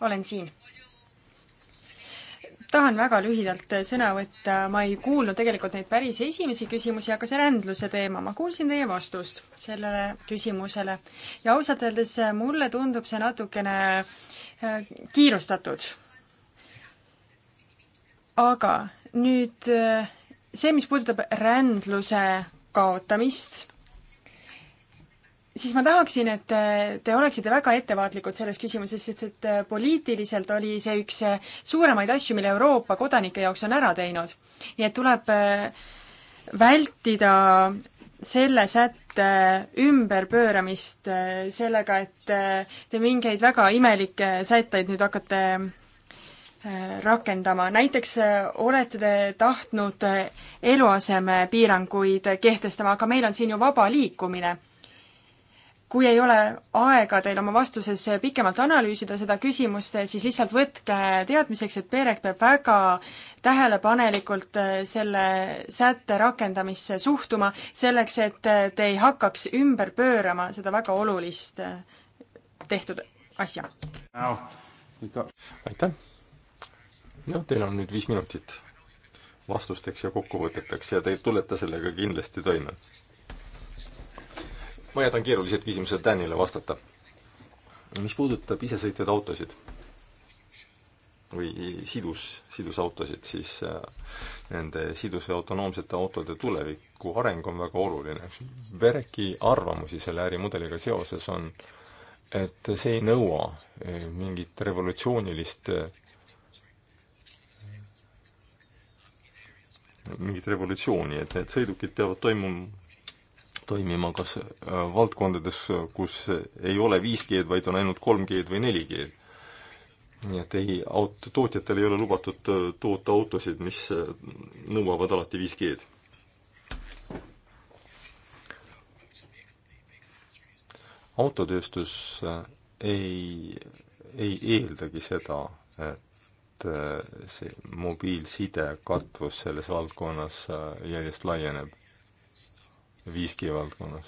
olen siin tahan väga lühidalt sõna võtta, ma ei kuulnud tegelikult neid päris esimesi küsimusi, aga see rändluse teema, ma kuulsin teie vastust sellele küsimusele. ja ausalt öeldes äh, mulle tundub see natukene äh, kiirustatud. aga nüüd äh, see, mis puudutab rändluse kaotamist siis ma tahaksin, et te, te oleksite väga ettevaatlikud selles küsimuses, sest et äh, poliitiliselt oli see üks äh, suuremaid asju, mille Euroopa kodanike jaoks on ära teinud. nii et tuleb äh, vältida selle sätte ümberpööramist sellega, et te mingeid väga imelikke sätteid nüüd hakkate rakendama, näiteks olete te tahtnud eluasemepiiranguid kehtestama, aga meil on siin ju vaba liikumine kui ei ole aega teil oma vastuses pikemalt analüüsida seda küsimust, siis lihtsalt võtke teadmiseks, et Perek peab väga tähelepanelikult äh, selle sätte rakendamisse suhtuma, selleks et äh, te ei hakkaks ümber pöörama seda väga olulist äh, tehtud asja. aitäh! noh, teil on nüüd viis minutit vastusteks ja kokkuvõteteks ja te tulete sellega kindlasti toime ma jätan keerulised küsimused Danile vastata. mis puudutab isesõitvaid autosid või sidus, sidusautosid, siis äh, nende sidus- ja autonoomsete autode tuleviku areng on väga oluline. Vereki arvamusi selle ärimudeliga seoses on, et see ei nõua äh, mingit revolutsioonilist äh, mingit revolutsiooni, et need sõidukid peavad toimuma toimima kas äh, valdkondades, kus ei ole 5G-d, vaid on ainult 3G-d või 4G-d. nii et ei, aut-, tootjatel ei ole lubatud äh, toota autosid, mis äh, nõuavad alati 5G-d. autotööstus ei, ei eeldagi seda, et see mobiilside katvus selles valdkonnas järjest laieneb 5G valdkonnas.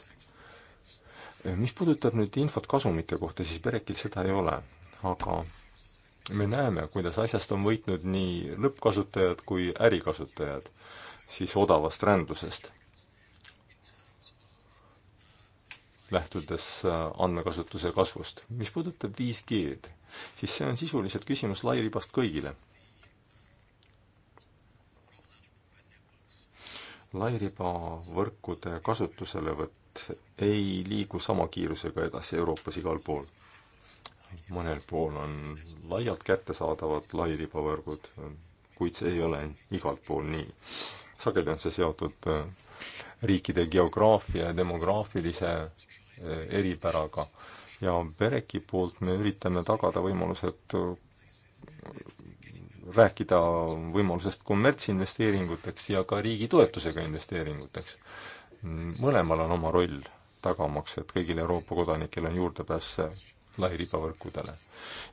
mis puudutab nüüd infot kasumite kohta, siis Berekil seda ei ole, aga me näeme, kuidas asjast on võitnud nii lõppkasutajad kui ärikasutajad, siis odavast rändlusest. lähtudes äh, andmekasutuse kasvust. mis puudutab 5G-d, siis see on sisuliselt küsimus lairibast kõigile lairibavõrkude kasutuselevõtt ei liigu sama kiirusega edasi Euroopas igal pool. mõnel pool on laialt kättesaadavad lairibavõrgud, kuid see ei ole igal pool nii. sageli on see seotud äh, riikide geograafia ja demograafilise äh, eripäraga ja Bereki poolt me üritame tagada võimalused äh, rääkida võimalusest kommertsinvesteeringuteks ja ka riigi toetusega investeeringuteks. mõlemal on oma roll, tagamaks, et kõigil Euroopa kodanikel on juurdepääs lairibavõrkudele.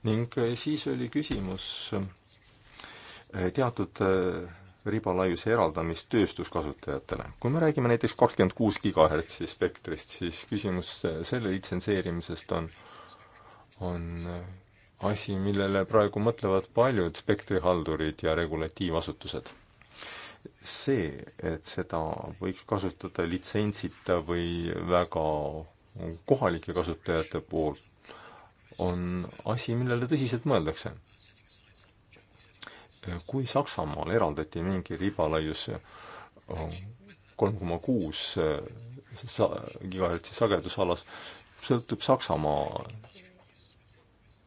ning siis oli küsimus eh, teatud eh, ribalaiuse eraldamist tööstuskasutajatele. kui me räägime näiteks kakskümmend kuus gigahertsi spektrist, siis küsimus selle litsenseerimisest on, on eh, asi, millele praegu mõtlevad paljud spektrihaldurid ja regulatiivasutused. see, et seda võiks kasutada litsentsita või väga kohalike kasutajate poolt, on asi, millele tõsiselt mõeldakse. kui Saksamaal eraldati mingi ribalaius äh, kolm koma kuus äh, gigahertsi sagedusalas, sõltub Saksamaa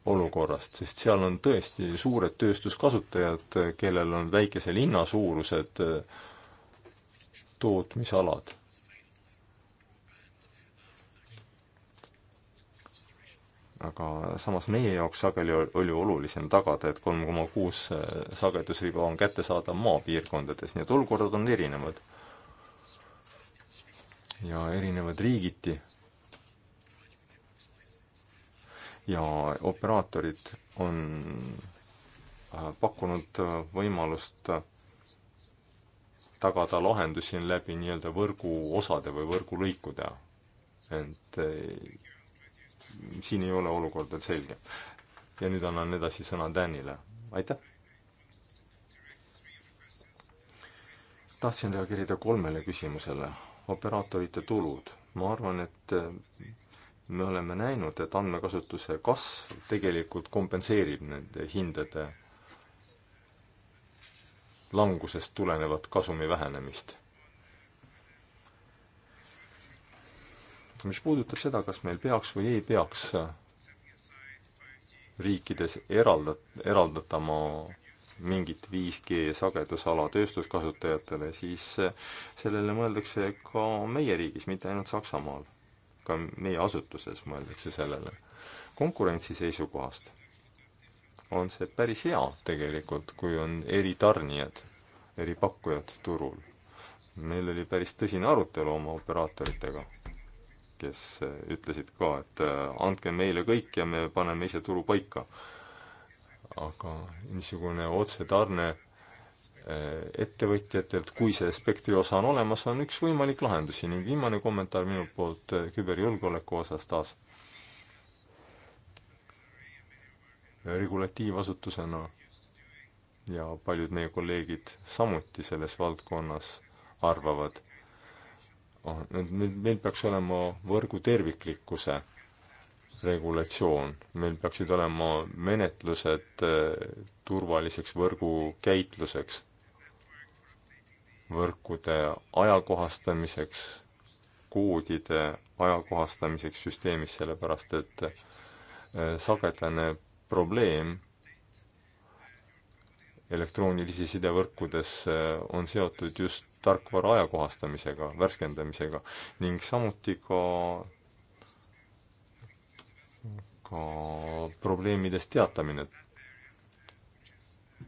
olukorrast, sest seal on tõesti suured tööstuskasutajad, kellel on väikese linna suurused äh, tootmisalad. aga samas meie jaoks sageli oli olulisem tagada, et kolm koma kuus äh, sagedusriba on kättesaadav maapiirkondades, nii et olukorrad on erinevad. ja erinevad riigiti ja operaatorid on äh, pakkunud äh, võimalust äh, tagada lahendusi läbi nii-öelda võrguosade või võrgulõikude. et siin ei ole olukord veel selge. ja nüüd annan edasi sõna Danile, aitäh! tahtsin reageerida kolmele küsimusele. operaatorite tulud, ma arvan, et me oleme näinud, et andmekasutuse kasv tegelikult kompenseerib nende hindade langusest tulenevat kasumi vähenemist. mis puudutab seda, kas meil peaks või ei peaks riikides eralda, eraldatama mingit 5G sagedusala tööstuskasutajatele, siis sellele mõeldakse ka meie riigis, mitte ainult Saksamaal ka meie asutuses mõeldakse sellele. konkurentsi seisukohast on see päris hea tegelikult, kui on eri tarnijad, eri pakkujad turul. meil oli päris tõsine arutelu oma operaatoritega, kes äh, ütlesid ka, et äh, andke meile kõik ja me paneme ise turu paika. aga niisugune otsetarne Äh, ettevõtjatelt, kui see spektri osa on olemas, on üks võimalik lahendusi ning viimane kommentaar minu poolt äh, küberjulgeoleku osas taas. regulatiivasutusena ja paljud meie kolleegid samuti selles valdkonnas arvavad, meil peaks olema võrgu terviklikkuse regulatsioon, meil peaksid olema menetlused äh, turvaliseks võrgu käitluseks võrkude ajakohastamiseks, koodide ajakohastamiseks süsteemis, sellepärast et eh, sagedane probleem elektroonilisi sidevõrkudes eh, on seotud just tarkvara ajakohastamisega, värskendamisega ning samuti ka ka probleemidest teatamine,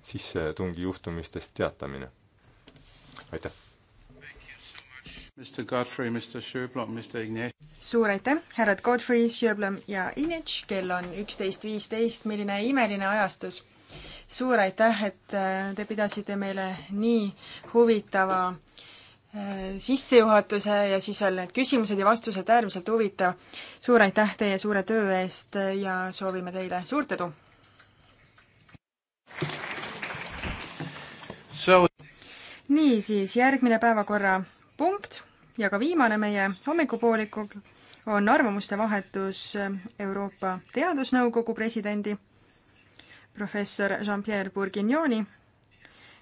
sissetungijuhtumistest teatamine aitäh! suur aitäh, härrad Godfrey, Schöblom ja Inetš, kell on üksteist viisteist, milline imeline ajastus! suur aitäh, et äh, te pidasite meile nii huvitava äh, sissejuhatuse ja siis veel need küsimused ja vastused, äärmiselt huvitav. suur aitäh teie suure töö eest ja soovime teile suurt edu! So niisiis, järgmine päevakorrapunkt ja ka viimane meie hommikupoolikul on arvamuste vahetus Euroopa Teadusnõukogu presidendi professor Jean-Pierre Bourguignoni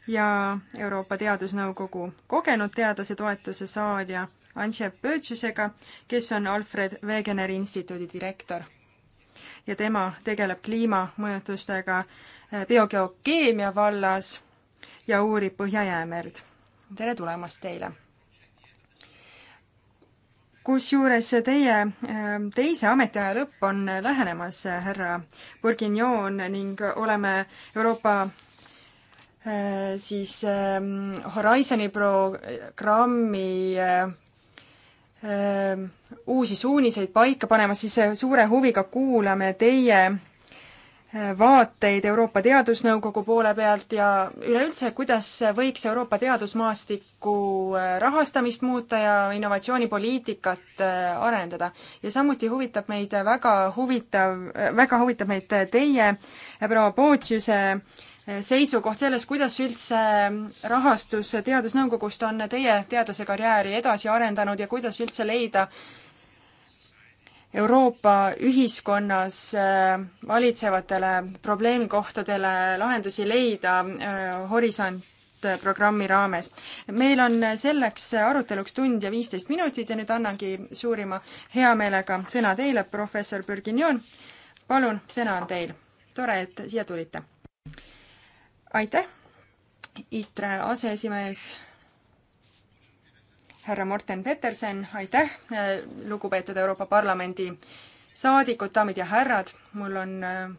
ja Euroopa Teadusnõukogu kogenud teadlase toetuse saaja Ansjep Pöötsusega, kes on Alfred Wegeneri instituudi direktor. ja tema tegeleb kliimamõjutustega eh, biogeokeemia vallas ja uurib Põhja-Jäämerd. tere tulemast teile! kusjuures teie äh, teise ametiaja lõpp on lähenemas, härra Bourguignon, ning oleme Euroopa äh, siis ähm, Horizoni programmi äh, uusi suuniseid paika panemas, siis suure huviga kuulame teie vaateid Euroopa Teadusnõukogu poole pealt ja üleüldse, kuidas võiks Euroopa teadusmaastiku äh, rahastamist muuta ja innovatsioonipoliitikat äh, arendada. ja samuti huvitab meid väga huvitav, äh, väga huvitab meid teie, proua Pootsiuse seisukoht selles, kuidas üldse rahastus Teadusnõukogust on teie teadlasekarjääri edasi arendanud ja kuidas üldse leida äh, Euroopa ühiskonnas äh, valitsevatele probleemkohtadele lahendusi leida äh, Horisont äh, programmi raames. meil on selleks aruteluks tund ja viisteist minutit ja nüüd annangi suurima heameelega sõna teile, professor Birginion. palun, sõna on teil. tore, et siia tulite. aitäh, ITRE aseesimees härra Morten Peterson, aitäh, äh, lugupeetud Euroopa Parlamendi saadikud, daamid ja härrad, mul on äh,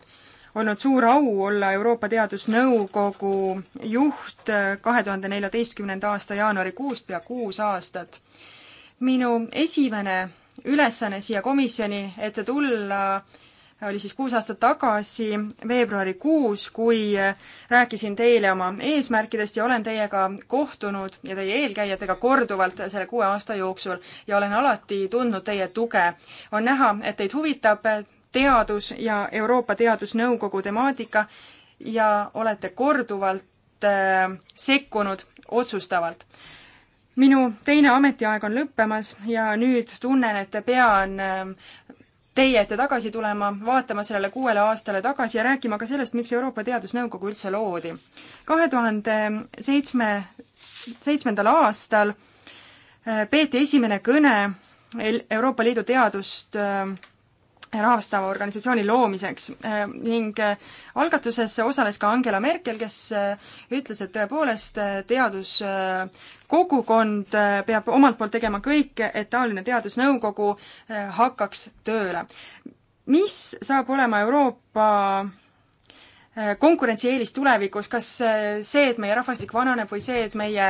olnud suur au olla Euroopa Teadusnõukogu juht äh, kahe tuhande neljateistkümnenda aasta jaanuarikuust, pea kuus aastat. minu esimene ülesanne siia komisjoni ette tulla äh, oli siis kuus aastat tagasi, veebruarikuus, kui rääkisin teile oma eesmärkidest ja olen teiega kohtunud ja teie eelkäijatega korduvalt selle kuue aasta jooksul ja olen alati tundnud teie tuge. on näha, et teid huvitab teadus ja Euroopa Teadusnõukogu temaatika ja olete korduvalt äh, sekkunud otsustavalt minu teine ametiaeg on lõppemas ja nüüd tunnen, et pean äh, teie ette tagasi tulema, vaatama sellele kuuele aastale tagasi ja rääkima ka sellest, miks Euroopa Teadusnõukogu üldse loodi. kahe tuhande seitsme, seitsmendal aastal eh, peeti esimene kõne Euroopa Liidu teadust äh, rahastava organisatsiooni loomiseks äh, ning äh, algatuses osales ka Angela Merkel, kes äh, ütles, et tõepoolest teaduskogukond peab omalt poolt tegema kõik, et taoline teadusnõukogu hakkaks tööle. mis saab olema Euroopa konkurentsieelis tulevikus, kas see, et meie rahvastik vananeb või see, et meie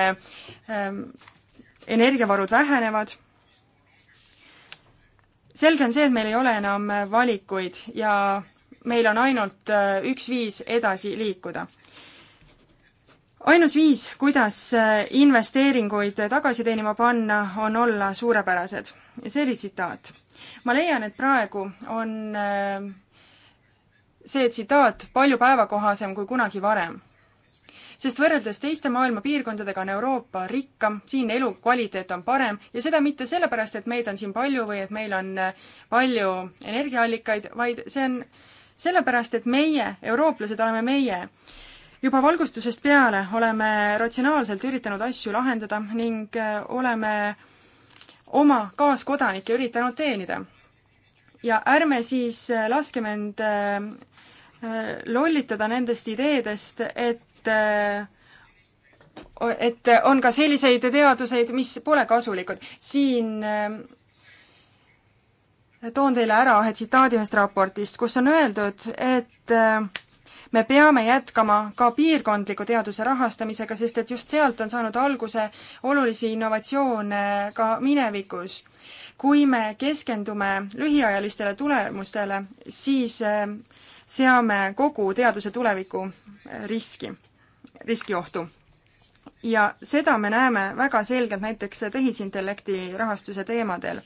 energiavarud vähenevad selge on see, et meil ei ole enam äh, valikuid ja meil on ainult äh, üks viis edasi liikuda. ainus viis, kuidas äh, investeeringuid tagasi teenima panna, on olla suurepärased. see oli tsitaat. ma leian, et praegu on see tsitaat palju päevakohasem kui kunagi varem sest võrreldes teiste maailma piirkondadega on Euroopa rikkam, siin elukvaliteet on parem ja seda mitte sellepärast, et meid on siin palju või et meil on äh, palju energiaallikaid, vaid see on sellepärast, et meie, eurooplased, oleme meie. juba valgustusest peale oleme ratsionaalselt üritanud asju lahendada ning äh, oleme oma kaaskodanikke üritanud teenida. ja ärme siis äh, laskeme end lollitada nendest ideedest, et et et on ka selliseid teaduseid, mis pole kasulikud. siin eh, toon teile ära ühe tsitaadi ühest raportist, kus on öeldud, et eh, me peame jätkama ka piirkondliku teaduse rahastamisega, sest et just sealt on saanud alguse olulisi innovatsioone ka minevikus. kui me keskendume lühiajalistele tulemustele, siis eh, seame kogu teaduse tuleviku riski riskiohtu. ja seda me näeme väga selgelt näiteks tehisintellekti rahastuse teemadel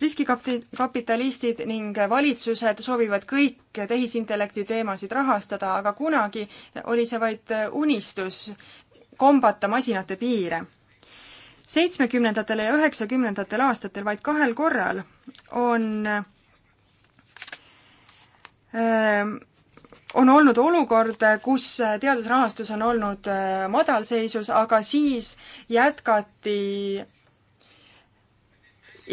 riskikapitalistid ning valitsused soovivad kõik tehisintellekti teemasid rahastada, aga kunagi oli see vaid unistus kombata masinate piire. seitsmekümnendatel ja üheksakümnendatel aastatel vaid kahel korral on on olnud olukord, kus teadusrahastus on olnud äh, madalseisus, aga siis jätkati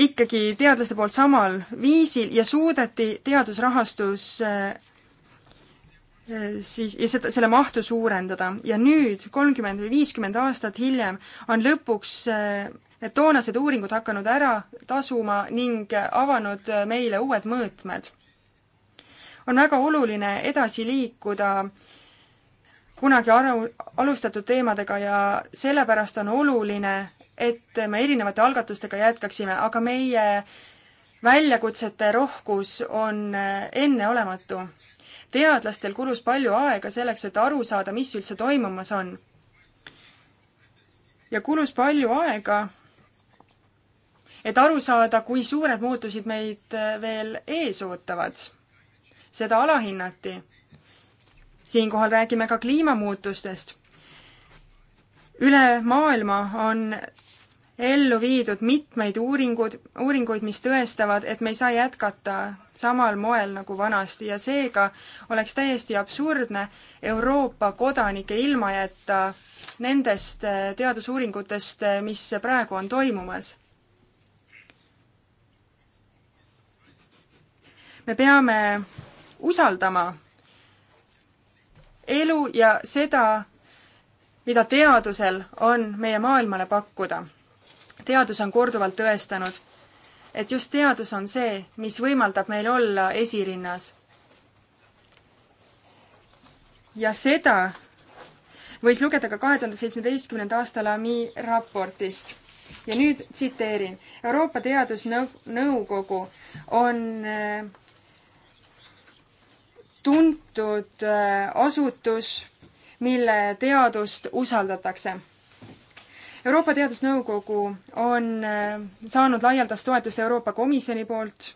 ikkagi teadlaste poolt samal viisil ja suudeti teadusrahastus äh, äh, siis, ja seda, selle mahtu suurendada. ja nüüd, kolmkümmend või viiskümmend aastat hiljem, on lõpuks need toonased uuringud hakanud ära tasuma ning avanud meile uued mõõtmed on väga oluline edasi liikuda kunagi aru, alustatud teemadega ja sellepärast on oluline, et me erinevate algatustega jätkaksime, aga meie väljakutsete rohkus on enneolematu. teadlastel kulus palju aega selleks, et aru saada, mis üldse toimumas on. ja kulus palju aega, et aru saada, kui suured muutused meid veel ees ootavad seda alahinnati. siinkohal räägime ka kliimamuutustest. üle maailma on ellu viidud mitmeid uuringud, uuringuid, mis tõestavad, et me ei saa jätkata samal moel nagu vanasti ja seega oleks täiesti absurdne Euroopa kodanikke ilma jätta nendest eh, teadusuuringutest, eh, mis praegu on toimumas. me peame usaldama elu ja seda, mida teadusel on meie maailmale pakkuda. teadus on korduvalt tõestanud, et just teadus on see, mis võimaldab meil olla esirinnas. ja seda võis lugeda ka kahe tuhande seitsmeteistkümnenda aasta LAMI raportist. ja nüüd tsiteerin. Euroopa Teadusnõukogu on äh, tuntud äh, asutus, mille teadust usaldatakse. Euroopa Teadusnõukogu on äh, saanud laialdast toetust Euroopa Komisjoni poolt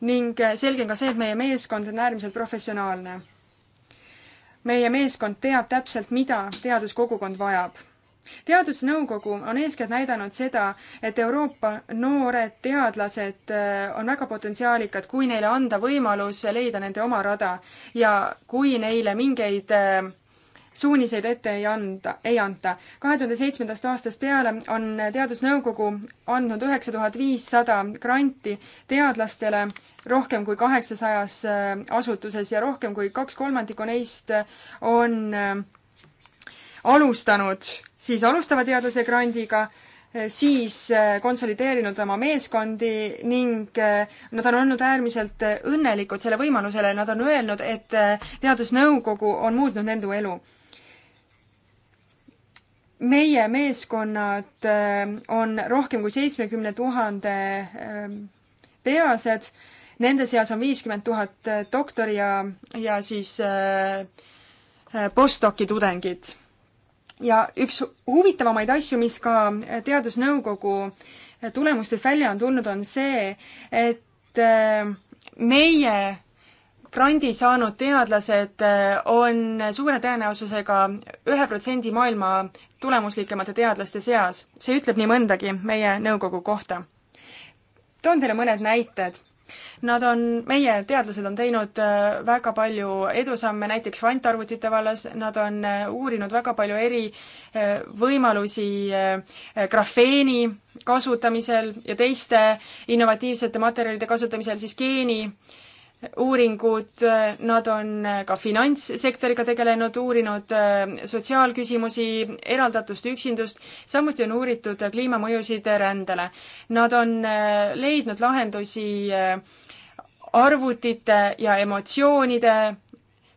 ning äh, selge on ka see, et meie meeskond on äärmiselt professionaalne. meie meeskond teab täpselt, mida teaduskogukond vajab teadusnõukogu on eeskätt näidanud seda, et Euroopa noored teadlased äh, on väga potentsiaalikad, kui neile anda võimalus leida nende oma rada ja kui neile mingeid äh, suuniseid ette ei anda, ei anta. kahe tuhande seitsmendast aastast peale on Teadusnõukogu andnud üheksa tuhat viissada granti teadlastele rohkem kui kaheksasajas äh, asutuses ja rohkem kui kaks kolmandikku neist on alustanud siis alustava teadlase grandiga, eh, siis eh, konsolideerinud oma meeskondi ning eh, nad on olnud äärmiselt õnnelikud selle võimalusele, nad on öelnud, et teadusnõukogu on muutnud nende elu. meie meeskonnad on rohkem kui seitsmekümne tuhande peased, nende seas on viiskümmend tuhat doktori ja, ja siis postdoc'i tudengid ja üks huvitavamaid asju, mis ka Teadusnõukogu tulemustest välja on tulnud, on see, et äh, meie grandi saanud teadlased äh, on suure tõenäosusega ühe protsendi maailma tulemuslikemate teadlaste seas. see ütleb nii mõndagi meie nõukogu kohta. toon teile mõned näited. Nad on, meie teadlased on teinud äh, väga palju edusamme näiteks kvantarvutite vallas, nad on äh, uurinud väga palju eri äh, võimalusi grafeeni kasutamisel ja teiste innovatiivsete materjalide kasutamisel, siis geeni uuringud, nad on ka finantssektoriga tegelenud, uurinud äh, sotsiaalküsimusi, eraldatust, üksindust, samuti on uuritud kliimamõjusid rändele. Nad on äh, leidnud lahendusi äh, arvutite ja emotsioonide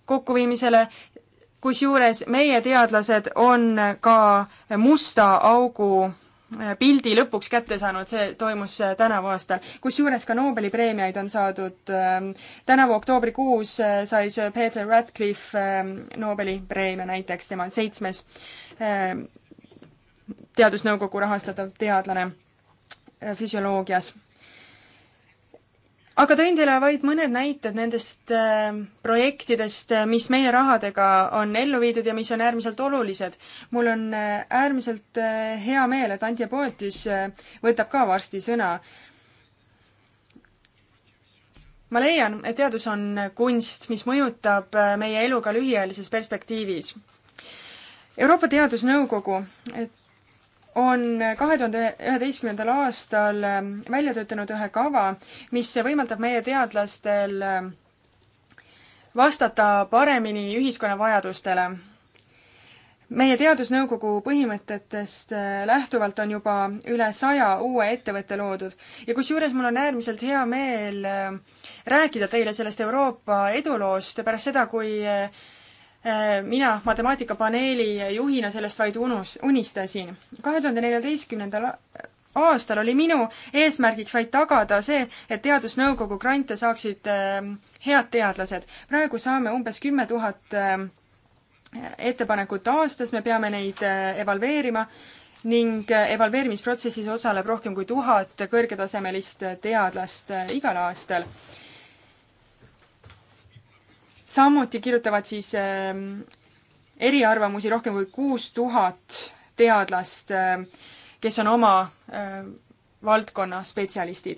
kokkuviimisele, kusjuures meie teadlased on ka musta augu Äh, pildi lõpuks kätte saanud, see toimus äh, tänavu aastal. kusjuures ka Nobeli preemiaid on saadud. Ähm, tänavu oktoobrikuus äh, sai Sir Peter Ratcliffe ähm, Nobeli preemia näiteks, tema on seitsmes ähm, teadusnõukogu rahastatav teadlane füsioloogias aga tõin teile vaid mõned näited nendest äh, projektidest, äh, mis meie rahadega on ellu viidud ja mis on äärmiselt olulised. mul on äh, äärmiselt hea meel, et Antje Poetis võtab ka varsti sõna. ma leian, et teadus on kunst, mis mõjutab meie elu ka lühiajalises perspektiivis Euroopa Teadusnõukogu on kahe tuhande üheteistkümnendal aastal ähm, välja töötanud ühe kava, mis võimaldab meie teadlastel ähm, vastata paremini ühiskonna vajadustele. meie teadusnõukogu põhimõtetest äh, lähtuvalt on juba üle saja uue ettevõtte loodud ja kusjuures mul on äärmiselt hea meel äh, rääkida teile sellest Euroopa eduloost pärast seda, kui äh, Äh, mina matemaatikapaneeli juhina sellest vaid unus, unistasin. kahe tuhande neljateistkümnendal aastal oli minu eesmärgiks vaid tagada see, et Teadusnõukogu grante saaksid ähm, head teadlased. praegu saame umbes kümme tuhat ähm, ettepanekut aastas, me peame neid äh, evalveerima ning äh, evalveerimisprotsessis osaleb rohkem kui tuhat kõrgetasemelist teadlast igal aastal samuti kirjutavad siis ähm, eriarvamusi rohkem kui kuus tuhat teadlast, ähm, kes on oma ähm, valdkonna spetsialistid.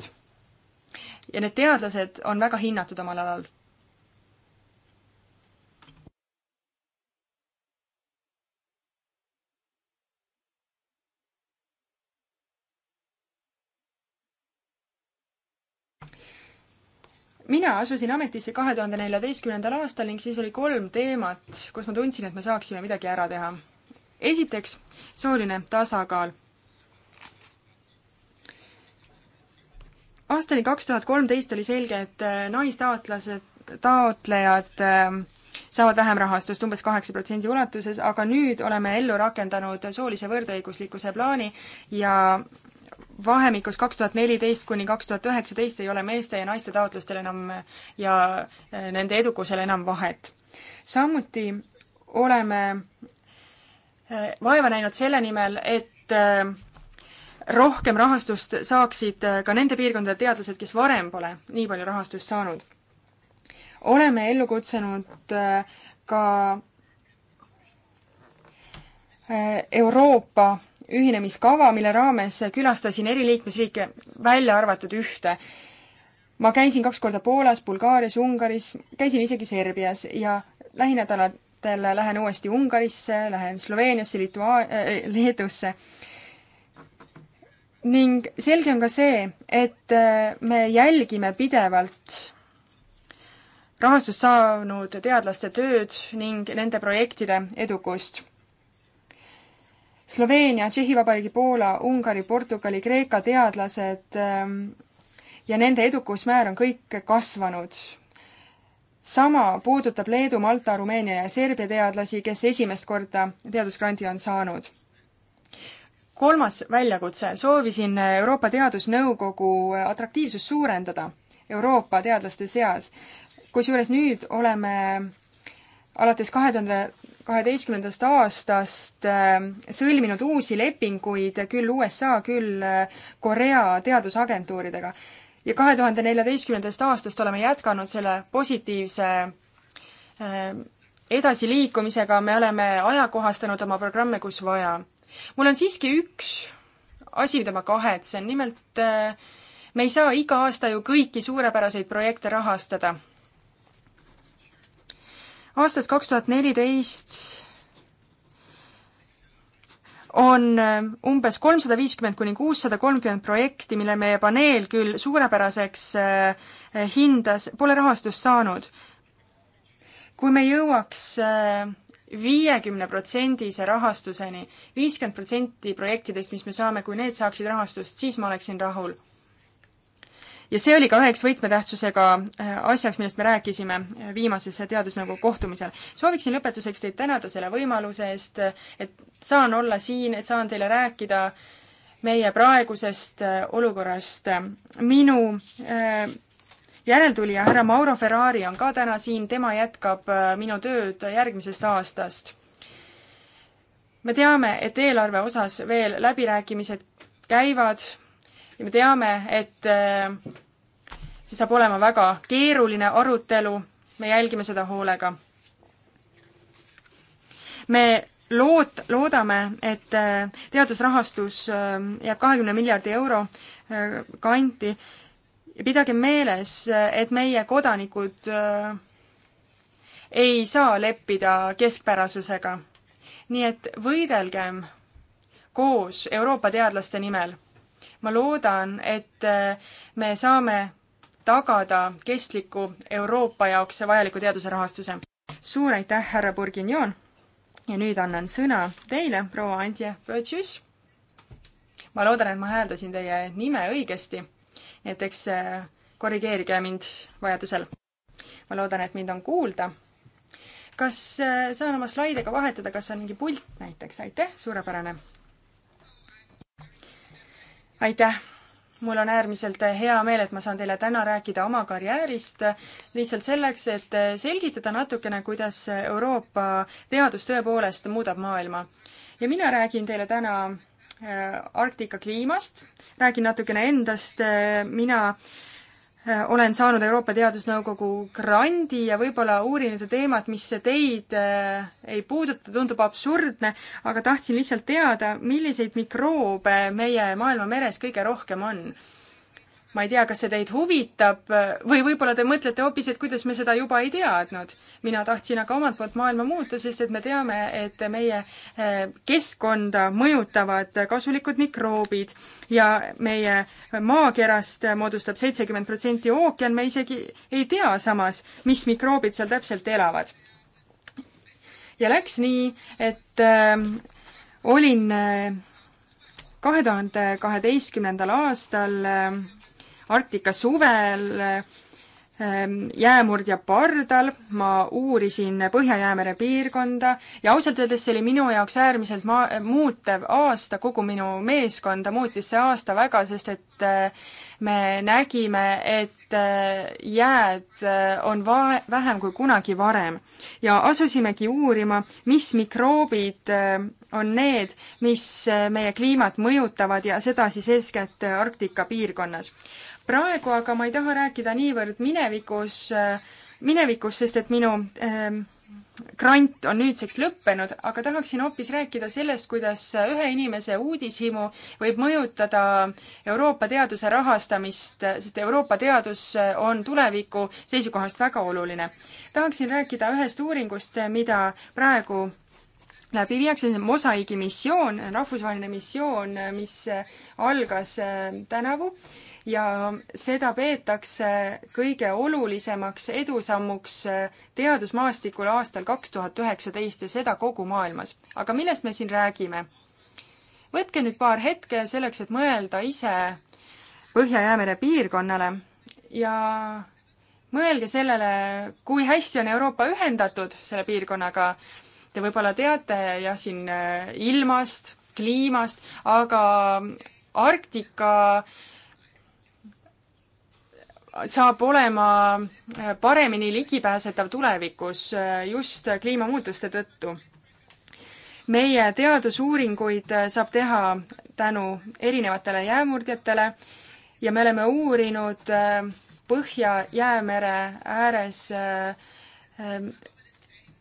ja need teadlased on väga hinnatud omal alal mina asusin ametisse kahe tuhande neljateistkümnendal aastal ning siis oli kolm teemat, kus ma tundsin, et me saaksime midagi ära teha. esiteks, sooline tasakaal. aastani kaks tuhat kolmteist oli selge, et äh, naistaatlased, taotlejad ähm, saavad vähem rahastust, umbes kaheksa protsendi ulatuses, aga nüüd oleme ellu rakendanud soolise võrdõiguslikkuse plaani ja vahemikus kaks tuhat neliteist kuni kaks tuhat üheksateist ei ole meeste ja naiste taotlustel enam ja eh, nende edukusel enam vahet. samuti oleme eh, vaeva näinud selle nimel, et eh, rohkem rahastust saaksid ka nende piirkondade teadlased, kes varem pole nii palju rahastust saanud. oleme ellu kutsunud ka Euroopa ühinemiskava, mille raames külastasin eri liikmesriike, välja arvatud ühte. ma käisin kaks korda Poolas, Bulgaarias, Ungaris, käisin isegi Serbias ja lähinädalatel lähen uuesti Ungarisse, lähen Sloveeniasse, Litua- äh,, äh Leedusse. ning selge on ka see, et äh, me jälgime pidevalt rahastust saanud teadlaste tööd ning nende projektide edukust Sloveenia, Tšehhi Vabariigi, Poola, Ungari, Portugali, Kreeka teadlased ähm, ja nende edukusmäär on kõik kasvanud. sama puudutab Leedu, Malta, Rumeenia ja Serbia teadlasi, kes esimest korda teadusgrandi on saanud. kolmas väljakutse, soovisin Euroopa Teadusnõukogu atraktiivsust suurendada Euroopa teadlaste seas. kusjuures nüüd oleme alates kahe tuhande kaheteistkümnendast aastast äh, sõlminud uusi lepinguid küll USA, küll äh, Korea teadusagentuuridega. ja kahe tuhande neljateistkümnendast aastast oleme jätkanud selle positiivse äh, edasiliikumisega, me oleme ajakohastanud oma programme, kus vaja. mul on siiski üks asi, mida ma kahetsen, nimelt me ei saa iga aasta ju kõiki suurepäraseid projekte rahastada aastast kaks tuhat neliteist on äh, umbes kolmsada viiskümmend kuni kuussada kolmkümmend projekti, mille meie paneel küll suurepäraseks äh, hindas, pole rahastust saanud. kui me jõuaks äh, viiekümne protsendise rahastuseni, viiskümmend protsenti projektidest, mis me saame, kui need saaksid rahastust, siis ma oleksin rahul ja see oli ka üheks võtmetähtsusega äh, asjaks, millest me rääkisime äh, viimases teadusnõukogu kohtumisel. sooviksin lõpetuseks teid tänada selle võimaluse eest, äh, et saan olla siin, et saan teile rääkida meie praegusest olukorrast. minu järeltulija härra Mauro Ferrari on ka täna siin, tema jätkab minu tööd järgmisest aastast. me teame, et eelarve osas veel läbirääkimised käivad, ja me teame, et äh, see saab olema väga keeruline arutelu, me jälgime seda hoolega. me loot-, loodame, et äh, teadusrahastus äh, jääb kahekümne miljardi euro kanti ja pidage meeles, et meie kodanikud ei saa leppida keskpärasusega. nii et võidelgem koos Euroopa teadlaste nimel ma loodan, et äh, me saame tagada kestliku Euroopa jaoks vajaliku teaduse rahastuse. suur aitäh, härra Burginjon! ja nüüd annan sõna teile, proua Antje Pötšüš. ma loodan, et ma hääldasin teie nime õigesti, et eks äh, korrigeerige mind vajadusel. ma loodan, et mind on kuulda. kas äh, saan oma slaidega vahetada, kas on mingi pult näiteks, aitäh, suurepärane aitäh! mul on äärmiselt hea meel, et ma saan teile täna rääkida oma karjäärist, lihtsalt selleks, et selgitada natukene, kuidas Euroopa teadus tõepoolest muudab maailma. ja mina räägin teile täna äh, Arktika kliimast, räägin natukene endast, äh, mina äh, Äh, olen saanud Euroopa Teadusnõukogu grandi ja võib-olla uurin ühte teemat, mis teid äh, ei puuduta, tundub absurdne, aga tahtsin lihtsalt teada, milliseid mikroobe meie maailma meres kõige rohkem on ma ei tea, kas see teid huvitab või võib-olla te mõtlete hoopis, et kuidas me seda juba ei teadnud. mina tahtsin aga omalt poolt maailma muuta, sest et me teame, et meie eh, keskkonda mõjutavad kasulikud mikroobid ja meie maakerast moodustab seitsekümmend protsenti ookean, me isegi ei tea samas, mis mikroobid seal täpselt elavad. ja läks nii, et äh, olin eh, kahe tuhande kaheteistkümnendal aastal äh, Arktika suvel ehm, jäämurdja pardal, ma uurisin Põhja-Jäämere piirkonda ja ausalt öeldes see oli minu jaoks äärmiselt ma-, muutev aasta, kogu minu meeskonda muutis see aasta väga, sest et eh, me nägime, et eh, jääd eh, on va-, vähem kui kunagi varem. ja asusimegi uurima, mis mikroobid on need, mis meie kliimat mõjutavad ja seda siis eeskätt Arktika piirkonnas praegu aga ma ei taha rääkida niivõrd minevikus, äh, minevikus, sest et minu ähm, grant on nüüdseks lõppenud, aga tahaksin hoopis rääkida sellest, kuidas ühe inimese uudishimu võib mõjutada Euroopa teaduse rahastamist, sest Euroopa teadus on tuleviku seisukohast väga oluline. tahaksin rääkida ühest uuringust, mida praegu läbi viiakse, see on Mosaiigi missioon, rahvusvaheline missioon, mis algas äh, tänavu ja seda peetakse kõige olulisemaks edusammuks äh, teadusmaastikul aastal kaks tuhat üheksateist ja seda kogu maailmas. aga millest me siin räägime? võtke nüüd paar hetke selleks, et mõelda ise Põhja-Jäämere piirkonnale ja mõelge sellele, kui hästi on Euroopa ühendatud selle piirkonnaga. Te võib-olla teate jah, siin äh, ilmast, kliimast, aga Arktika äh, saab olema äh, paremini ligipääsetav tulevikus äh, just kliimamuutuste tõttu. meie teadusuuringuid äh, saab teha tänu erinevatele jäämurdjatele ja me oleme uurinud Põhja-Jäämere ääres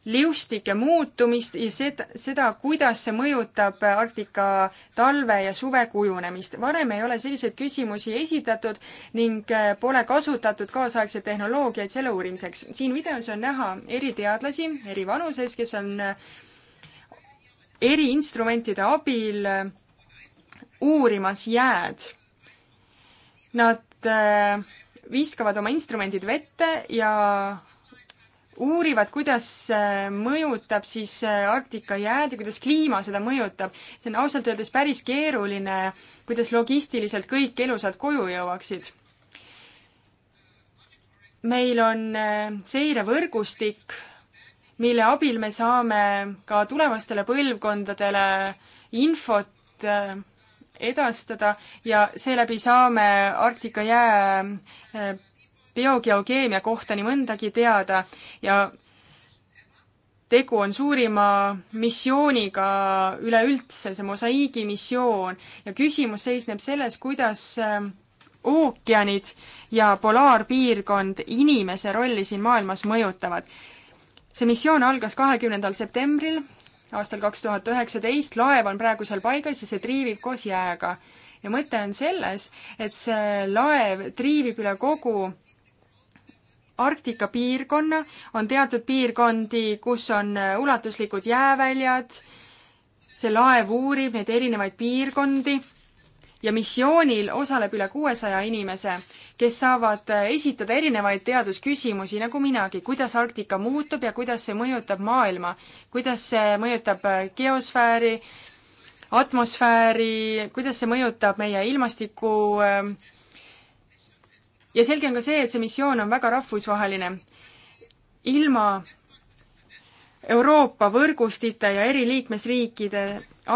liustike muutumist ja seda, seda, kuidas see mõjutab Arktika talve ja suve kujunemist. varem ei ole selliseid küsimusi esitatud ning äh, pole kasutatud kaasaegseid tehnoloogiaid selle uurimiseks. siin videos on näha eri teadlasi eri vanuses, kes on äh, eri instrumentide abil äh, uurimas jääd. Nad viskavad oma instrumendid vette ja uurivad, kuidas mõjutab siis äh, Arktika jääd ja kuidas kliima seda mõjutab. see on ausalt öeldes päris keeruline, kuidas logistiliselt kõik elusad koju jõuaksid. meil on äh, seirevõrgustik, mille abil me saame ka tulevastele põlvkondadele infot äh, edastada ja seeläbi saame Arktika jää biogeokeemia kohta nii mõndagi teada ja tegu on suurima missiooniga üleüldse, see mosaiigi missioon ja küsimus seisneb selles, kuidas ähm, ookeanid ja polaarpiirkond inimese rolli siin maailmas mõjutavad. see missioon algas kahekümnendal septembril aastal kaks tuhat üheksateist, laev on praegu seal paigas ja see triivib koos jääga. ja mõte on selles, et see laev triivib üle kogu Arktika piirkonna, on teatud piirkondi, kus on ulatuslikud jääväljad, see laev uurib neid erinevaid piirkondi ja missioonil osaleb üle kuuesaja inimese, kes saavad esitada erinevaid teadusküsimusi, nagu minagi, kuidas Arktika muutub ja kuidas see mõjutab maailma, kuidas see mõjutab geosfääri, atmosfääri, kuidas see mõjutab meie ilmastiku äh, ja selge on ka see, et see missioon on väga rahvusvaheline. ilma Euroopa võrgustite ja eri liikmesriikide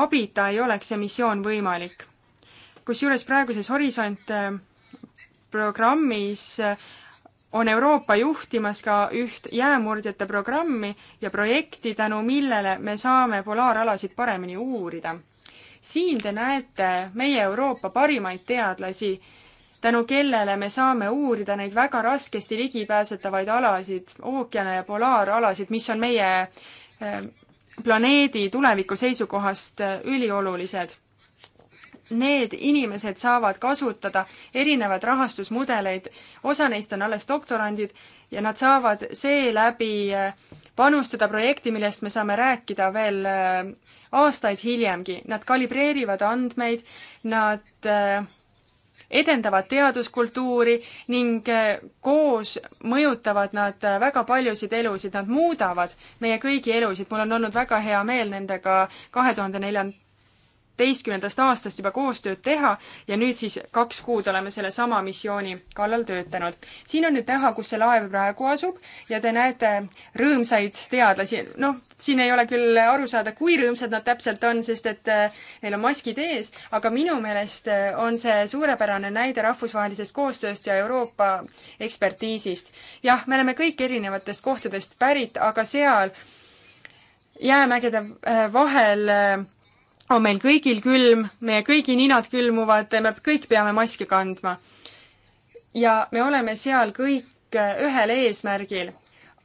abita ei oleks see missioon võimalik. kusjuures praeguses Horisont äh, programmis äh, on Euroopa juhtimas ka üht jäämurdjate programmi ja projekti, tänu millele me saame polaaralasid paremini uurida. siin te näete meie Euroopa parimaid teadlasi tänu kellele me saame uurida neid väga raskesti ligipääsetavaid alasid, ookeane ja polaaralasid, mis on meie eh, planeedi tuleviku seisukohast eh, üliolulised. Need inimesed saavad kasutada erinevaid rahastusmudeleid, osa neist on alles doktorandid ja nad saavad seeläbi eh, panustada projekti, millest me saame rääkida veel aastaid hiljemgi. Nad kalibreerivad andmeid, nad äh, edendavad teaduskultuuri ning eh, koos mõjutavad nad eh, väga paljusid elusid, nad muudavad meie kõigi elusid. mul on olnud väga hea meel nendega kahe tuhande neljand-, kaheteistkümnendast aastast juba koostööd teha ja nüüd siis kaks kuud oleme sellesama missiooni kallal töötanud. siin on nüüd näha, kus see laev praegu asub ja te näete rõõmsaid teadlasi, noh, siin ei ole küll aru saada, kui rõõmsad nad täpselt on, sest et äh, neil on maskid ees, aga minu meelest äh, on see suurepärane näide rahvusvahelisest koostööst ja Euroopa ekspertiisist. jah, me oleme kõik erinevatest kohtadest pärit, aga seal jäämägede äh, vahel on meil kõigil külm, meie kõigi ninad külmuvad, me kõik peame maski kandma. ja me oleme seal kõik äh, ühel eesmärgil.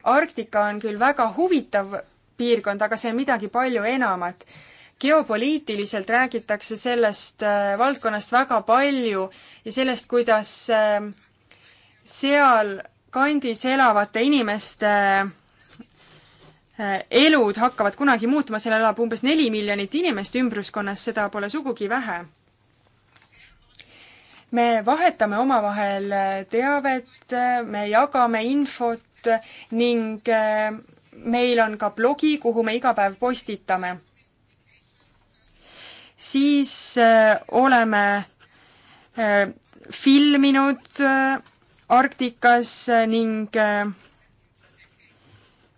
Arktika on küll väga huvitav piirkond, aga see on midagi palju enamat. geopoliitiliselt räägitakse sellest äh, valdkonnast väga palju ja sellest, kuidas äh, seal kandis elavate inimeste Äh, elud hakkavad kunagi muutuma, seal elab umbes neli miljonit inimest ümbruskonnas, seda pole sugugi vähe. me vahetame omavahel äh, teavet, äh, me jagame infot ning meil on ka blogi, kuhu me iga päev postitame. siis oleme filminud Arktikas ning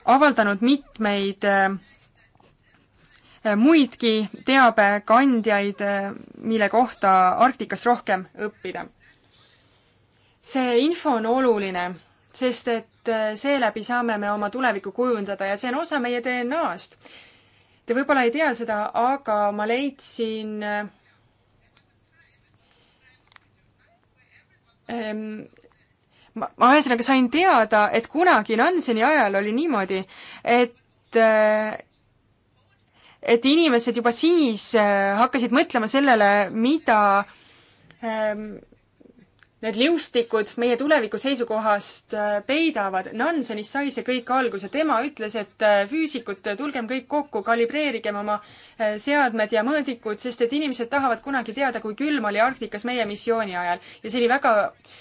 avaldanud mitmeid äh, muidki teabekandjaid, äh, mille kohta Arktikas rohkem õppida. see info on oluline, sest et äh, seeläbi saame me oma tulevikku kujundada ja see on osa meie DNA-st. Te võib-olla ei tea seda, aga ma leidsin ähm, ma, ma ühesõnaga sain teada, et kunagi Nanseni ajal oli niimoodi, et äh, et inimesed juba siis äh, hakkasid mõtlema sellele, mida ähm, need liustikud meie tuleviku seisukohast äh, peidavad. Nansenist sai see kõik alguse. tema ütles, et füüsikud, tulgem kõik kokku, kalibreerigem oma seadmed ja mõõdikud, sest et inimesed tahavad kunagi teada, kui külm oli Arktikas meie missiooni ajal. ja see oli väga äh,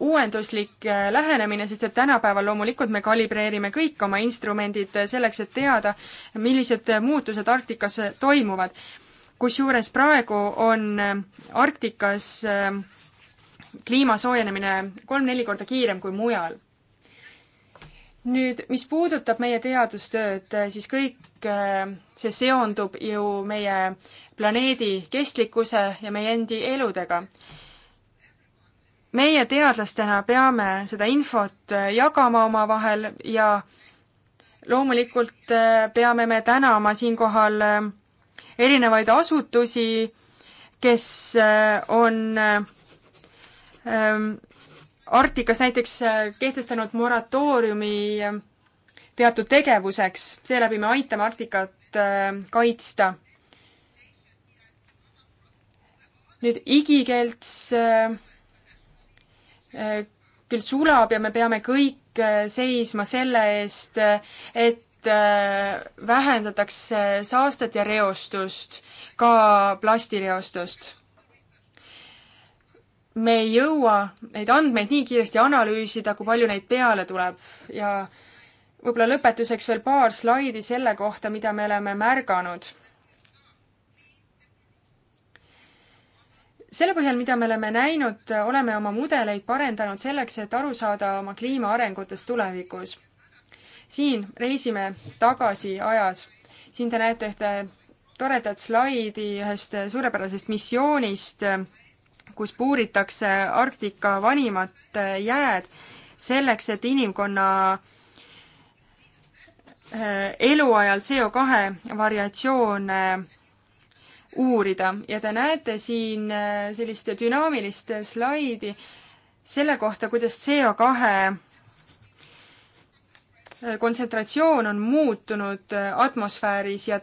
uuenduslik lähenemine, sest et tänapäeval loomulikult me kalibreerime kõik oma instrumendid selleks, et teada, millised muutused Arktikas toimuvad. kusjuures praegu on Arktikas kliima soojenemine kolm-neli korda kiirem kui mujal nüüd, mis puudutab meie teadustööd, siis kõik see seondub ju meie planeedi kestlikkuse ja meie endi eludega meie teadlastena peame seda infot äh, jagama omavahel ja loomulikult äh, peame me tänama siinkohal äh, erinevaid asutusi, kes on ähm, Arktikas näiteks kehtestanud moratooriumi teatud tegevuseks, seeläbi me aitame Arktikat kaitsta. nüüd igikeelts küll sulab ja me peame kõik äh, seisma selle eest, et äh, vähendatakse saastet ja reostust, ka plastireostust. me ei jõua neid andmeid nii kiiresti analüüsida, kui palju neid peale tuleb ja võib-olla lõpetuseks veel paar slaidi selle kohta, mida me oleme märganud selle põhjal, mida me oleme näinud, oleme oma mudeleid parendanud selleks, et aru saada oma kliima arengutest tulevikus. siin reisime tagasi ajas. siin te näete ühte toredat slaidi ühest suurepärasest missioonist, kus puuritakse Arktika vanimad jääd selleks, et inimkonna eh, eluajal CO2 variatsioone uurida ja te näete siin äh, sellist dünaamilist slaidi selle kohta, kuidas CO2 äh, kontsentratsioon on muutunud äh, atmosfääris ja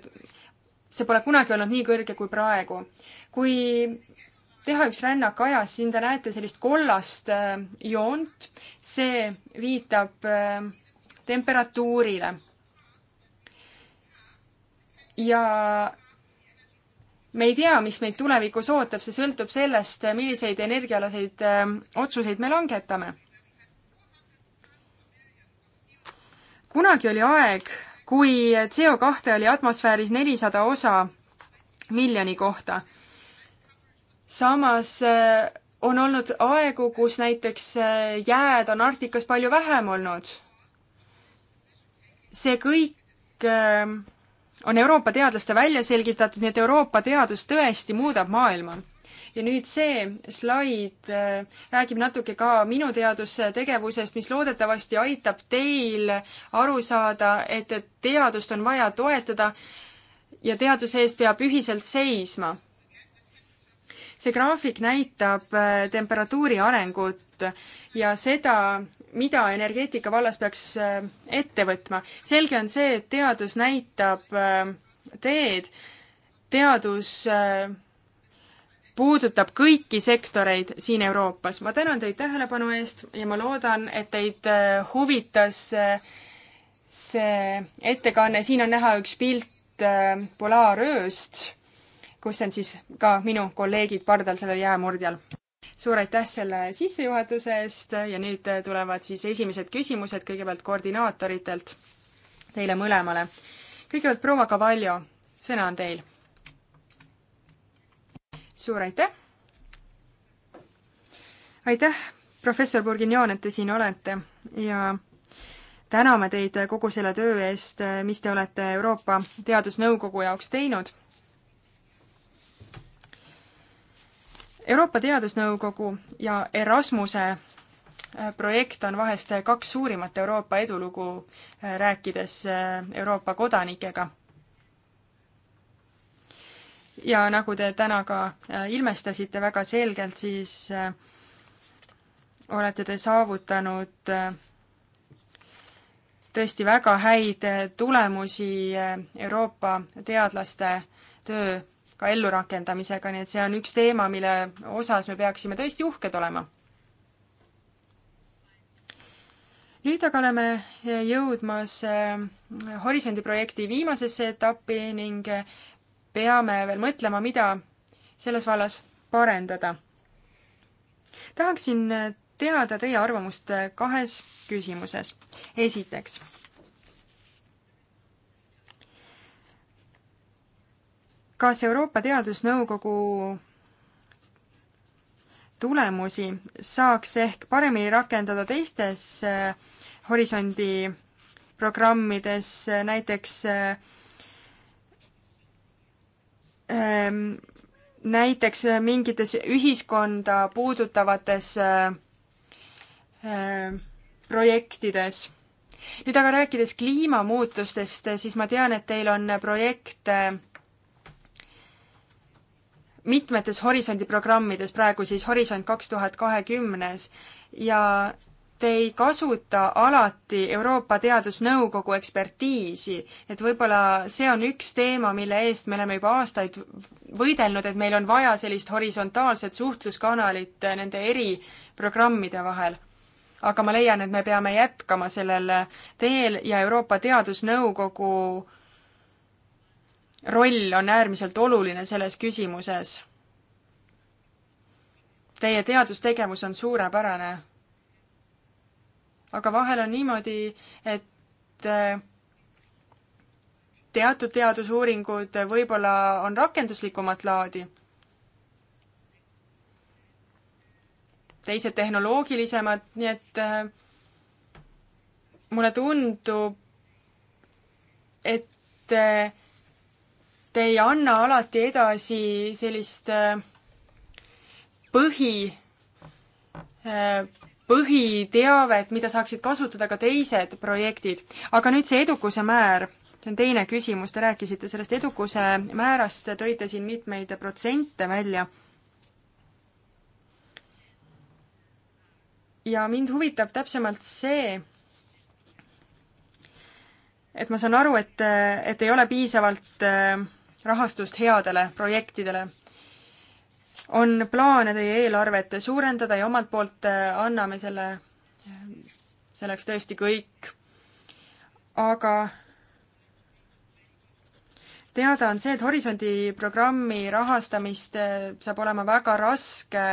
see pole kunagi olnud nii kõrge kui praegu. kui teha üks rännak ajas, siin te näete sellist kollast joont, see viitab temperatuurile. ja me ei tea, mis meid tulevikus ootab, see sõltub sellest, milliseid energiaalaseid ähm, otsuseid me langetame. kunagi oli aeg, kui CO kahte oli atmosfääris nelisada osa miljoni kohta. samas äh, on olnud aegu, kus näiteks äh, jääd on Arktikas palju vähem olnud. see kõik ähm, on Euroopa teadlaste välja selgitatud, nii et Euroopa teadus tõesti muudab maailma. ja nüüd see slaid äh, räägib natuke ka minu teadustegevusest, mis loodetavasti aitab teil aru saada, et teadust on vaja toetada ja teaduse eest peab ühiselt seisma see graafik näitab äh, temperatuuri arengut ja seda, mida energeetika vallas peaks äh, ette võtma. selge on see, et teadus näitab äh, teed, teadus äh, puudutab kõiki sektoreid siin Euroopas. ma tänan teid tähelepanu eest ja ma loodan, et teid huvitas see ettekanne, siin on näha üks pilt Polaarööst, kus on siis ka minu kolleegid pardal sellel jäämurdjal suur aitäh selle sissejuhatuse eest ja nüüd tulevad siis esimesed küsimused kõigepealt koordinaatoritelt teile mõlemale. kõigepealt proua Cavallo, sõna on teil. suur aitäh! aitäh, professor Burginjon, et te siin olete ja täname teid kogu selle töö eest, mis te olete Euroopa Teadusnõukogu jaoks teinud Euroopa Teadusnõukogu ja Erasmuse äh, projekt on vahest äh, kaks suurimat Euroopa edulugu, äh, rääkides Euroopa kodanikega. ja nagu te täna ka ilmestasite väga selgelt, siis olete te saavutanud tõesti väga häid tulemusi Euroopa teadlaste töö ka ellurakendamisega, nii et see on üks teema, mille osas me peaksime tõesti uhked olema. nüüd aga oleme jõudmas äh, Horisondi projekti viimasesse etappi ning äh, peame veel mõtlema, mida selles vallas parendada. tahaksin äh, teada teie arvamust kahes küsimuses. esiteks kas Euroopa Teadusnõukogu tulemusi saaks ehk paremini rakendada teistes äh, horisondi programmides, äh, näiteks äh, ähm, näiteks mingites ühiskonda puudutavates projektides. nüüd aga rääkides kliimamuutustest, siis ma tean, et teil on projekt mitmetes Horisondi programmides, praegu siis Horisont kaks tuhat kahekümnes, ja te ei kasuta alati Euroopa Teadusnõukogu ekspertiisi, et võib-olla see on üks teema, mille eest me oleme juba aastaid võidelnud, et meil on vaja sellist horisontaalset suhtluskanalit nende eri programmide vahel. aga ma leian, et me peame jätkama sellel teel ja Euroopa Teadusnõukogu roll on äärmiselt oluline selles küsimuses. Teie teadustegevus on suurepärane. aga vahel on niimoodi, et äh, teatud teadusuuringud võib-olla on rakenduslikumat laadi. teised tehnoloogilisemad, nii et äh, mulle tundub, et äh, ei anna alati edasi sellist äh, põhi, äh, põhiteavet, mida saaksid kasutada ka teised projektid. aga nüüd see edukuse määr, see on teine küsimus, te rääkisite sellest edukuse määrast, tõite siin mitmeid protsente välja. ja mind huvitab täpsemalt see, et ma saan aru, et, et ei ole piisavalt äh, rahastust headele projektidele. on plaane teie eelarvet suurendada ja omalt poolt äh, anname selle, äh, selleks tõesti kõik. aga teada on see, et Horisondi programmi rahastamist äh, saab olema väga raske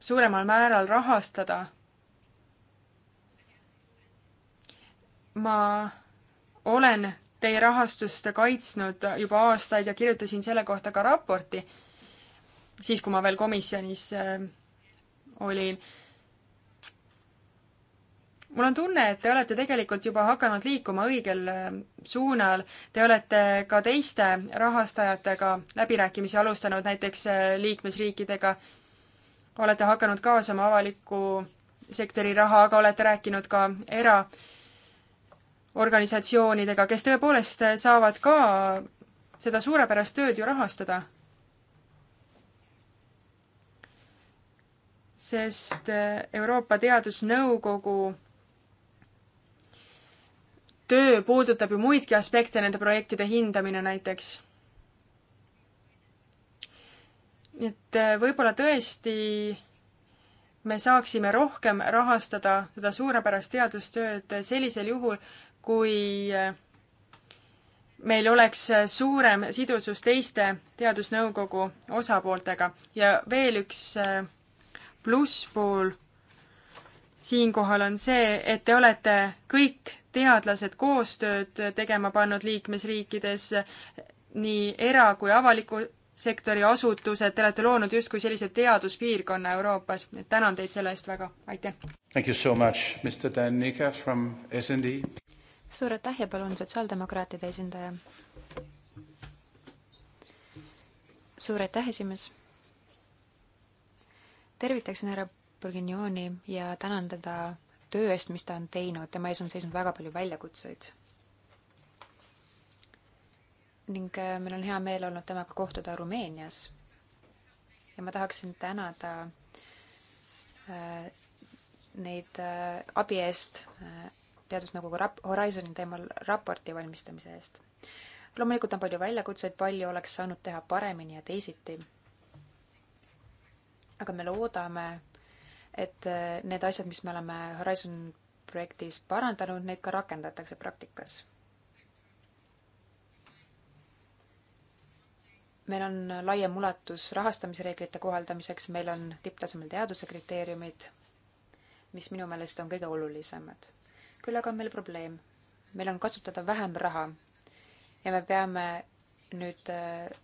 suuremal määral rahastada. ma olen teie rahastust kaitsnud juba aastaid ja kirjutasin selle kohta ka raporti, siis kui ma veel komisjonis äh, olin. mul on tunne, et te olete tegelikult juba hakanud liikuma õigel äh, suunal. Te olete ka teiste rahastajatega läbirääkimisi alustanud, näiteks äh, liikmesriikidega. olete hakanud kaasama avaliku sektori raha, aga olete rääkinud ka era- organisatsioonidega, kes tõepoolest saavad ka seda suurepärast tööd ju rahastada. sest Euroopa Teadusnõukogu töö puudutab ju muidki aspekte, nende projektide hindamine näiteks. nii et võib-olla tõesti me saaksime rohkem rahastada seda suurepärast teadustööd sellisel juhul, kui eh, meil oleks eh, suurem sidusus teiste teadusnõukogu osapooltega ja veel üks eh, plusspool siinkohal on see, et te olete kõik teadlased koostööd tegema pannud liikmesriikides, nii era- kui avaliku sektori asutused, te olete loonud justkui sellise teaduspiirkonna Euroopas, et tänan teid selle eest väga, aitäh! Thank you so much, Mr Dan Nika from SND suur aitäh ja palun sotsiaaldemokraatide esindaja. suur aitäh, esimees. tervitaksin härra Burginjoni ja tänan teda töö eest, mis ta on teinud, tema ees on seisnud väga palju väljakutseid. ning äh, meil on hea meel olnud temaga kohtuda Rumeenias. ja ma tahaksin tänada äh, neid äh, abi eest teadusnõukogu rap-, Horizoni teemal raporti valmistamise eest. loomulikult on palju väljakutseid, palju oleks saanud teha paremini ja teisiti. aga me loodame, et eh, need asjad, mis me oleme Horizon projektis parandanud, neid ka rakendatakse praktikas meil on laiem ulatus rahastamisreeglite kohaldamiseks, meil on tipptasemel teaduse kriteeriumid, mis minu meelest on kõige olulisemad küll aga on meil probleem. meil on kasutada vähem raha ja me peame nüüd äh,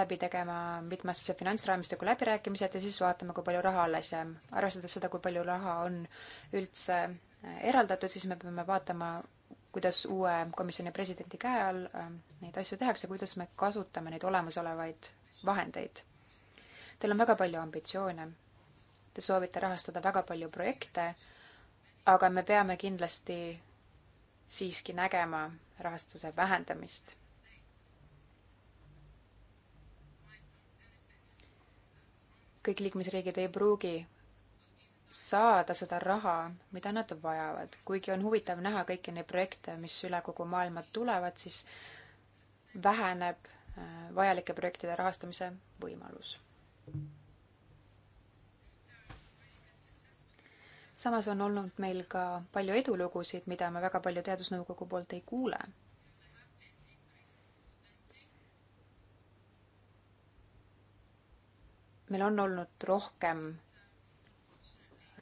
läbi tegema mitmeaastase finantsraamistiku läbirääkimised ja siis vaatame, kui palju raha alles jääb. arvestades seda, kui palju raha on üldse äh, eraldatud, siis me peame vaatama, kuidas uue komisjoni presidendi käe all äh, neid asju tehakse, kuidas me kasutame neid olemasolevaid vahendeid. Teil on väga palju ambitsioone. Te soovite rahastada väga palju projekte aga me peame kindlasti siiski nägema rahastuse vähendamist. kõik liikmesriigid ei pruugi saada seda raha, mida nad vajavad, kuigi on huvitav näha kõiki neid projekte, mis üle kogu maailma tulevad, siis väheneb äh, vajalike projektide rahastamise võimalus. samas on olnud meil ka palju edulugusid, mida me väga palju teadusnõukogu poolt ei kuule. meil on olnud rohkem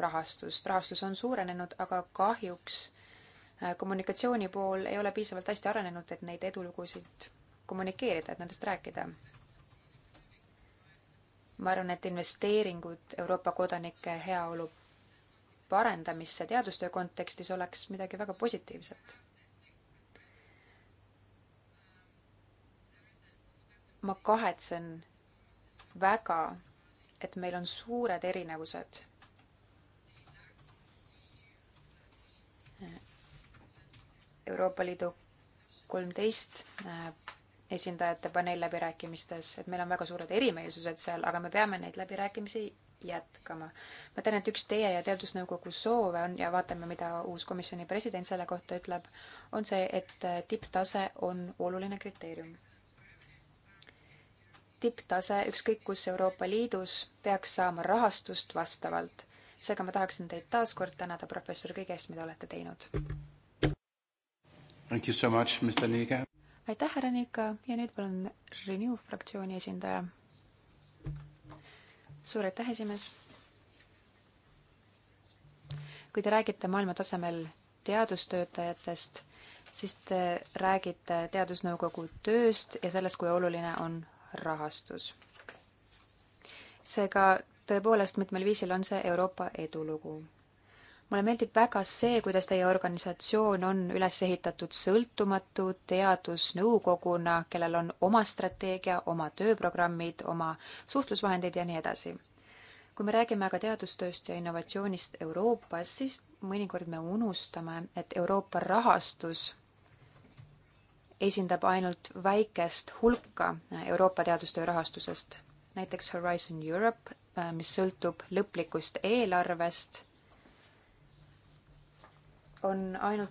rahastust, rahastus on suurenenud, aga kahjuks äh, kommunikatsiooni pool ei ole piisavalt hästi arenenud, et neid edulugusid kommunikeerida, et nendest rääkida ma arvan, et investeeringud Euroopa kodanike heaolu parendamisse teadustöö kontekstis oleks midagi väga positiivset. ma kahetsen väga, et meil on suured erinevused Euroopa Liidu kolmteist äh, esindajate paneelläbirääkimistes, et meil on väga suured erimeelsused seal, aga me peame neid läbirääkimisi jätkama. ma tean, et üks teie ja Teadusnõukogu soove on ja vaatame, mida uus komisjoni president selle kohta ütleb, on see, et äh, tipptase on oluline kriteerium. tipptase, ükskõik kus Euroopa Liidus, peaks saama rahastust vastavalt. seega ma tahaksin teid taas kord tänada, professor, kõige eest, mida olete teinud. Thank you so much, Mr Niiga. aitäh, härra Niika ja nüüd palun Renew fraktsiooni esindaja suur aitäh, esimees. kui te räägite maailma tasemel teadustöötajatest, siis te räägite Teadusnõukogu tööst ja sellest, kui oluline on rahastus. seega tõepoolest mitmel viisil on see Euroopa edulugu mulle meeldib väga see, kuidas teie organisatsioon on üles ehitatud sõltumatu teadusnõukoguna, kellel on oma strateegia, oma tööprogrammid, oma suhtlusvahendid ja nii edasi. kui me räägime aga teadustööst ja innovatsioonist Euroopas, siis mõnikord me unustame, et Euroopa rahastus esindab ainult väikest hulka Euroopa teadustöö rahastusest. näiteks Horizon Europe, mis sõltub lõplikust eelarvest on ainult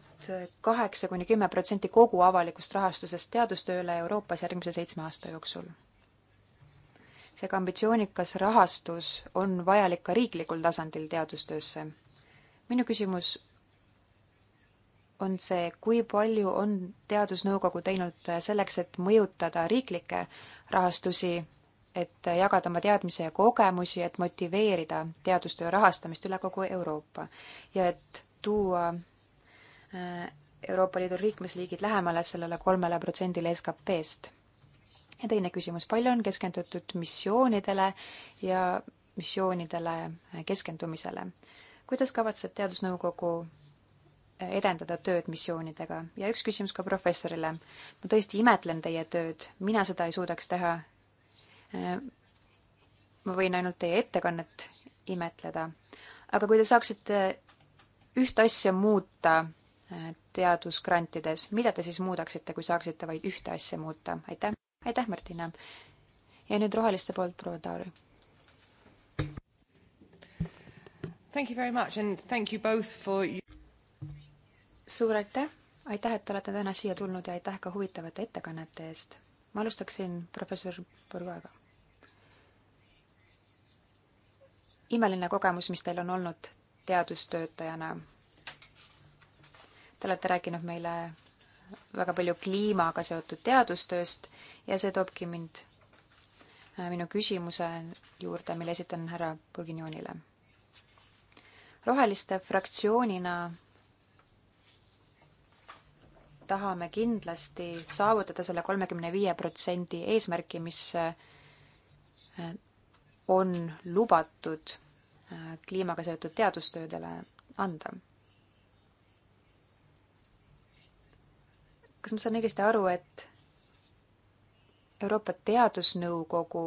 kaheksa kuni kümme protsenti kogu avalikust rahastusest teadustööle Euroopas järgmise seitsme aasta jooksul. seega ambitsioonikas rahastus on vajalik ka riiklikul tasandil teadustöösse. minu küsimus on see, kui palju on Teadusnõukogu teinud selleks, et mõjutada riiklikke rahastusi, et jagada oma teadmisi ja kogemusi, et motiveerida teadustöö rahastamist üle kogu Euroopa ja et tuua Euroopa Liidu liikmesliigid lähemale sellele kolmele protsendile SKP-st? ja teine küsimus, palju on keskendutud missioonidele ja missioonidele keskendumisele? kuidas kavatseb Teadusnõukogu edendada tööd missioonidega ja üks küsimus ka professorile. ma tõesti imetlen teie tööd, mina seda ei suudaks teha. ma võin ainult teie ettekannet imetleda. aga kui te saaksite ühte asja muuta teadusgrantides, mida te siis muudaksite, kui saaksite vaid ühte asja muuta? aitäh, aitäh, Martina! ja nüüd roheliste poolt proua Tauri. Thank you very much and thank you both for suur aitäh, aitäh, et olete täna siia tulnud ja aitäh ka huvitavate ettekannete eest. ma alustaksin professor Burgaga. imeline kogemus, mis teil on olnud teadustöötajana Te olete rääkinud meile väga palju kliimaga seotud teadustööst ja see toobki mind äh, minu küsimuse juurde, mille esitan härra Burginjonile. roheliste fraktsioonina tahame kindlasti saavutada selle kolmekümne viie protsendi eesmärki, mis äh, on lubatud äh, kliimaga seotud teadustöödele anda kas ma saan õigesti aru, et Euroopa Teadusnõukogu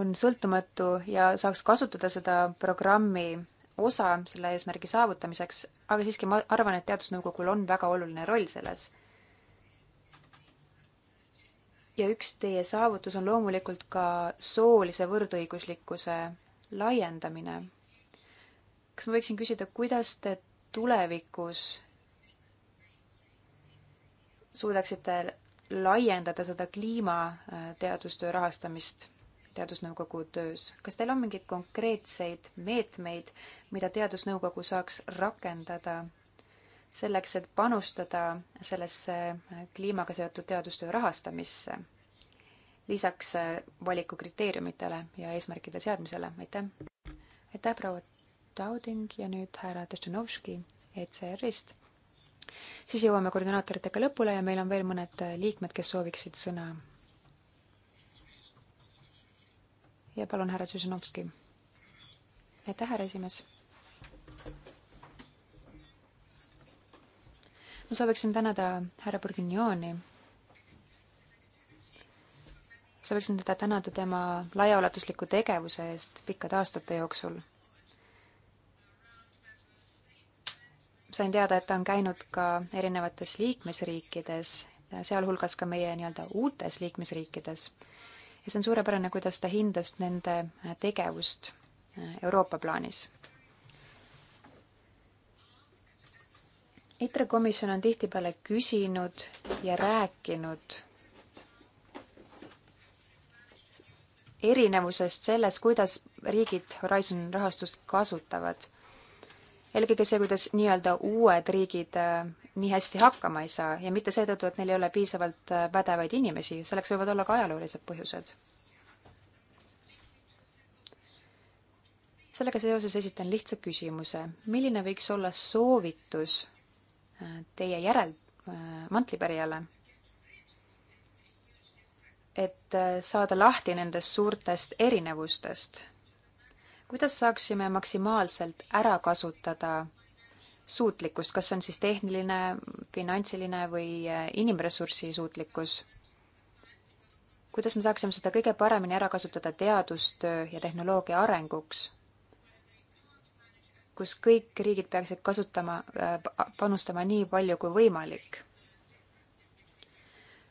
on sõltumatu ja saaks kasutada seda programmi osa selle eesmärgi saavutamiseks, aga siiski ma arvan, et teadusnõukogul on väga oluline roll selles. ja üks teie saavutus on loomulikult ka soolise võrdõiguslikkuse laiendamine kas ma võiksin küsida, kuidas te tulevikus suudaksite laiendada seda kliimateadustöö rahastamist teadusnõukogu töös. kas teil on mingeid konkreetseid meetmeid, mida teadusnõukogu saaks rakendada selleks, et panustada sellesse kliimaga seotud teadustöö rahastamisse? lisaks valikukriteeriumitele ja eesmärkide seadmisele, aitäh! aitäh, proua Tauding ja nüüd härra Tšenovski ECR-ist. siis jõuame koordinaatoritega lõpule ja meil on veel mõned liikmed, kes sooviksid sõna. ja palun, härra Tšenovski. aitäh, härra esimees. ma sooviksin tänada härra Burgignoni sooviksin teda tänada tema laiaulatusliku tegevuse eest pikkade aastate jooksul. sain teada, et ta on käinud ka erinevates liikmesriikides, sealhulgas ka meie nii-öelda uutes liikmesriikides. ja see on suurepärane, kuidas ta hindas nende tegevust Euroopa plaanis. ITRE komisjon on tihtipeale küsinud ja rääkinud erinevusest selles, kuidas riigid Horizon rahastust kasutavad eelkõige see, kuidas nii-öelda uued riigid äh, nii hästi hakkama ei saa ja mitte seetõttu, et neil ei ole piisavalt äh, pädevaid inimesi, selleks võivad olla ka ajaloolised põhjused. sellega seoses esitan lihtsa küsimuse. milline võiks olla soovitus äh, teie järel mantlipärijale, et saada lahti nendest suurtest erinevustest kuidas saaksime maksimaalselt ära kasutada suutlikkust, kas see on siis tehniline, finantsiline või eh, inimressursi suutlikkus? kuidas me saaksime seda kõige paremini ära kasutada teadustöö ja tehnoloogia arenguks, kus kõik riigid peaksid kasutama, eh, panustama nii palju kui võimalik?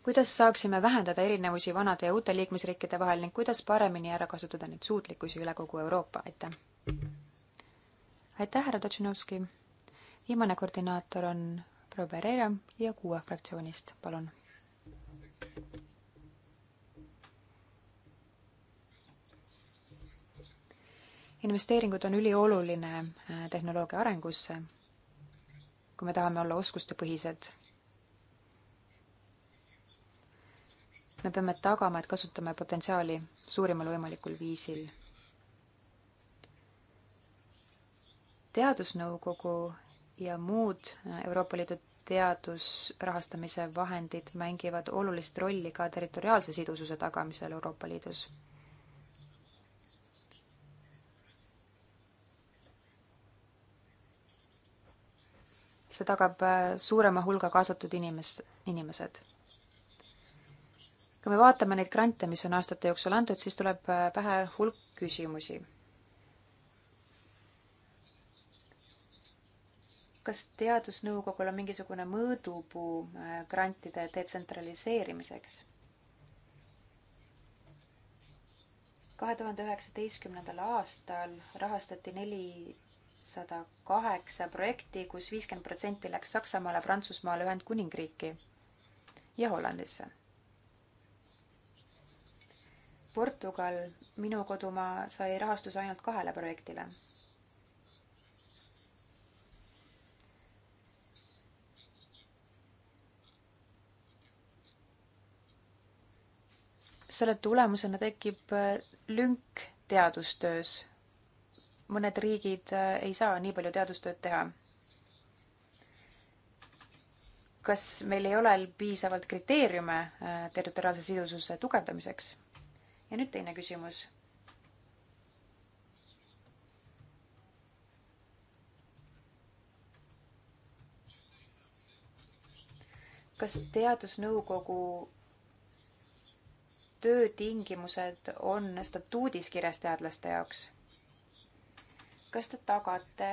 kuidas saaksime vähendada erinevusi vanade ja uute liikmesriikide vahel ning kuidas paremini ära kasutada neid suutlikkusi üle kogu Euroopa, aitäh! aitäh, härra Totšinovski! viimane koordinaator on proua Pereira ja kuue fraktsioonist, palun! investeeringud on ülioluline äh, tehnoloogia arengusse, kui me tahame olla oskustepõhised me peame tagama, et kasutame potentsiaali suurimal võimalikul viisil. teadusnõukogu ja muud Euroopa Liidu teadusrahastamise vahendid mängivad olulist rolli ka territoriaalse sidususe tagamisel Euroopa Liidus. see tagab suurema hulga kaasatud inimes-, inimesed kui me vaatame neid grante, mis on aastate jooksul antud, siis tuleb äh, pähe hulk küsimusi. kas teadusnõukogul on mingisugune mõõdupuu äh, grantide detsentraliseerimiseks? kahe tuhande üheksateistkümnendal aastal rahastati nelisada kaheksa projekti kus, kus viiskümmend protsenti läks Saksamaale, Prantsusmaale, Ühendkuningriiki ja Hollandisse Portugal, minu kodumaa, sai rahastuse ainult kahele projektile. selle tulemusena tekib äh, lünk teadustöös. mõned riigid äh, ei saa nii palju teadustööd teha kas meil ei ole piisavalt kriteeriume äh, territoriaalse sidususe tugevdamiseks? ja nüüd teine küsimus. kas teadusnõukogu töötingimused on statuudis kirjas teadlaste jaoks? kas te tagate,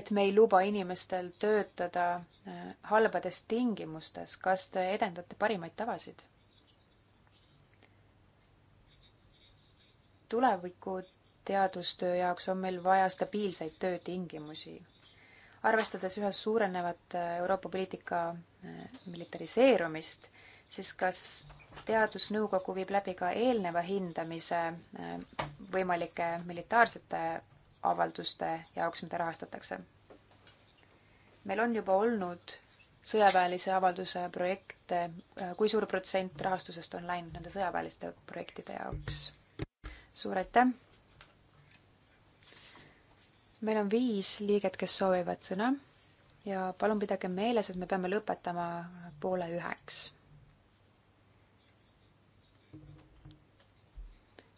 et me ei luba inimestel töötada äh, halbades tingimustes, kas te edendate parimaid tavasid? tuleviku teadustöö jaoks on meil vaja stabiilseid töötingimusi. arvestades üha suurenevat äh, Euroopa poliitika äh, militariseerumist, siis kas teadusnõukogu viib läbi ka eelneva hindamise äh, võimalike militaarsete avalduste jaoks, mida rahastatakse? meil on juba olnud sõjaväelise avalduse projekte, kui suur protsent rahastusest on läinud nende sõjaväeliste projektide jaoks? suur aitäh! meil on viis liiget, kes soovivad sõna ja palun pidage meeles, et me peame lõpetama poole üheks.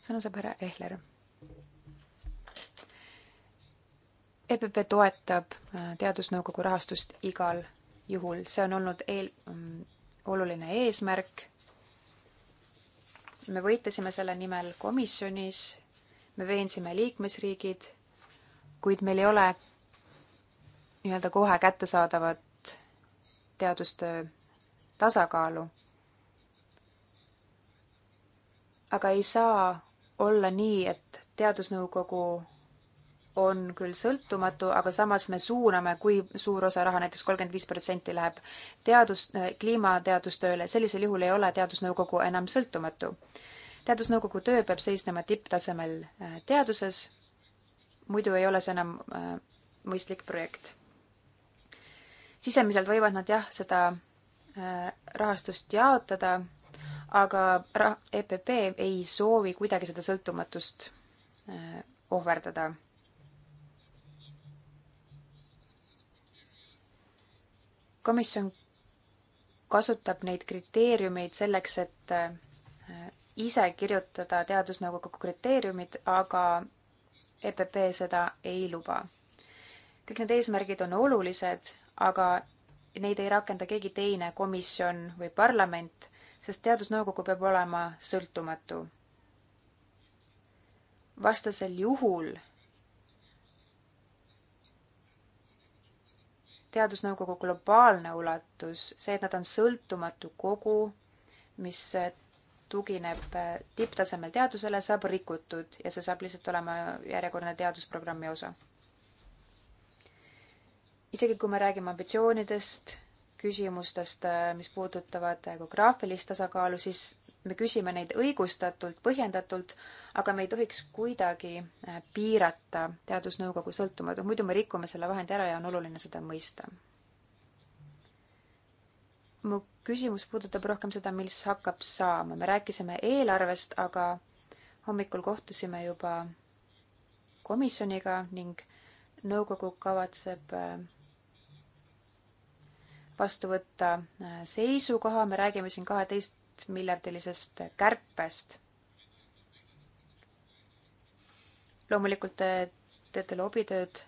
sõna saab härra Ehler. EPP toetab äh, teadusnõukogu rahastust igal juhul, see on olnud eel-, mm, oluline eesmärk me võitlesime selle nimel komisjonis, me veensime liikmesriigid, kuid meil ei ole nii-öelda kohe kättesaadavat teadustöö tasakaalu. aga ei saa olla nii, et teadusnõukogu on küll sõltumatu, aga samas me suuname, kui suur osa raha näiteks, näiteks kolmkümmend viis protsenti läheb teadus, kliimateadustööle, sellisel juhul ei ole teadusnõukogu enam sõltumatu. teadusnõukogu töö peab seisnema tipptasemel äh, teaduses, muidu ei ole see enam äh, mõistlik projekt. sisemiselt võivad nad jah, seda äh, rahastust jaotada, aga EPP ei soovi kuidagi seda sõltumatust ohverdada komisjon kasutab neid kriteeriumeid selleks, et äh, ise kirjutada teadusnõukogu kriteeriumid, aga EPP seda ei luba. kõik need eesmärgid on olulised, aga neid ei rakenda keegi teine, komisjon või parlament, sest teadusnõukogu peab olema sõltumatu. vastasel juhul teadusnõukogu globaalne ulatus, see, et nad on sõltumatu kogu, mis äh, tugineb äh, tipptasemel teadusele, saab rikutud ja see saab lihtsalt olema järjekordne teadusprogrammi osa. isegi kui me räägime ambitsioonidest, küsimustest, äh, mis puudutavad geograafilist tasakaalu, siis me küsime neid õigustatult, põhjendatult, aga me ei tohiks kuidagi äh, piirata teadusnõukogu sõltumatust, muidu me rikume selle vahendi ära ja on oluline seda mõista. mu küsimus puudutab rohkem seda, mis hakkab saama. me rääkisime eelarvest, aga hommikul kohtusime juba komisjoniga ning nõukogu kavatseb äh, vastu võtta äh, seisukoha, me räägime siin kaheteist miljardilisest kärpest. loomulikult te eh, teete lobitööd eh,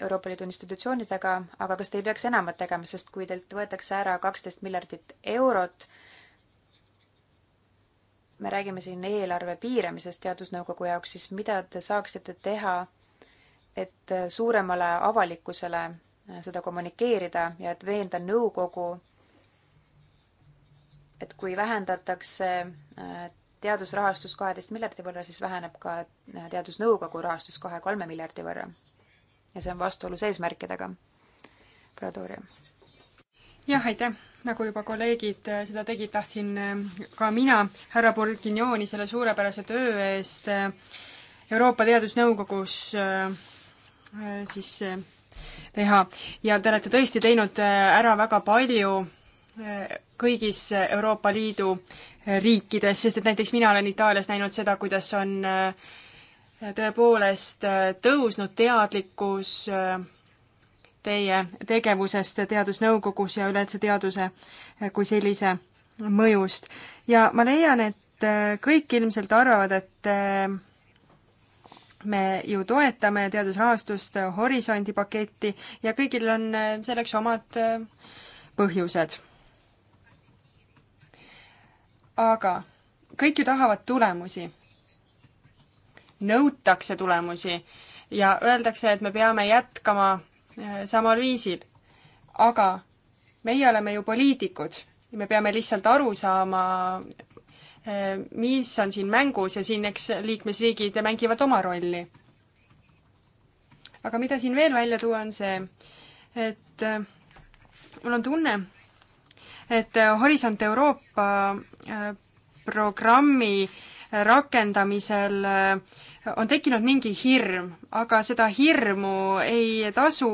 Euroopa Liidu institutsioonidega, aga kas te ei peaks enamat tegema, sest kui teilt võetakse ära kaksteist miljardit eurot, me räägime siin eelarve piiramisest teadusnõukogu jaoks, siis mida te saaksite teha, et eh, suuremale avalikkusele seda kommunikeerida ja et veenda nõukogu et kui vähendatakse äh, teadusrahastus kaheteist miljardi võrra, siis väheneb ka äh, teadusnõukogu rahastus kahe-kolme miljardi võrra. ja see on vastuolus eesmärkidega. Pradoria. jah, aitäh! nagu juba kolleegid äh, seda tegid, tahtsin ka mina härra Burgignoni selle suurepärase töö eest Euroopa Teadusnõukogus siis teha ja te olete tõesti teinud ära väga palju kõigis Euroopa Liidu riikides, sest et näiteks mina olen Itaalias näinud seda, kuidas on äh, tõepoolest äh, tõusnud teadlikkus äh, teie tegevusest Teadusnõukogus ja üleüldse teaduse kui sellise mõjust. ja ma leian, et kõik ilmselt arvavad, et me ju toetame teadusrahastust Horisondi paketti ja kõigil on selleks omad põhjused aga kõik ju tahavad tulemusi. nõutakse tulemusi ja öeldakse, et me peame jätkama äh, samal viisil. aga meie oleme ju poliitikud ja me peame lihtsalt aru saama, äh, mis on siin mängus ja siin eks liikmesriigid mängivad oma rolli. aga mida siin veel välja tuua, on see, et äh, mul on tunne, et äh, Horisont Euroopa äh, programmi äh, rakendamisel on tekkinud mingi hirm, aga seda hirmu ei tasu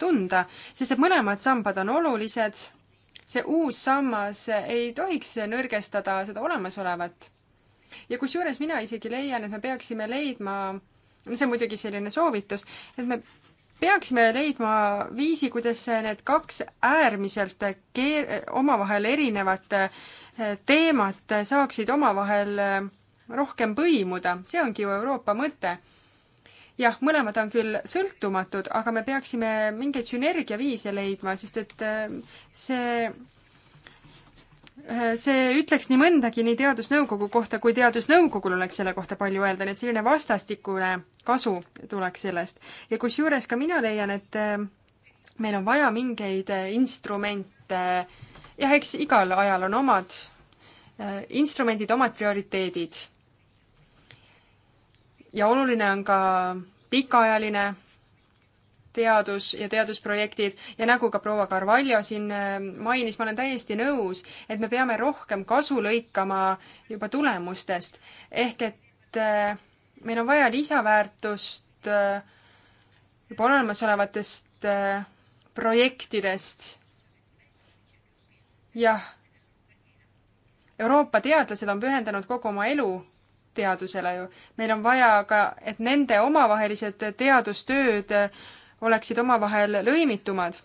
tunda, sest et mõlemad sambad on olulised. see uus sammas ei tohiks nõrgestada seda olemasolevat. ja kusjuures mina isegi leian, et me peaksime leidma see on muidugi selline soovitus, et me peaksime leidma viisi, kuidas need kaks äärmiselt keer-, omavahel erinevat eh, teemat saaksid omavahel eh, rohkem põimuda, see ongi ju Euroopa mõte. jah, mõlemad on küll sõltumatud, aga me peaksime mingeid sünergiaviise leidma, sest et eh, see Äh, see ütleks nii mõndagi nii Teadusnõukogu kohta, kui Teadusnõukogul oleks selle kohta palju öelda, nii et selline vastastikune kasu tuleks sellest. ja kusjuures ka mina leian, et äh, meil on vaja mingeid äh, instrumente, jah, eks igal ajal on omad instrumendid, omad prioriteedid. ja oluline on ka pikaajaline teadus ja teadusprojektid ja nagu ka proua Carvalho siin äh, mainis, ma olen täiesti nõus, et me peame rohkem kasu lõikama juba tulemustest. ehk et äh, meil on vaja lisaväärtust äh, juba olemasolevatest projektidest. jah, Euroopa teadlased on pühendanud kogu oma elu teadusele ju. meil on vaja ka, et nende omavahelised teadustööd oleksid omavahel lõimitumad,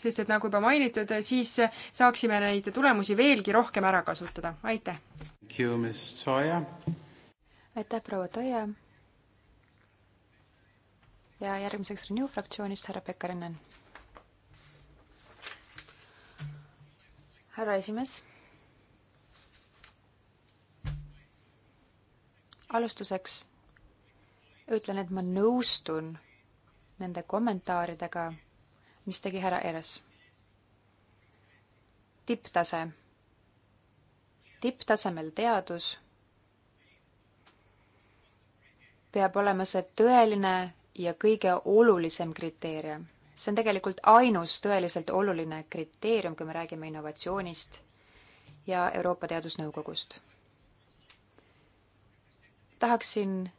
sest et nagu juba mainitud, siis saaksime neid tulemusi veelgi rohkem ära kasutada, aitäh! aitäh, proua Toia! ja järgmiseks Renew fraktsioonist härra Pekkarinen. härra esimees. alustuseks ütlen, et ma nõustun nende kommentaaridega, mis tegi härra Eres. tipptase. tipptasemel teadus peab olema see tõeline ja kõige olulisem kriteerium. see on tegelikult ainus tõeliselt oluline kriteerium, kui me räägime innovatsioonist ja Euroopa Teadusnõukogust. tahaksin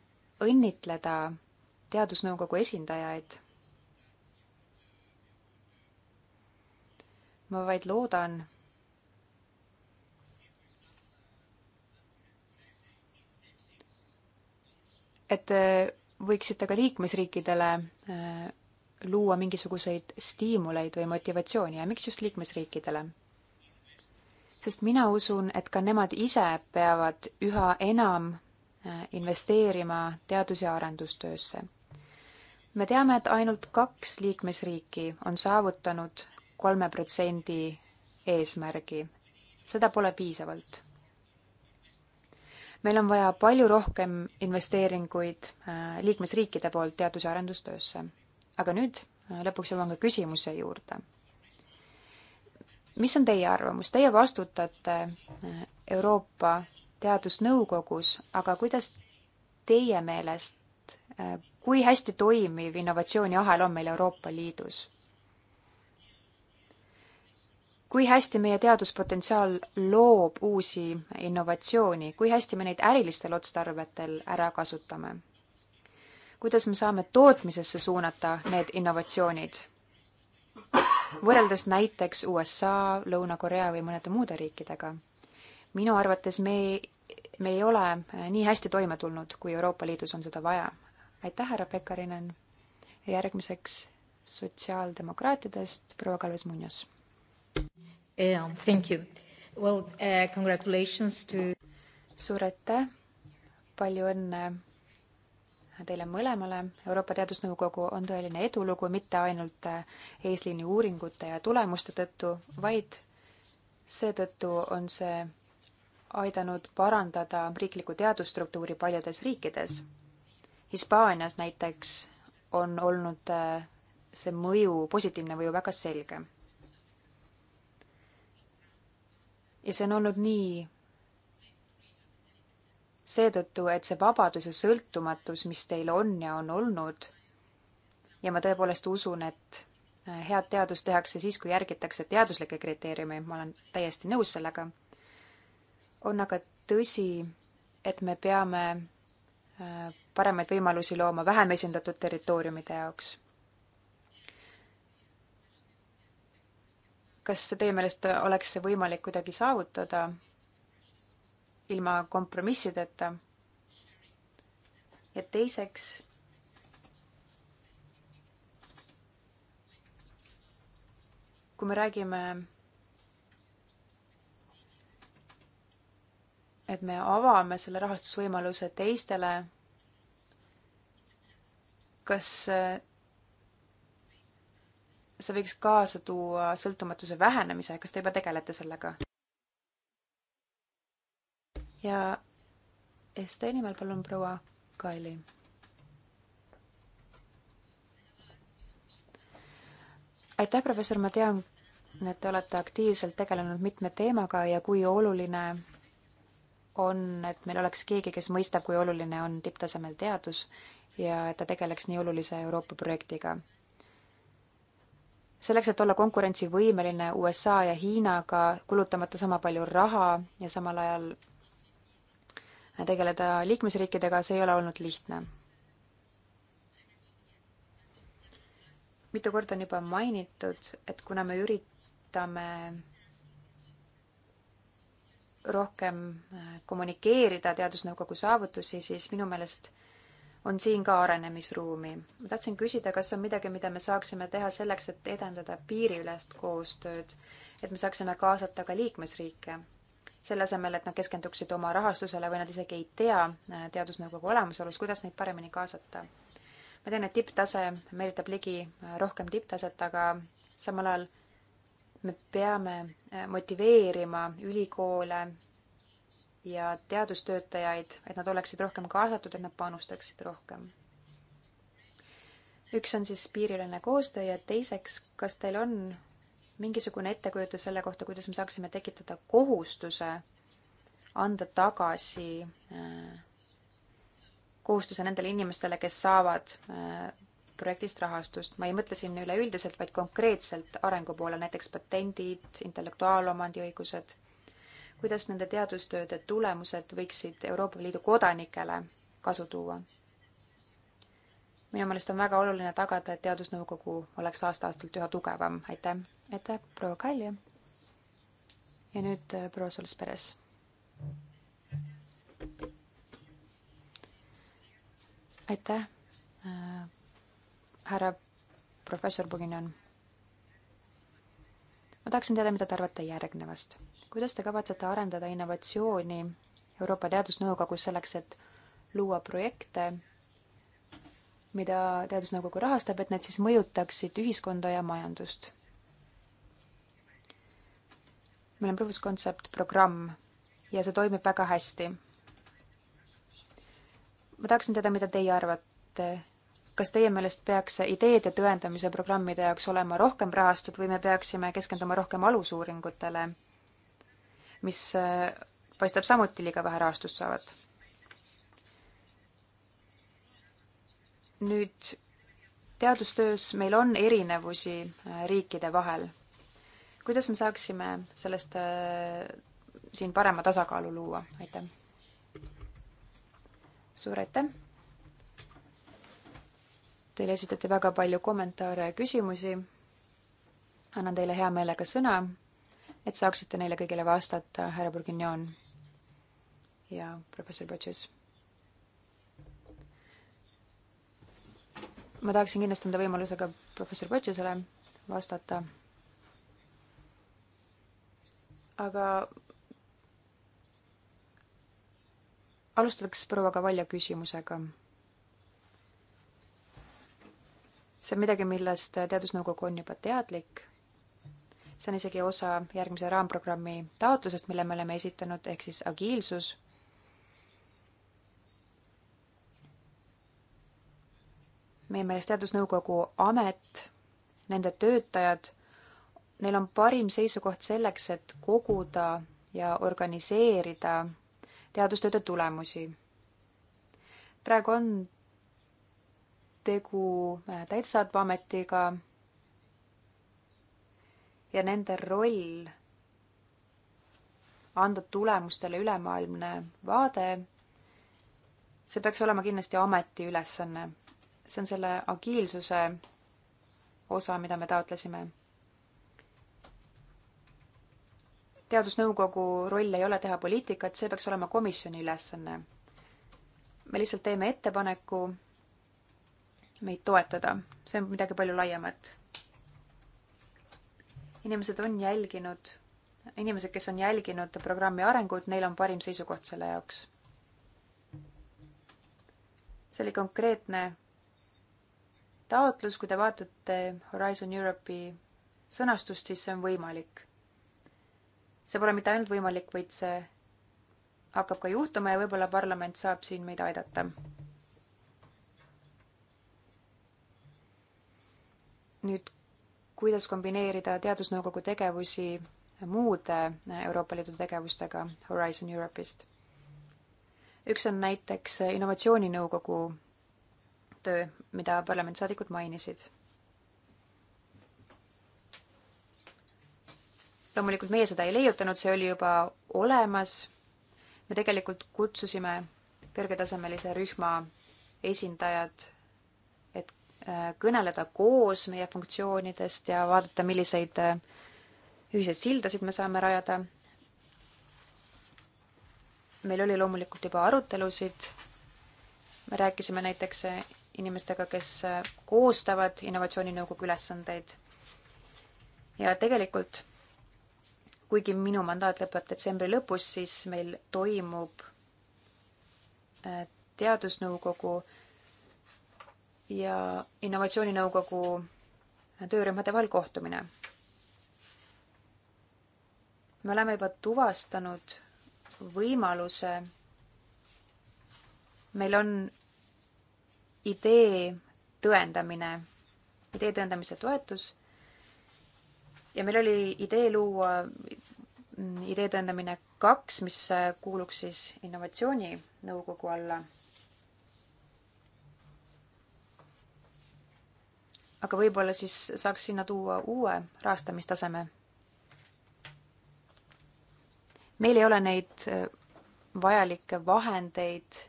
õnnitleda teadusnõukogu esindajaid. ma vaid loodan, et võiksite ka liikmesriikidele äh, luua mingisuguseid stiimuleid või motivatsiooni ja miks just liikmesriikidele? sest mina usun, et ka nemad ise peavad üha enam äh, investeerima teadus- ja arendustöösse me teame, et ainult kaks liikmesriiki on saavutanud kolme protsendi eesmärgi. seda pole piisavalt. meil on vaja palju rohkem investeeringuid äh, liikmesriikide poolt teadus- ja arendustöösse. aga nüüd äh, lõpuks jõuan ka küsimuse juurde. mis on teie arvamus, teie vastutate äh, Euroopa Teadusnõukogus, aga kuidas teie meelest kui hästi toimiv innovatsiooniahel on meil Euroopa Liidus? kui hästi meie teaduspotentsiaal loob uusi innovatsiooni, kui hästi me neid ärilistel otstarvetel ära kasutame? kuidas me saame tootmisesse suunata need innovatsioonid? võrreldes näiteks USA, Lõuna-Korea või mõnede muude riikidega. minu arvates me, me ei ole nii hästi toime tulnud, kui Euroopa Liidus on seda vaja aitäh, härra Pekarinen. järgmiseks sotsiaaldemokraatidest proua Kalves Munjos yeah,. Thank you. Well uh, congratulations to. suur aitäh, palju õnne teile mõlemale. Euroopa Teadusnõukogu on tõeline edulugu mitte ainult äh, eesliini uuringute ja tulemuste tõttu, vaid seetõttu on see aidanud parandada riikliku teadusstruktuuri paljudes riikides mm Hispaanias näiteks on olnud äh, see mõju, positiivne mõju väga selge. ja see on olnud nii seetõttu, et see vabadus ja sõltumatus, mis teil on ja on olnud, ja ma tõepoolest usun, et äh, head teadust tehakse siis, kui järgitakse teaduslikke kriteeriume, ma olen täiesti nõus sellega, on aga tõsi, et me peame paremaid võimalusi looma vähem esindatud territooriumide jaoks. kas teie meelest oleks see võimalik kuidagi saavutada ilma kompromissideta? ja teiseks, kui me räägime et me avame selle rahastusvõimaluse teistele. kas äh, see võiks kaasa tuua sõltumatuse vähenemise, kas te juba tegelete sellega? ja ST nimel palun proua Kaili. aitäh, professor, ma tean, et te olete aktiivselt tegelenud mitme teemaga ja kui oluline on, et meil oleks keegi, kes mõistab, kui oluline on tipptasemel teadus ja et ta tegeleks nii olulise Euroopa projektiga. selleks, et olla konkurentsivõimeline USA ja Hiinaga, kulutamata sama palju raha ja samal ajal tegeleda liikmesriikidega, see ei ole olnud lihtne. mitu korda on juba mainitud, et kuna me üritame rohkem äh, kommunikeerida teadusnõukogu saavutusi, siis minu meelest on siin ka arenemisruumi. ma tahtsin küsida, kas on midagi, mida me saaksime teha selleks, et edendada piiriülest koostööd, et me saaksime kaasata ka liikmesriike, selle asemel, et nad keskenduksid oma rahastusele või nad isegi ei tea äh, teadusnõukogu olemasolust, kuidas neid paremini kaasata. ma tean, et tipptase meelitab ligi äh, rohkem tipptaset, aga samal ajal me peame äh, motiveerima ülikoole ja teadustöötajaid, et nad oleksid rohkem kaasatud, et nad panustaksid rohkem. üks on siis piiriülene koostöö ja teiseks, kas teil on mingisugune ettekujutus selle kohta, kuidas me saaksime tekitada kohustuse anda tagasi äh, kohustuse nendele inimestele, kes saavad äh, projektist rahastust. ma ei mõtle siin üleüldiselt, vaid konkreetselt arengu poole, näiteks patendid, intellektuaalomandi õigused. kuidas nende teadustööde tulemused võiksid Euroopa Liidu kodanikele kasu tuua? minu meelest on väga oluline tagada, et Teadusnõukogu oleks aasta-aastalt üha tugevam. aitäh, aitäh, proua Kalju. ja nüüd äh, proua Solsperes. aitäh äh, härra professor Buginen. ma tahaksin teada, mida te arvate järgnevast. kuidas te kavatsete arendada innovatsiooni Euroopa Teadusnõukogus selleks, et luua projekte, mida Teadusnõukogu rahastab, et need siis mõjutaksid ühiskonda ja majandust. meil on Proof of Concept programm ja see toimib väga hästi. ma tahaksin teada, mida teie arvate kas teie meelest peaks ideede tõendamise programmide jaoks olema rohkem rahastud või me peaksime keskenduma rohkem alusuuringutele, mis äh, paistab samuti liiga vähe rahastust saavat? nüüd teadustöös meil on erinevusi äh, riikide vahel. kuidas me saaksime sellest äh, siin parema tasakaalu luua, aitäh! suur aitäh! Teile esitati väga palju kommentaare ja küsimusi. annan teile hea meelega sõna, et saaksite neile kõigile vastata, härra Burginjon ja professor Botšis. ma tahaksin kindlasti anda võimaluse ka professor Botšisele vastata. aga alustuseks proua Kavalja küsimusega see on midagi, millest teadusnõukogu on juba teadlik. see on isegi osa järgmise raamprogrammi taotlusest, mille me oleme esitanud, ehk siis agiilsus. meie meelest teadusnõukogu amet, nende töötajad, neil on parim seisukoht selleks, et koguda ja organiseerida teadustööde tulemusi. praegu on tegu äh, täidesaatva ametiga ja nende roll anda tulemustele ülemaailmne vaade, see peaks olema kindlasti ameti ülesanne. see on selle agiilsuse osa, mida me taotlesime. teadusnõukogu roll ei ole teha poliitikat, see peaks olema komisjoni ülesanne. me lihtsalt teeme ettepaneku meid toetada, see on midagi palju laiemat. inimesed on jälginud, inimesed, kes on jälginud programmi arengut, neil on parim seisukoht selle jaoks. see oli konkreetne taotlus, kui te vaatate Horizon Europe'i sõnastust, siis see on võimalik. see pole mitte ainult võimalik, vaid see hakkab ka juhtuma ja võib-olla parlament saab siin meid aidata nüüd, kuidas kombineerida teadusnõukogu tegevusi muude Euroopa Liidu tegevustega Horizon Europe'ist. üks on näiteks innovatsiooninõukogu töö, mida parlamendisaadikud mainisid. loomulikult meie seda ei leiutanud, see oli juba olemas. me tegelikult kutsusime kõrgetasemelise rühma esindajad kõneleda koos meie funktsioonidest ja vaadata, milliseid äh, ühiseid sildasid me saame rajada. meil oli loomulikult juba arutelusid, me rääkisime näiteks äh, inimestega, kes äh, koostavad Innovatsiooninõukogu ülesandeid. ja tegelikult, kuigi minu mandaat lõpeb detsembri lõpus, siis meil toimub teadusnõukogu äh, ja Innovatsiooninõukogu töörühmade vahel kohtumine. me oleme juba tuvastanud võimaluse, meil on idee tõendamine, idee tõendamise toetus ja meil oli idee luua mm, idee tõendamine kaks, mis kuuluks siis innovatsiooninõukogu alla aga võib-olla siis saaks sinna tuua uue rahastamistaseme. meil ei ole neid äh, vajalikke vahendeid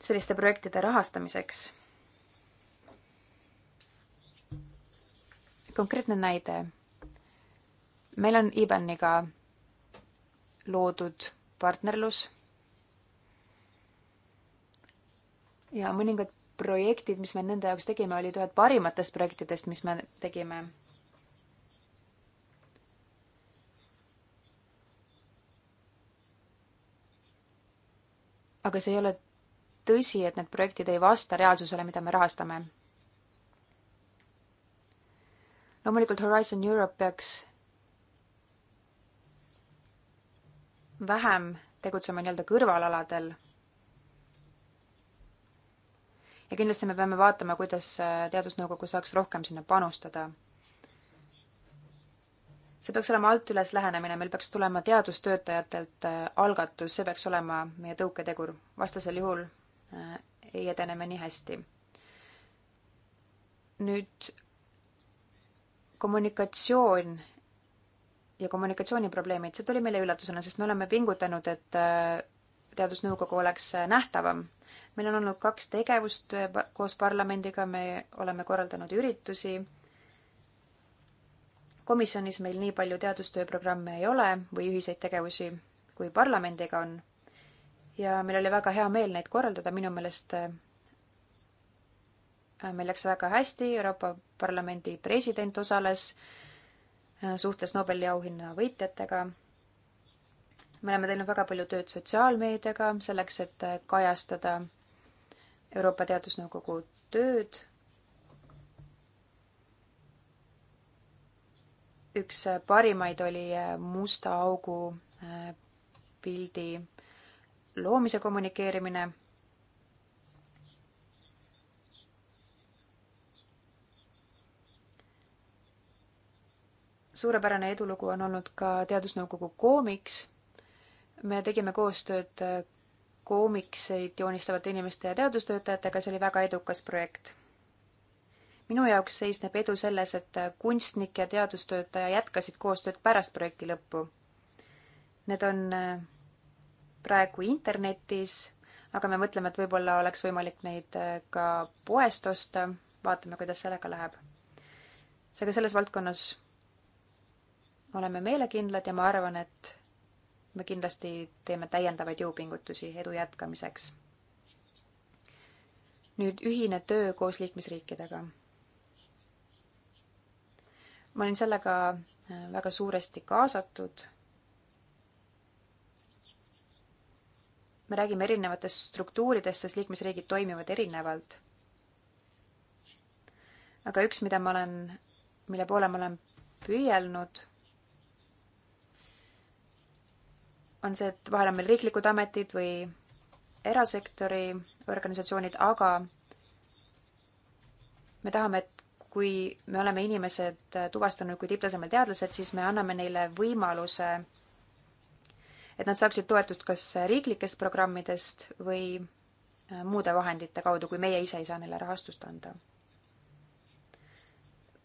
selliste projektide rahastamiseks. konkreetne näide. meil on IBAN-iga loodud partnerlus ja mõningad projektid, mis me nende jaoks tegime, olid ühed parimatest projektidest, mis me tegime. aga see ei ole tõsi, et need projektid ei vasta reaalsusele, mida me rahastame. loomulikult Horizon Europe peaks vähem tegutsema nii-öelda kõrvalaladel ja kindlasti me peame vaatama, kuidas äh, teadusnõukogu saaks rohkem sinna panustada. see peaks olema alt üles lähenemine, meil peaks tulema teadustöötajatelt äh, algatus, see peaks olema meie tõuketegur, vastasel juhul äh, ei edene me nii hästi. nüüd kommunikatsioon ja kommunikatsiooniprobleemid, see tuli meile üllatusena, sest me oleme pingutanud, et teadusnõukogu oleks nähtavam meil on olnud kaks tegevust eh, koos parlamendiga, me oleme korraldanud üritusi. komisjonis meil nii palju teadustööprogramme ei ole või ühiseid tegevusi, kui parlamendiga on. ja meil oli väga hea meel neid korraldada, minu meelest eh, meil läks väga hästi, Euroopa Parlamendi president osales, eh, suhtles Nobeli auhinna võitjatega me oleme teinud väga palju tööd sotsiaalmeediaga selleks, et kajastada Euroopa Teadusnõukogu tööd. üks parimaid oli musta augu äh, pildi loomise kommunikeerimine suurepärane edulugu on olnud ka Teadusnõukogu koomiks. me tegime koostööd äh, koomikseid joonistavate inimeste ja teadustöötajatega, see oli väga edukas projekt. minu jaoks seisneb edu selles, et kunstnik ja teadustöötaja jätkasid koostööd pärast projekti lõppu. Need on äh, praegu internetis, aga me mõtleme, et võib-olla oleks võimalik neid äh, ka poest osta, vaatame, kuidas sellega läheb. seega selles valdkonnas oleme meelekindlad ja ma arvan, et me kindlasti teeme täiendavaid jõupingutusi edu jätkamiseks. nüüd ühine töö koos liikmesriikidega. ma olin sellega äh, väga suuresti kaasatud. me räägime erinevatest struktuuridest, sest liikmesriigid toimivad erinevalt. aga üks, mida ma olen, mille poole ma olen püüelnud on see, et vahel on meil riiklikud ametid või erasektori organisatsioonid, aga me tahame, et kui me oleme inimesed tuvastanud kui tipptasemel teadlased, siis me anname neile võimaluse, et nad saaksid toetust kas riiklikest programmidest või äh, muude vahendite kaudu, kui meie ise ei saa neile rahastust anda.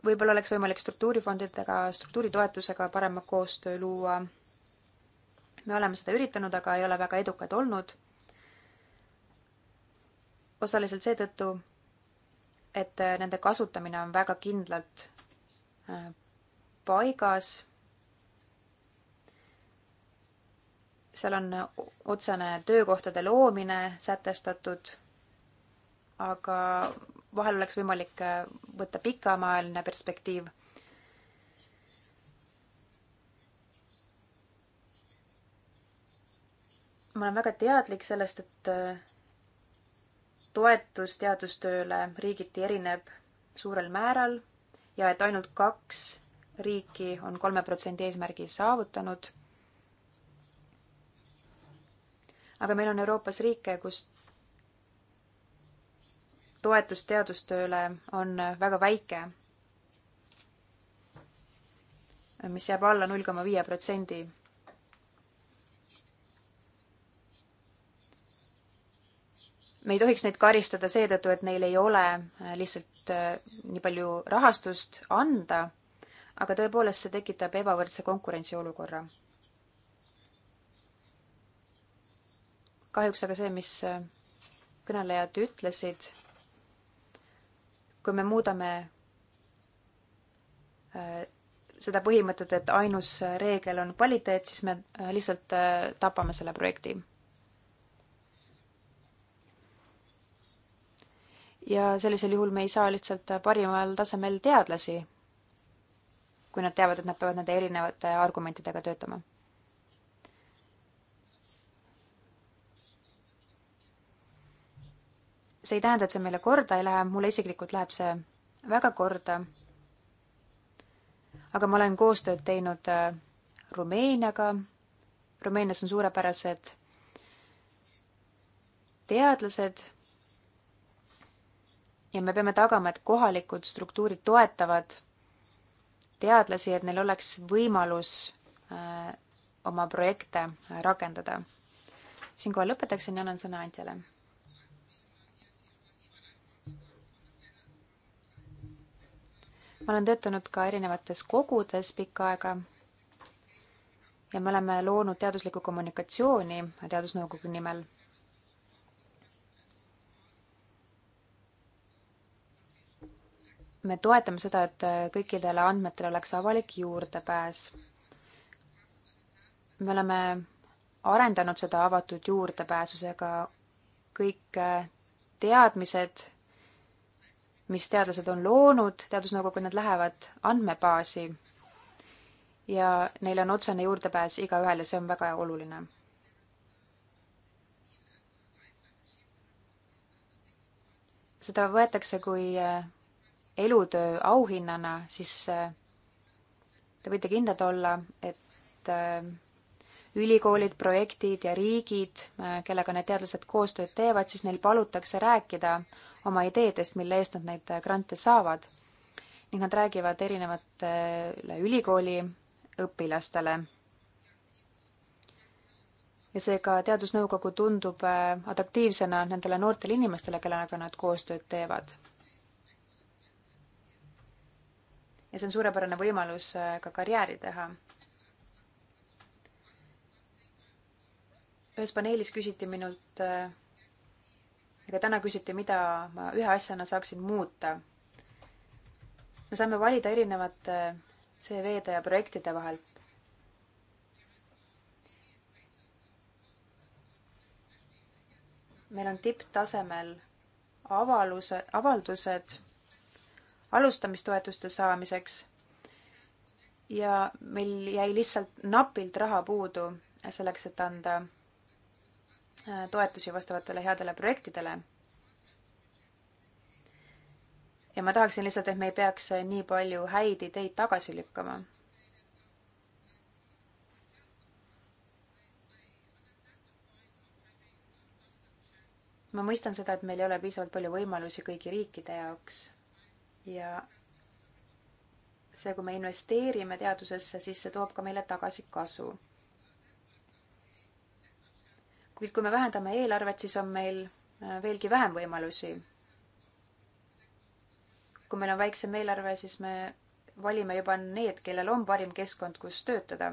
võib-olla oleks võimalik struktuurifondidega, struktuuritoetusega parema koostöö luua me oleme seda üritanud, aga ei ole väga edukad olnud. osaliselt seetõttu, et äh, nende kasutamine on väga kindlalt äh, paigas. seal on otsene töökohtade loomine sätestatud, aga vahel oleks võimalik äh, võtta pikemaajaline perspektiiv ma olen väga teadlik sellest, et äh, toetus teadustööle riigiti erineb suurel määral ja et ainult kaks riiki on kolme protsendi eesmärgi saavutanud. aga meil on Euroopas riike, kus toetus teadustööle on väga väike, mis jääb alla null koma viie protsendi me ei tohiks neid karistada seetõttu, et neil ei ole äh, lihtsalt äh, nii palju rahastust anda, aga tõepoolest, see tekitab ebavõrdse konkurentsiolukorra. kahjuks aga see, mis äh, kõnelejad ütlesid, kui me muudame seda põhimõtet, et ainus reegel on kvaliteet, siis me lihtsalt tapame selle projekti ja sellisel juhul me ei saa lihtsalt parimal tasemel teadlasi, kui nad teavad, et nad peavad nende erinevate argumentidega töötama. see ei tähenda, et see meile korda ei lähe, mulle isiklikult läheb see väga korda. aga ma olen koostööd teinud äh, Rumeeniaga. Rumeenias on suurepärased teadlased ja me peame tagama, et kohalikud struktuurid toetavad teadlasi, et neil oleks võimalus äh, oma projekte äh, rakendada. siinkohal lõpetaksin ja annan sõna Antjale. ma olen töötanud ka erinevates kogudes pikka aega ja me oleme loonud teaduslikku kommunikatsiooni teadusnõukogu nimel me toetame seda, et äh, kõikidele andmetele oleks avalik juurdepääs. me oleme arendanud seda avatud juurdepääsusega kõik äh, teadmised, mis teadlased on loonud, teadusnõukogu, nad lähevad andmebaasi ja neil on otsene juurdepääs igaühel ja see on väga oluline seda võetakse kui äh, elutöö auhinnana, siis äh, te võite kindlad olla, et äh, ülikoolid, projektid ja riigid, äh, kellega need teadlased koostööd teevad, siis neil palutakse rääkida oma ideedest, mille eest nad neid grante saavad. ning nad räägivad erinevatele ülikooli õpilastele. ja seega teadusnõukogu tundub atraktiivsena nendele noortele inimestele, kellega nad koostööd teevad ja see on suurepärane võimalus äh, ka karjääri teha. ühes paneelis küsiti minult, ega äh, täna küsiti, mida ma ühe asjana saaksin muuta. me saame valida erinevate äh, CV-de ja projektide vahelt. meil on tipptasemel avaluse, avaldused alustamistoetuste saamiseks ja meil jäi lihtsalt napilt raha puudu selleks, et anda äh, toetusi vastavatele headele projektidele. ja ma tahaksin lihtsalt, et me ei peaks nii palju häid ideid tagasi lükkama. ma mõistan seda, et meil ei ole piisavalt palju võimalusi kõigi riikide jaoks ja see, kui me investeerime teadusesse, siis see toob ka meile tagasi kasu. kuid kui me vähendame eelarvet, siis on meil äh, veelgi vähem võimalusi. kui meil on väiksem eelarve, siis me valime juba need, kellel on parim keskkond, kus töötada.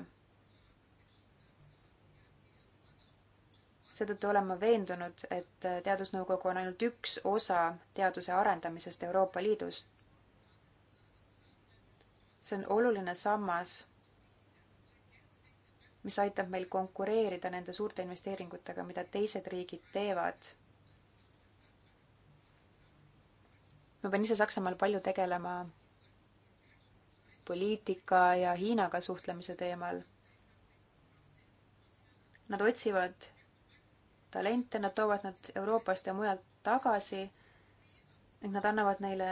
seetõttu olen ma veendunud, et äh, Teadusnõukogu on ainult üks osa teaduse arendamisest Euroopa Liidus see on oluline sammas, mis aitab meil konkureerida nende suurte investeeringutega, mida teised riigid teevad. ma pean ise Saksamaal palju tegelema poliitika ja Hiinaga suhtlemise teemal. Nad otsivad talente, nad toovad nad Euroopast ja mujalt tagasi ning nad annavad neile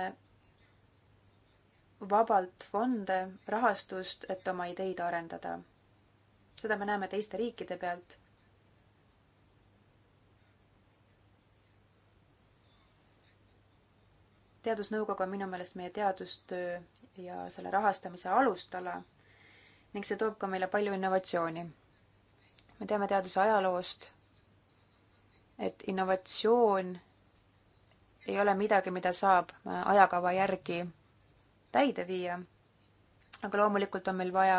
vabalt fonde, rahastust, et oma ideid arendada. seda me näeme teiste riikide pealt. teadusnõukogu on minu meelest meie teadustöö ja selle rahastamise alustala ning see toob ka meile palju innovatsiooni. me teame teaduse ajaloost, et innovatsioon ei ole midagi, mida saab ajakava järgi täide viia. aga loomulikult on meil vaja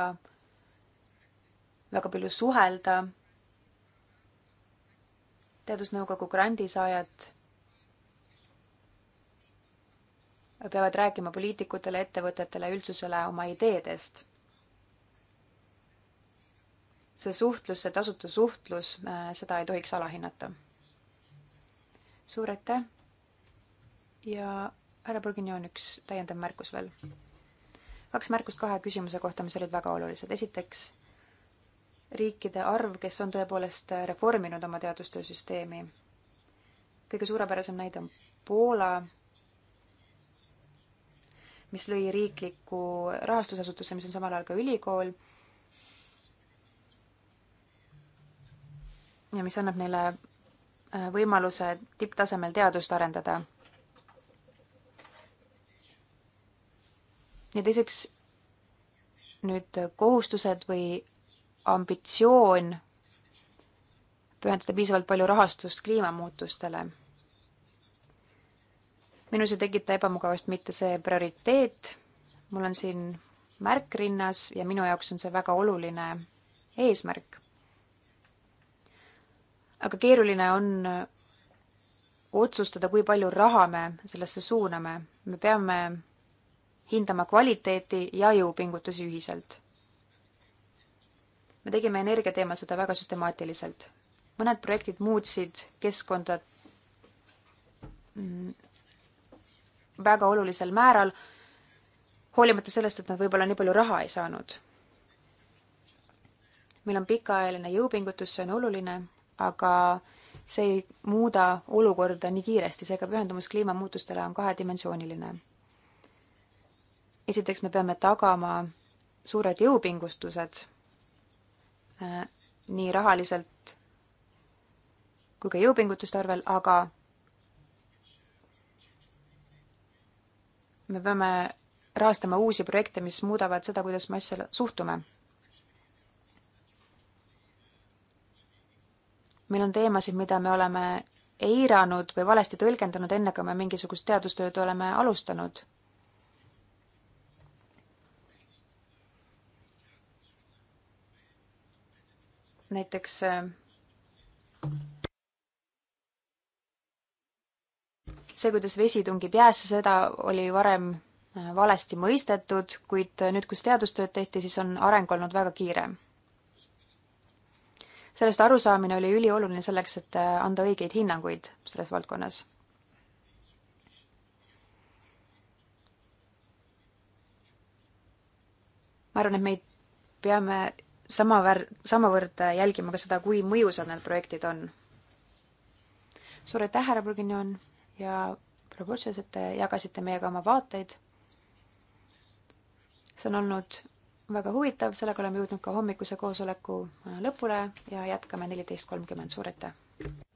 väga palju suhelda. teadusnõukogu grandisaajad peavad rääkima poliitikutele, ettevõtetele, üldsusele oma ideedest. see suhtlus, see tasuta suhtlus, äh, seda ei tohiks alahinnata. suur aitäh ja härra Burginjon, üks täiendav märkus veel. kaks märkust kahe küsimuse kohta, mis olid väga olulised. esiteks, riikide arv, kes on tõepoolest reforminud oma teadustöösüsteemi. kõige suurepärasem näide on Poola, mis lõi riikliku rahastusasutuse, mis on samal ajal ka ülikool ja mis annab neile äh, võimaluse tipptasemel teadust arendada ja teiseks nüüd kohustused või ambitsioon pühendada piisavalt palju rahastust kliimamuutustele. minus ei tekita ebamugavust mitte see prioriteet, mul on siin märk rinnas ja minu jaoks on see väga oluline eesmärk. aga keeruline on otsustada, kui palju raha me sellesse suuname, me peame hindama kvaliteeti ja jõupingutusi ühiselt. me tegime energia teemal seda väga süstemaatiliselt. mõned projektid muutsid keskkonda mm, väga olulisel määral, hoolimata sellest, et nad võib-olla nii palju raha ei saanud. meil on pikaajaline jõupingutus, see on oluline, aga see ei muuda olukorda nii kiiresti, seega pühendumus kliimamuutustele on kahedimensiooniline esiteks me peame tagama suured jõupingustused äh, nii rahaliselt kui ka jõupingutuste arvel, aga me peame rahastama uusi projekte, mis muudavad seda, kuidas me asja suhtume. meil on teemasid, mida me oleme eiranud või valesti tõlgendanud, enne kui me mingisugust teadustööd oleme alustanud näiteks äh, see, kuidas vesi tungib jäässe, seda oli varem äh, valesti mõistetud, kuid nüüd, kus teadustööd tehti, siis on areng olnud väga kiire. sellest arusaamine oli ülioluline selleks, et äh, anda õigeid hinnanguid selles valdkonnas. ma arvan, et me peame samaväär-, samavõrd jälgima ka seda, kui mõjusad need projektid on. suur aitäh, härra Burginjon ja proua Purtšes, et te jagasite meiega oma vaateid. see on olnud väga huvitav, sellega oleme jõudnud ka hommikuse koosoleku lõpule ja jätkame neliteist kolmkümmend, suur aitäh!